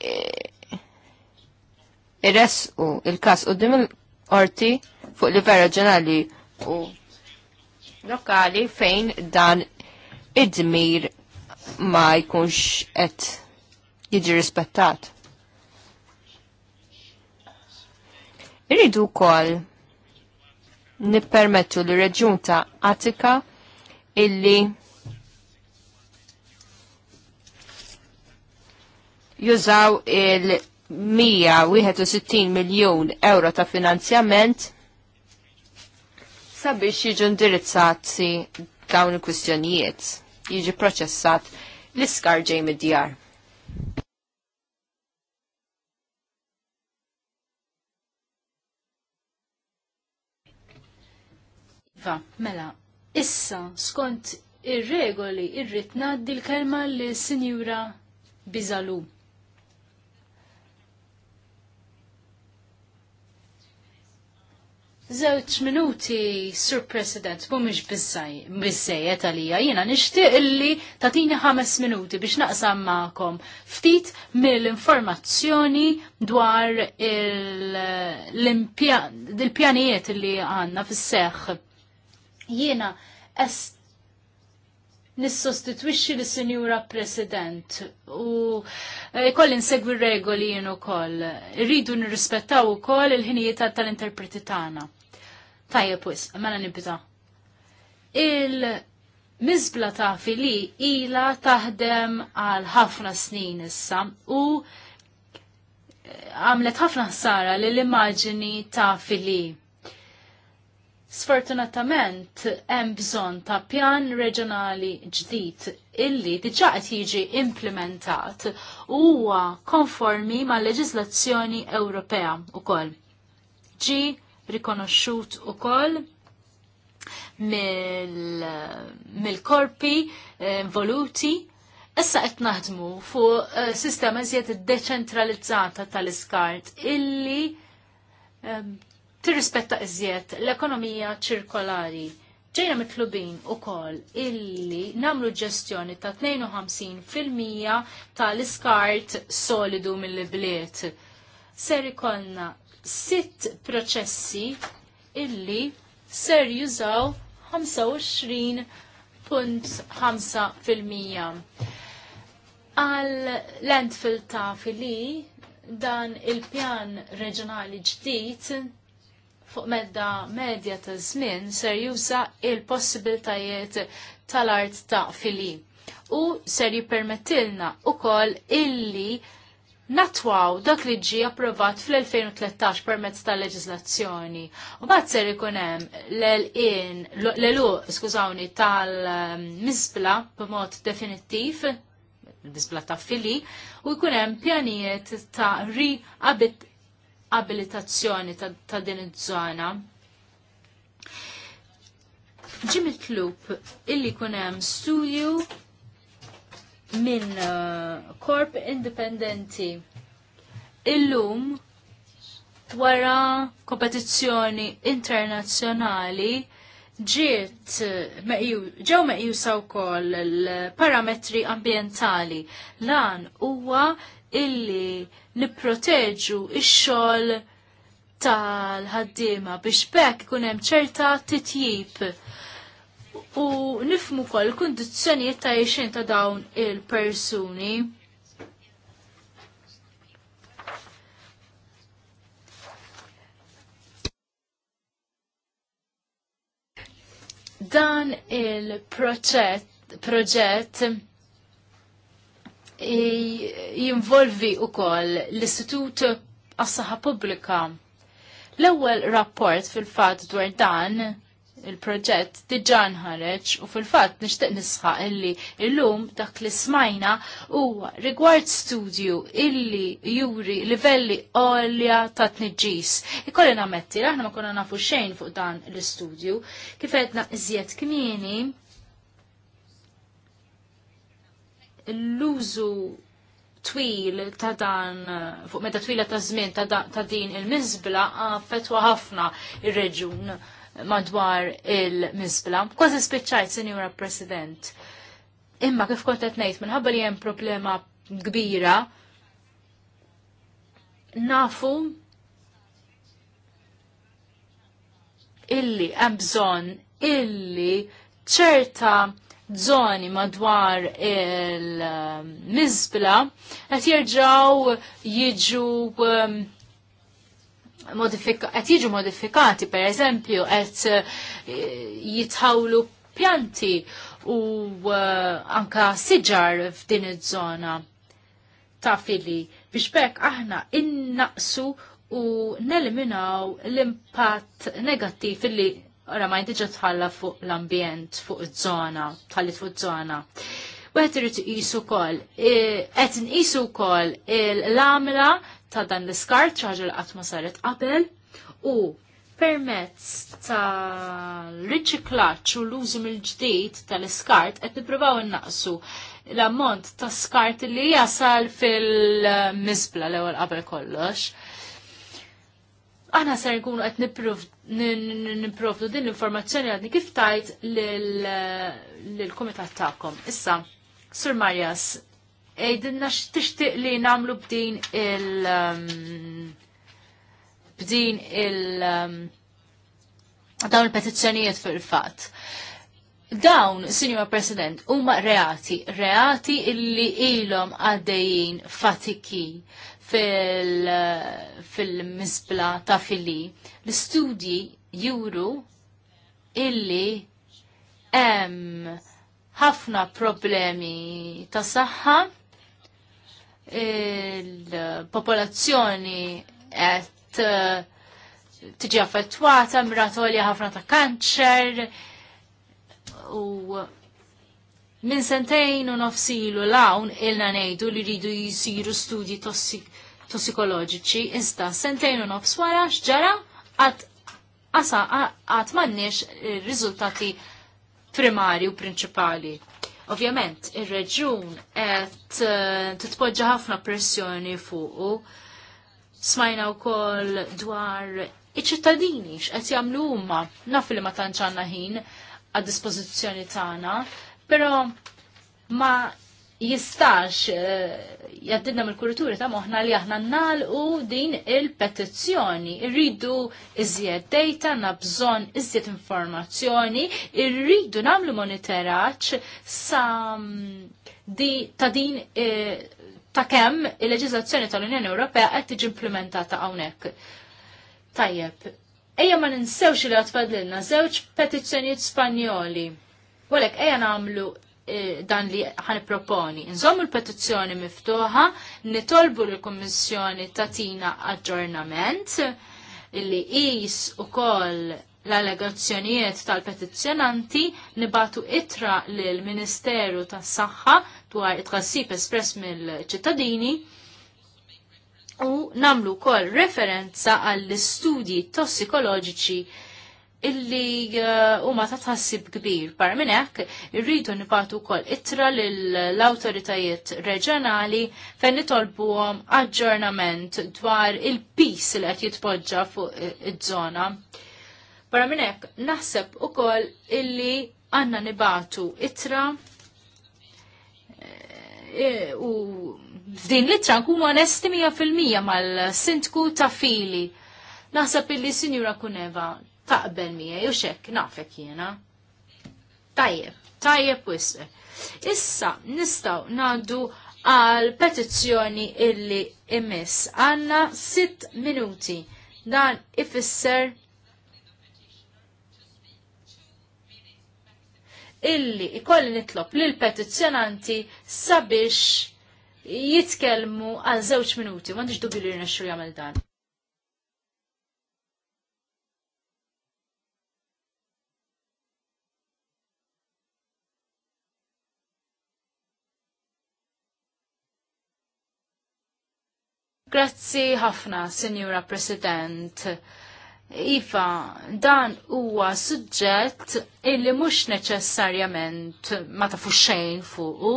e, irresqu il-kas u dim il-orti fuq livell reġjonali u lokali fejn dan id-dmir ma jkunx qed jiġi rispettat. Irridu wkoll nippermettu li reġjun ta' Attika illi jużaw il-161 miljon euro ta' finanzjament sabiex jiġu indirizzati dawn il-kwistjonijiet, jiġi proċessat l-iskar ġej mid-djar. Iva, mela, issa skont ir-regoli irrid ngħaddi l-kelma li sinjura Bizalu. Zewċ minuti, Sur President, mumiex bizzejet għalija, jina nishtiq illi tatini ħames minuti biex naqsam maħkom ftit mill-informazzjoni dwar il-pjanijiet illi għanna fis-seħ. Jina est nissostitwixxi l-Sinjura President u eh, koll nsegwi regoli jien ukoll. Irridu nirrispettaw ukoll il-ħinijiet tal-interpreti tagħna. Tajja pwis, mela nibda. il Il-mizbla ta' fili ila taħdem għal ħafna snin issa u eh, għamlet ħafna ħsara l-immaġini ta' fili Sfortunatament hemm bżonn ta' pjan reġjonali ġdid illi diġà qed jiġi implementat huwa konformi mal leġiżlazzjoni Ewropea wkoll. Ġi rikonoxxut ukoll mill-korpi eh, involuti Issa qed naħdmu fuq eh, sistema żjed deċentralizzata tal-iskart illi eh, tirrispetta iżjed l-ekonomija ċirkolari. Ġejna mitlubin u koll illi namlu ġestjoni ta' 52% tal-iskart solidu mill-bliet. Ser ikollna sitt proċessi illi ser jużaw 25.5%. Għal landfill ta' fili dan il-pjan reġjonali ġdid fuq medda medja ta' żmien ser juża il-possibiltajiet tal-art ta' fili u ser jippermettilna ukoll illi natwaw dak li ġi approvat fl-2013 permezz tal leġislazzjoni U bat ser ikun hemm l-in, l lu skużawni, tal-mizbla b'mod definittiv, l-mizbla ta' fili, u jkun hemm pjanijiet ta' abilitazzjoni ta', din iż-żona. Ġim mitlub illi kunem hemm studju minn korp uh, indipendenti. Illum wara kompetizzjoni internazzjonali ġiet ġew meqjusa wkoll l-parametri ambjentali lan huwa illi nipproteġu ix-xogħol tal-ħaddiema biex bekk ikun hemm ċerta titjib u nifmu kol kundizzjonijiet ta' jixin ta' dawn il-persuni. Dan il-proġett jinvolvi wkoll l-Istitut għas-Saħħa Pubblika. L-ewwel rapport fil-fatt dwar dan il-proġett diġà nħareġ u fil-fatt nixtieq nisħaq illi illum dak li smajna huwa rigward studju illi juri livelli għolja ta' tniġġis. Ikolli metti, aħna ma konna nafu xejn fuq dan l-istudju, kif qedna iżjed kmieni l-użu twil ta' dan, fuq meta twila ta' żmien ta' din il-mizbla fetwa ħafna ir-reġun madwar il-mizbla. Kważi spiċċajt, Sinjura President. Imma kif kont qed ngħid minħabba li hemm problema kbira nafu illi hemm bżonn illi ċerta zoni madwar il-mizbla qed jerġgħu jiġu um, qed jiġu modifikati pereżempju qed eh, jitħawlu pjanti u eh, anka siġar f'din iż-żona ta' fili biex bekk aħna innaqsu u neliminaw l-impatt negattiv li ma diġa tħalla fuq l-ambjent, fuq iż-żona, tħallit fuq iż-żona. Wieħed irid iqisu wkoll, e, qed nqisu wkoll l-għamla ta' dan l-iskart ċaġa l qatt ma saret qabel u permezz ta' riċiklaċ u l-użu mill-ġdid tal-iskart qed nippruvaw innaqsu l-ammont ta' skart li jasal fil-misbla l-ewwel qabel kollox Aħna ser nkunu qed nipprovdu din l-informazzjoni għadni kif tajt l-komitat tagħkom. Issa, Sur Marjas, ejdinna x'tixtieq li nagħmlu b'din il- um, b'din il- um, dawn il-petizzjonijiet fil-fatt. Dawn, Signor President, huma reati, reati illi ilhom għaddejjien fatiki fil-misbla fil ta' fili. L-studji juru illi hemm ħafna problemi ta' saħħa il-popolazzjoni qed eh, tiġi affettwata, miratolja ħafna ta' kanċer u Min sentejn u nofsilu lawn ilna nejdu li ridu jisiru studji tossikoloġiċi, insta sentejn u nofs wara xġara għat asa għat mannix eh, rizultati primari u prinċipali. Ovvjament, ir-reġun qed eh, titpoġġa ħafna pressjoni fuqu. Smajna wkoll dwar iċ-ċittadini x'qed jagħmlu huma naf li ma tanċanna ħin għad-dispożizzjoni tagħna, Pero ma jistax eh, jaddinna mill kurituri ta' moħna li aħna nnal u din il-petizzjoni. Irridu iżjed data, nabżon iżjed informazzjoni, irridu namlu monitoraċ sa' mm, di, ta' din eh, ta' kemm il-leġizazzjoni tal-Unjoni Ewropea qed tiġi implementata hawnhekk. Tajjeb, ejja ma ninsewx li għatfadlilna żewġ petizzjonijiet Spanjoli Walek, eja namlu eh, dan li ħan proponi. Nżommu l-petizzjoni miftuħa, nitolbu l komissjoni tatina aġġornament li jis u koll l-allegazzjonijiet tal-petizzjonanti nibatu itra l-Ministeru tas saħħa dwar it-tħassib espress mill-ċittadini u namlu kol referenza għall-istudji tossikoloġiċi illi uh, huma ta' tħassib kbir. Barra minn hekk irridu nibatu wkoll itra lill-awtoritajiet reġjonali fejn nitolbuhom aġġornament dwar il-pis li qed jitpoġġa fuq iż-żona. Barra minn hekk naħseb ukoll illi għandna nibatu itra. Eh, u f'din l itra nkunu onesti 100% mal sintku ta' fili. Naħseb illi Sinjura Kuneva taqbel mija, u nafek jiena. Tajjeb, tajjeb wisq. Issa nistaw nandu għal petizzjoni illi imiss. Għanna sitt minuti. Dan ifisser illi ikolli nitlob lil petizzjonanti sabiex jitkellmu għal żewġ minuti. Għandix dubju li rnexxu jagħmel dan. Grazzi ħafna, Sinjura President. Iva, dan huwa suġġett illi mhux neċessarjament ma tafu xejn fuqu.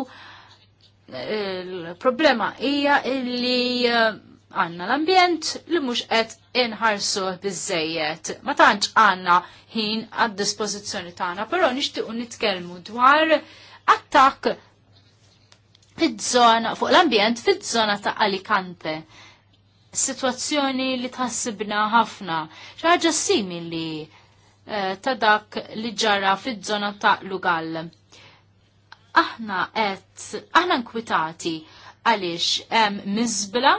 Il-problema hija illi eh, għanna l-ambjent li mhux qed inħarsu biżejjed. Ma tantx għanna ħin għad-dispożizzjoni tagħna, però nixtiequ nitkellmu dwar attakk fiż-żona fuq l-ambjent fiż-żona ta' Alicante situazzjoni li tħassibna ħafna. ċaħġa simili eh, ta' dak li ġara fid-żona ta' Lugal. Aħna et, aħna nkwitati għaliex hemm mizbla,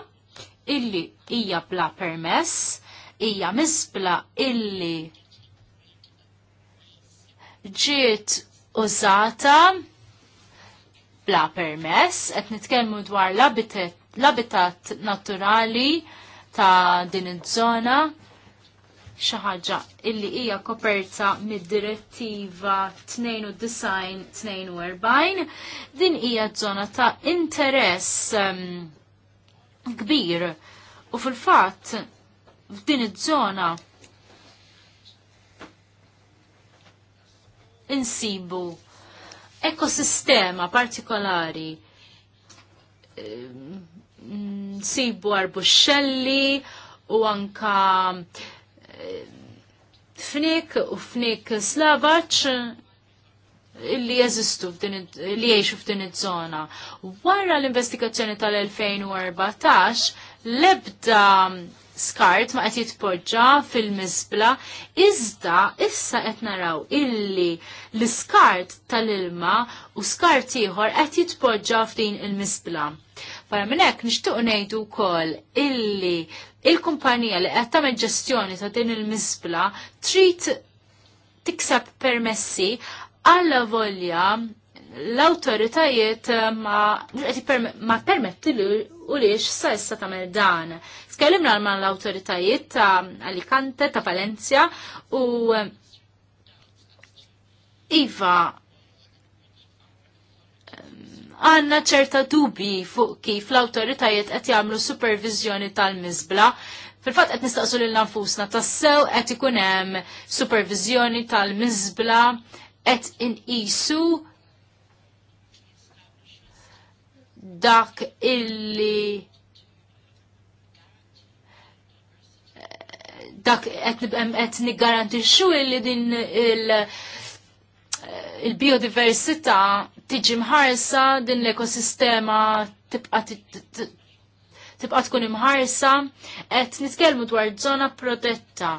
illi hija bla permess, hija mizbla illi ġiet użata bla permess, qed nitkellmu dwar labitet l-abitat naturali ta' din iż-żona xi ħaġa illi hija koperta mid-direttiva 92-42 din hija żona ta' interess um, kbir u fil-fatt f'din iż-żona insibu ekosistema partikolari ehm, nsibu arbuxxelli u anka eh, fnik u fnik slavaċ illi jeżistu li jiexu f'din iż-żona. Wara l-investigazzjoni tal-2014, lebda skart ma qed jitpoġġa fil-misbla, iżda issa qed naraw illi l iskart tal-ilma u skart ieħor qed jitpoġġa f'din il-misbla. il il misbla Para minn hekk nejdu ngħidu wkoll illi il-kumpanija li qed tagħmel ġestjoni ta' din il-misbla trid tiksab permessi għalla volja l-autoritajiet ma permettilu u liex sa issa ta' dan. Skellimna għalma l-autoritajiet ta' Alicante, ta' Valencia u eh, Iva għanna ċerta dubi fuq kif l-autoritajiet qed jagħmlu supervizjoni tal-miżbla. Fil-fatt qed nistaqsu lil nfusna tassew qed ikun hemm supervizjoni tal-miżbla qed inqisu dak illi dak qed niggarantixxu illi din il-biodiversità tiġi mħarsa din l-ekosistema tibqa tibqa tkun imħarsa, qed nitkellmu dwar żona protetta.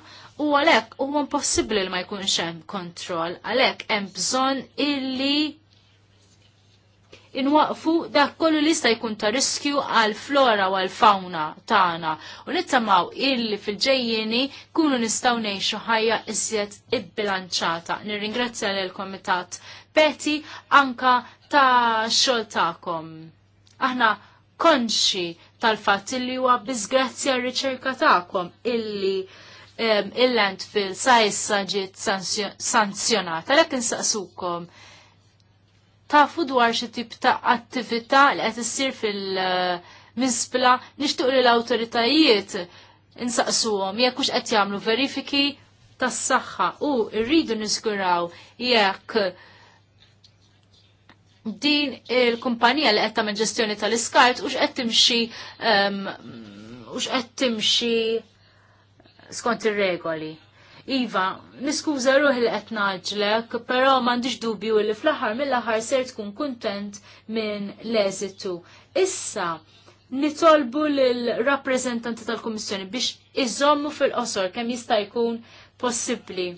U għalhekk huwa impossibbli li ma jkun hemm kontroll, għalhekk hemm bżonn illi inwaqfu dak kollu li jista' jkun ta' riskju għal flora u għal fauna tagħna u nittamaw illi fil-ġejjieni kunu nistgħu ngħixu ħajja iżjed ibbilanċata. Nirringrazzja lill komitat rispeti anka ta' xol ta'kom. Aħna konxi tal-fatt li huwa bizgrazzja r-riċerka ta'kom illi um, il-landfill sa' issa ġiet sanzjonata. Lek insaqsukom tafu dwar xi tip ta' attività li qed issir fil-misbla nishtuq li l-awtoritajiet insaqsuhom jekk hux qed jagħmlu verifiki tas-saħħa u rridu niskuraw jekk din il-kumpanija li qed tagħmel ġestjoni tal-iskart ux għettim timxi ux għettim timxi skont ir-regoli. Iva, niskuża ruħ li qed naġlek, però m'għandix dubju li fl-aħħar mill-aħħar ser tkun kuntent minn l-eżitu. Issa, nitolbu lill-rappreżentanti tal-Kummissjoni biex iżommu fil-qosor kemm jista' jkun possibbli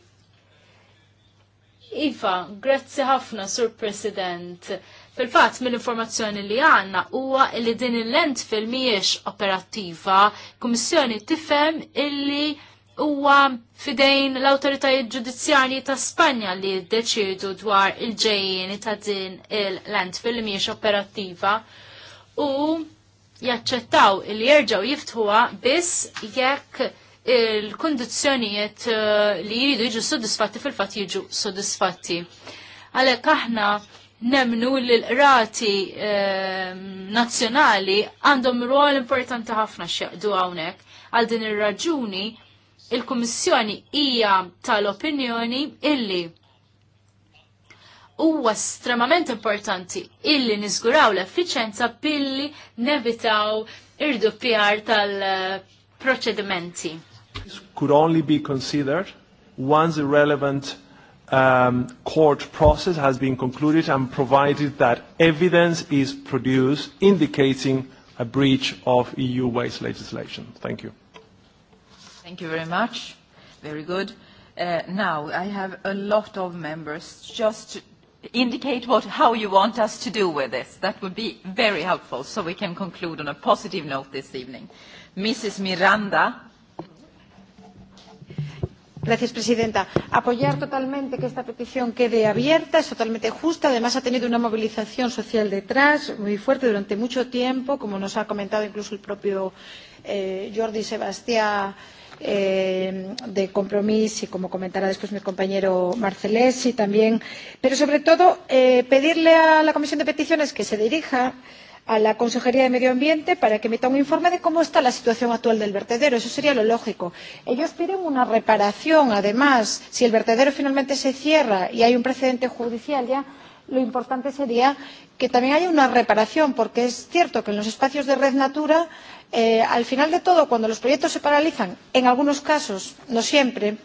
Iva, grazzi ħafna, Sur President. fil fat mill-informazzjoni li għanna huwa li din il-lent fil-miex operattiva, kummissjoni tifhem illi huwa fidejn l-autoritajiet ġudizzjarji ta' Spanja li deċidu dwar il-ġejjeni ta' din il-lent fil-miex operattiva u jaċċettaw li jerġgħu jiftħuha biss jekk il-kondizjonijiet eh, li jridu jiġu soddisfatti fil-fatt jiġu soddisfatti. Għalhekk aħna nemnu li l-rati eh, nazzjonali għandhom rol importanti ħafna x'jaqdu hawnhekk. Għal din ir-raġuni il-Kummissjoni hija tal-opinjoni illi huwa estremament importanti illi niżguraw l-effiċenza billi nevitaw ir-doppjar tal- eh, proċedimenti could only be considered once the relevant um, court process has been concluded and provided that evidence is produced indicating a breach of EU waste legislation. Thank you. Thank you very much. Very good. Uh, now, I have a lot of members. Just indicate what, how you want us to do with this. That would be very helpful so we can conclude on a positive note this evening. Mrs. Miranda Gracias, presidenta. Apoyar totalmente que esta petición quede abierta, es totalmente justa. Además, ha tenido una movilización social detrás muy fuerte durante mucho tiempo, como nos ha comentado incluso el propio eh, Jordi Sebastián eh, de compromiso, como comentará después mi compañero Marcelés, y también, pero sobre todo eh, pedirle a la Comisión de Peticiones que se dirija a la Consejería de Medio Ambiente para que emita un informe de cómo está la situación actual del vertedero. Eso sería lo lógico. Ellos piden una reparación, además, si el vertedero finalmente se cierra y hay un precedente judicial ya, lo importante sería que también haya una reparación, porque es cierto que en los espacios de red natura, eh, al final de todo, cuando los proyectos se paralizan, en algunos casos, no siempre,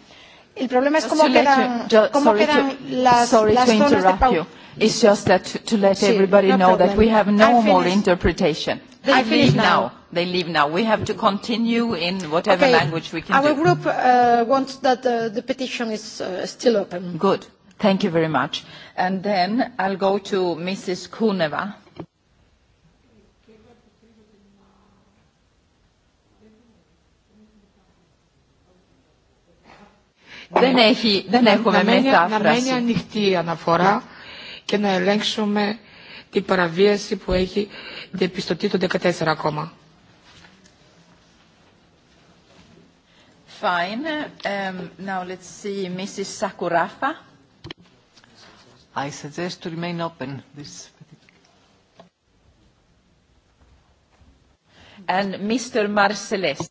el problema es cómo quedan, cómo quedan las, las zonas de pau. It's just that to, to let everybody no know problem. that we have no more interpretation. They I leave now. now. They leave now. We have to continue in whatever okay. language we can Our do. Our group uh, wants that uh, the petition is uh, still open. Good. Thank you very much. And then I'll go to Mrs. Kuneva. Δεν έχει, δεν έχουμε μετάφραση. Να μένει ανοιχτή η αναφορά και να ελέγξουμε την παραβίαση που έχει διεπιστωτεί το 14 ακόμα. Fine. Um, now let's see Mrs. Sakurafa. I suggest to remain open this and Mr. Marcelest.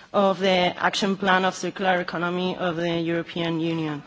of the Action Plan of Circular Economy of the European Union.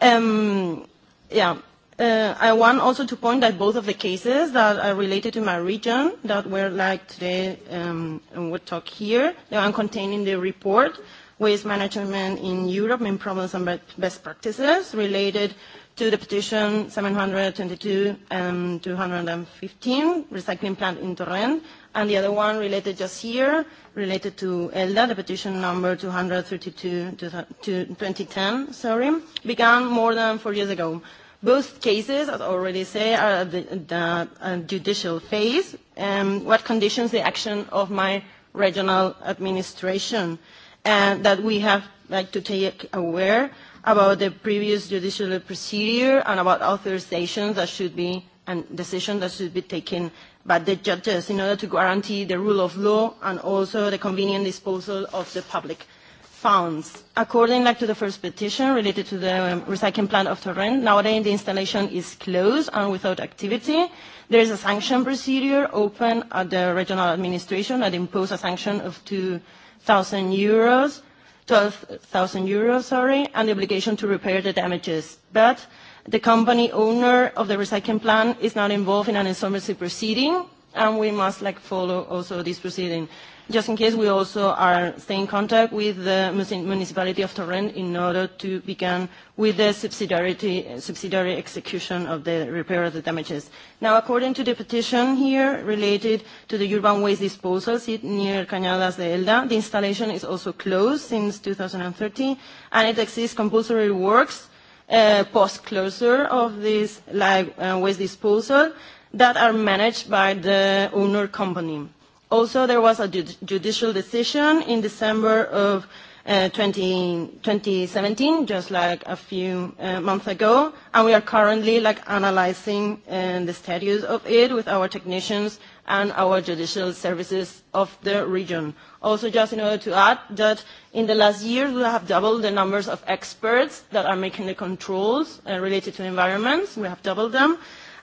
Um, yeah. Uh, I want also to point that both of the cases that are related to my region that were like today um, and we'll talk here, they are contained in the report, Waste Management in Europe, Main Problems and Best Practices, related to the petition 722 and 215, recycling plant in Torrent, and the other one related just here, related to ELDA, the petition number 232 to 2010, sorry, began more than four years ago. Both cases, as I already say, are at the, the uh, judicial phase. Um, what conditions the action of my regional administration uh, that we have like, to take aware about the previous judicial procedure and about authorizations that should be and decisions that should be taken by the judges in order to guarantee the rule of law and also the convenient disposal of the public funds. According like, to the first petition related to the um, recycling plant of Torrent, nowadays the installation is closed and without activity. There is a sanction procedure open at the regional administration that imposes a sanction of 2,000 euros 12,000 euros, sorry, and the obligation to repair the damages. But the company owner of the recycling plant is not involved in an insolvency proceeding, and we must like follow also this proceeding just in case, we also are staying in contact with the municipality of Torrent in order to begin with the subsidiary subsidiary execution of the repair of the damages. Now, according to the petition here related to the urban waste disposal near Cañadas de Elda, the installation is also closed since 2013, and it exists compulsory works uh, post-closure of this live uh, waste disposal that are managed by the owner company. Also, there was a judicial decision in December of uh, 20, 2017, just like a few uh, months ago, and we are currently like analyzing uh, the status of it with our technicians and our judicial services of the region. Also, just in order to add that in the last year, we have doubled the numbers of experts that are making the controls uh, related to environments. We have doubled them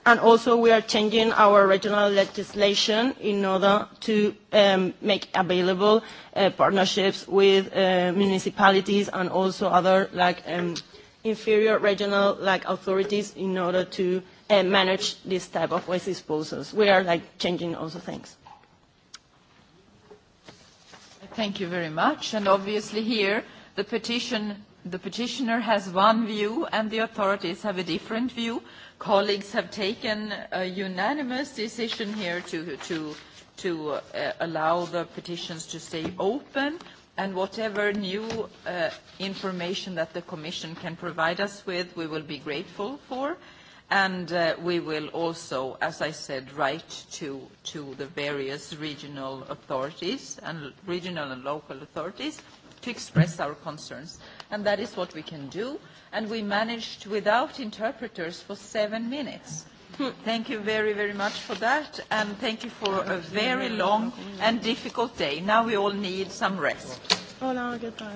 and also we are changing our regional legislation in order to um, make available uh, partnerships with uh, municipalities and also other like um, inferior regional like authorities in order to uh, manage this type of waste disposals. We are like changing also things. Thank you very much. And obviously here the petition the petitioner has one view and the authorities have a different view colleagues have taken a unanimous decision here to, to, to uh, allow the petitions to stay open and whatever new uh, information that the Commission can provide us with, we will be grateful for. And uh, we will also, as I said, write to, to the various regional authorities and regional and local authorities to express our concerns. And that is what we can do and we managed without interpreters for seven minutes. Hmm. Thank you very, very much for that, and thank you for a very long and difficult day. Now we all need some rest. Hola, ¿qué tal?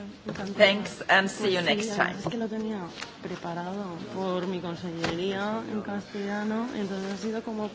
Thanks and see you next time. Es que lo tenía preparado por mi consellería en castellano, entonces ha sido como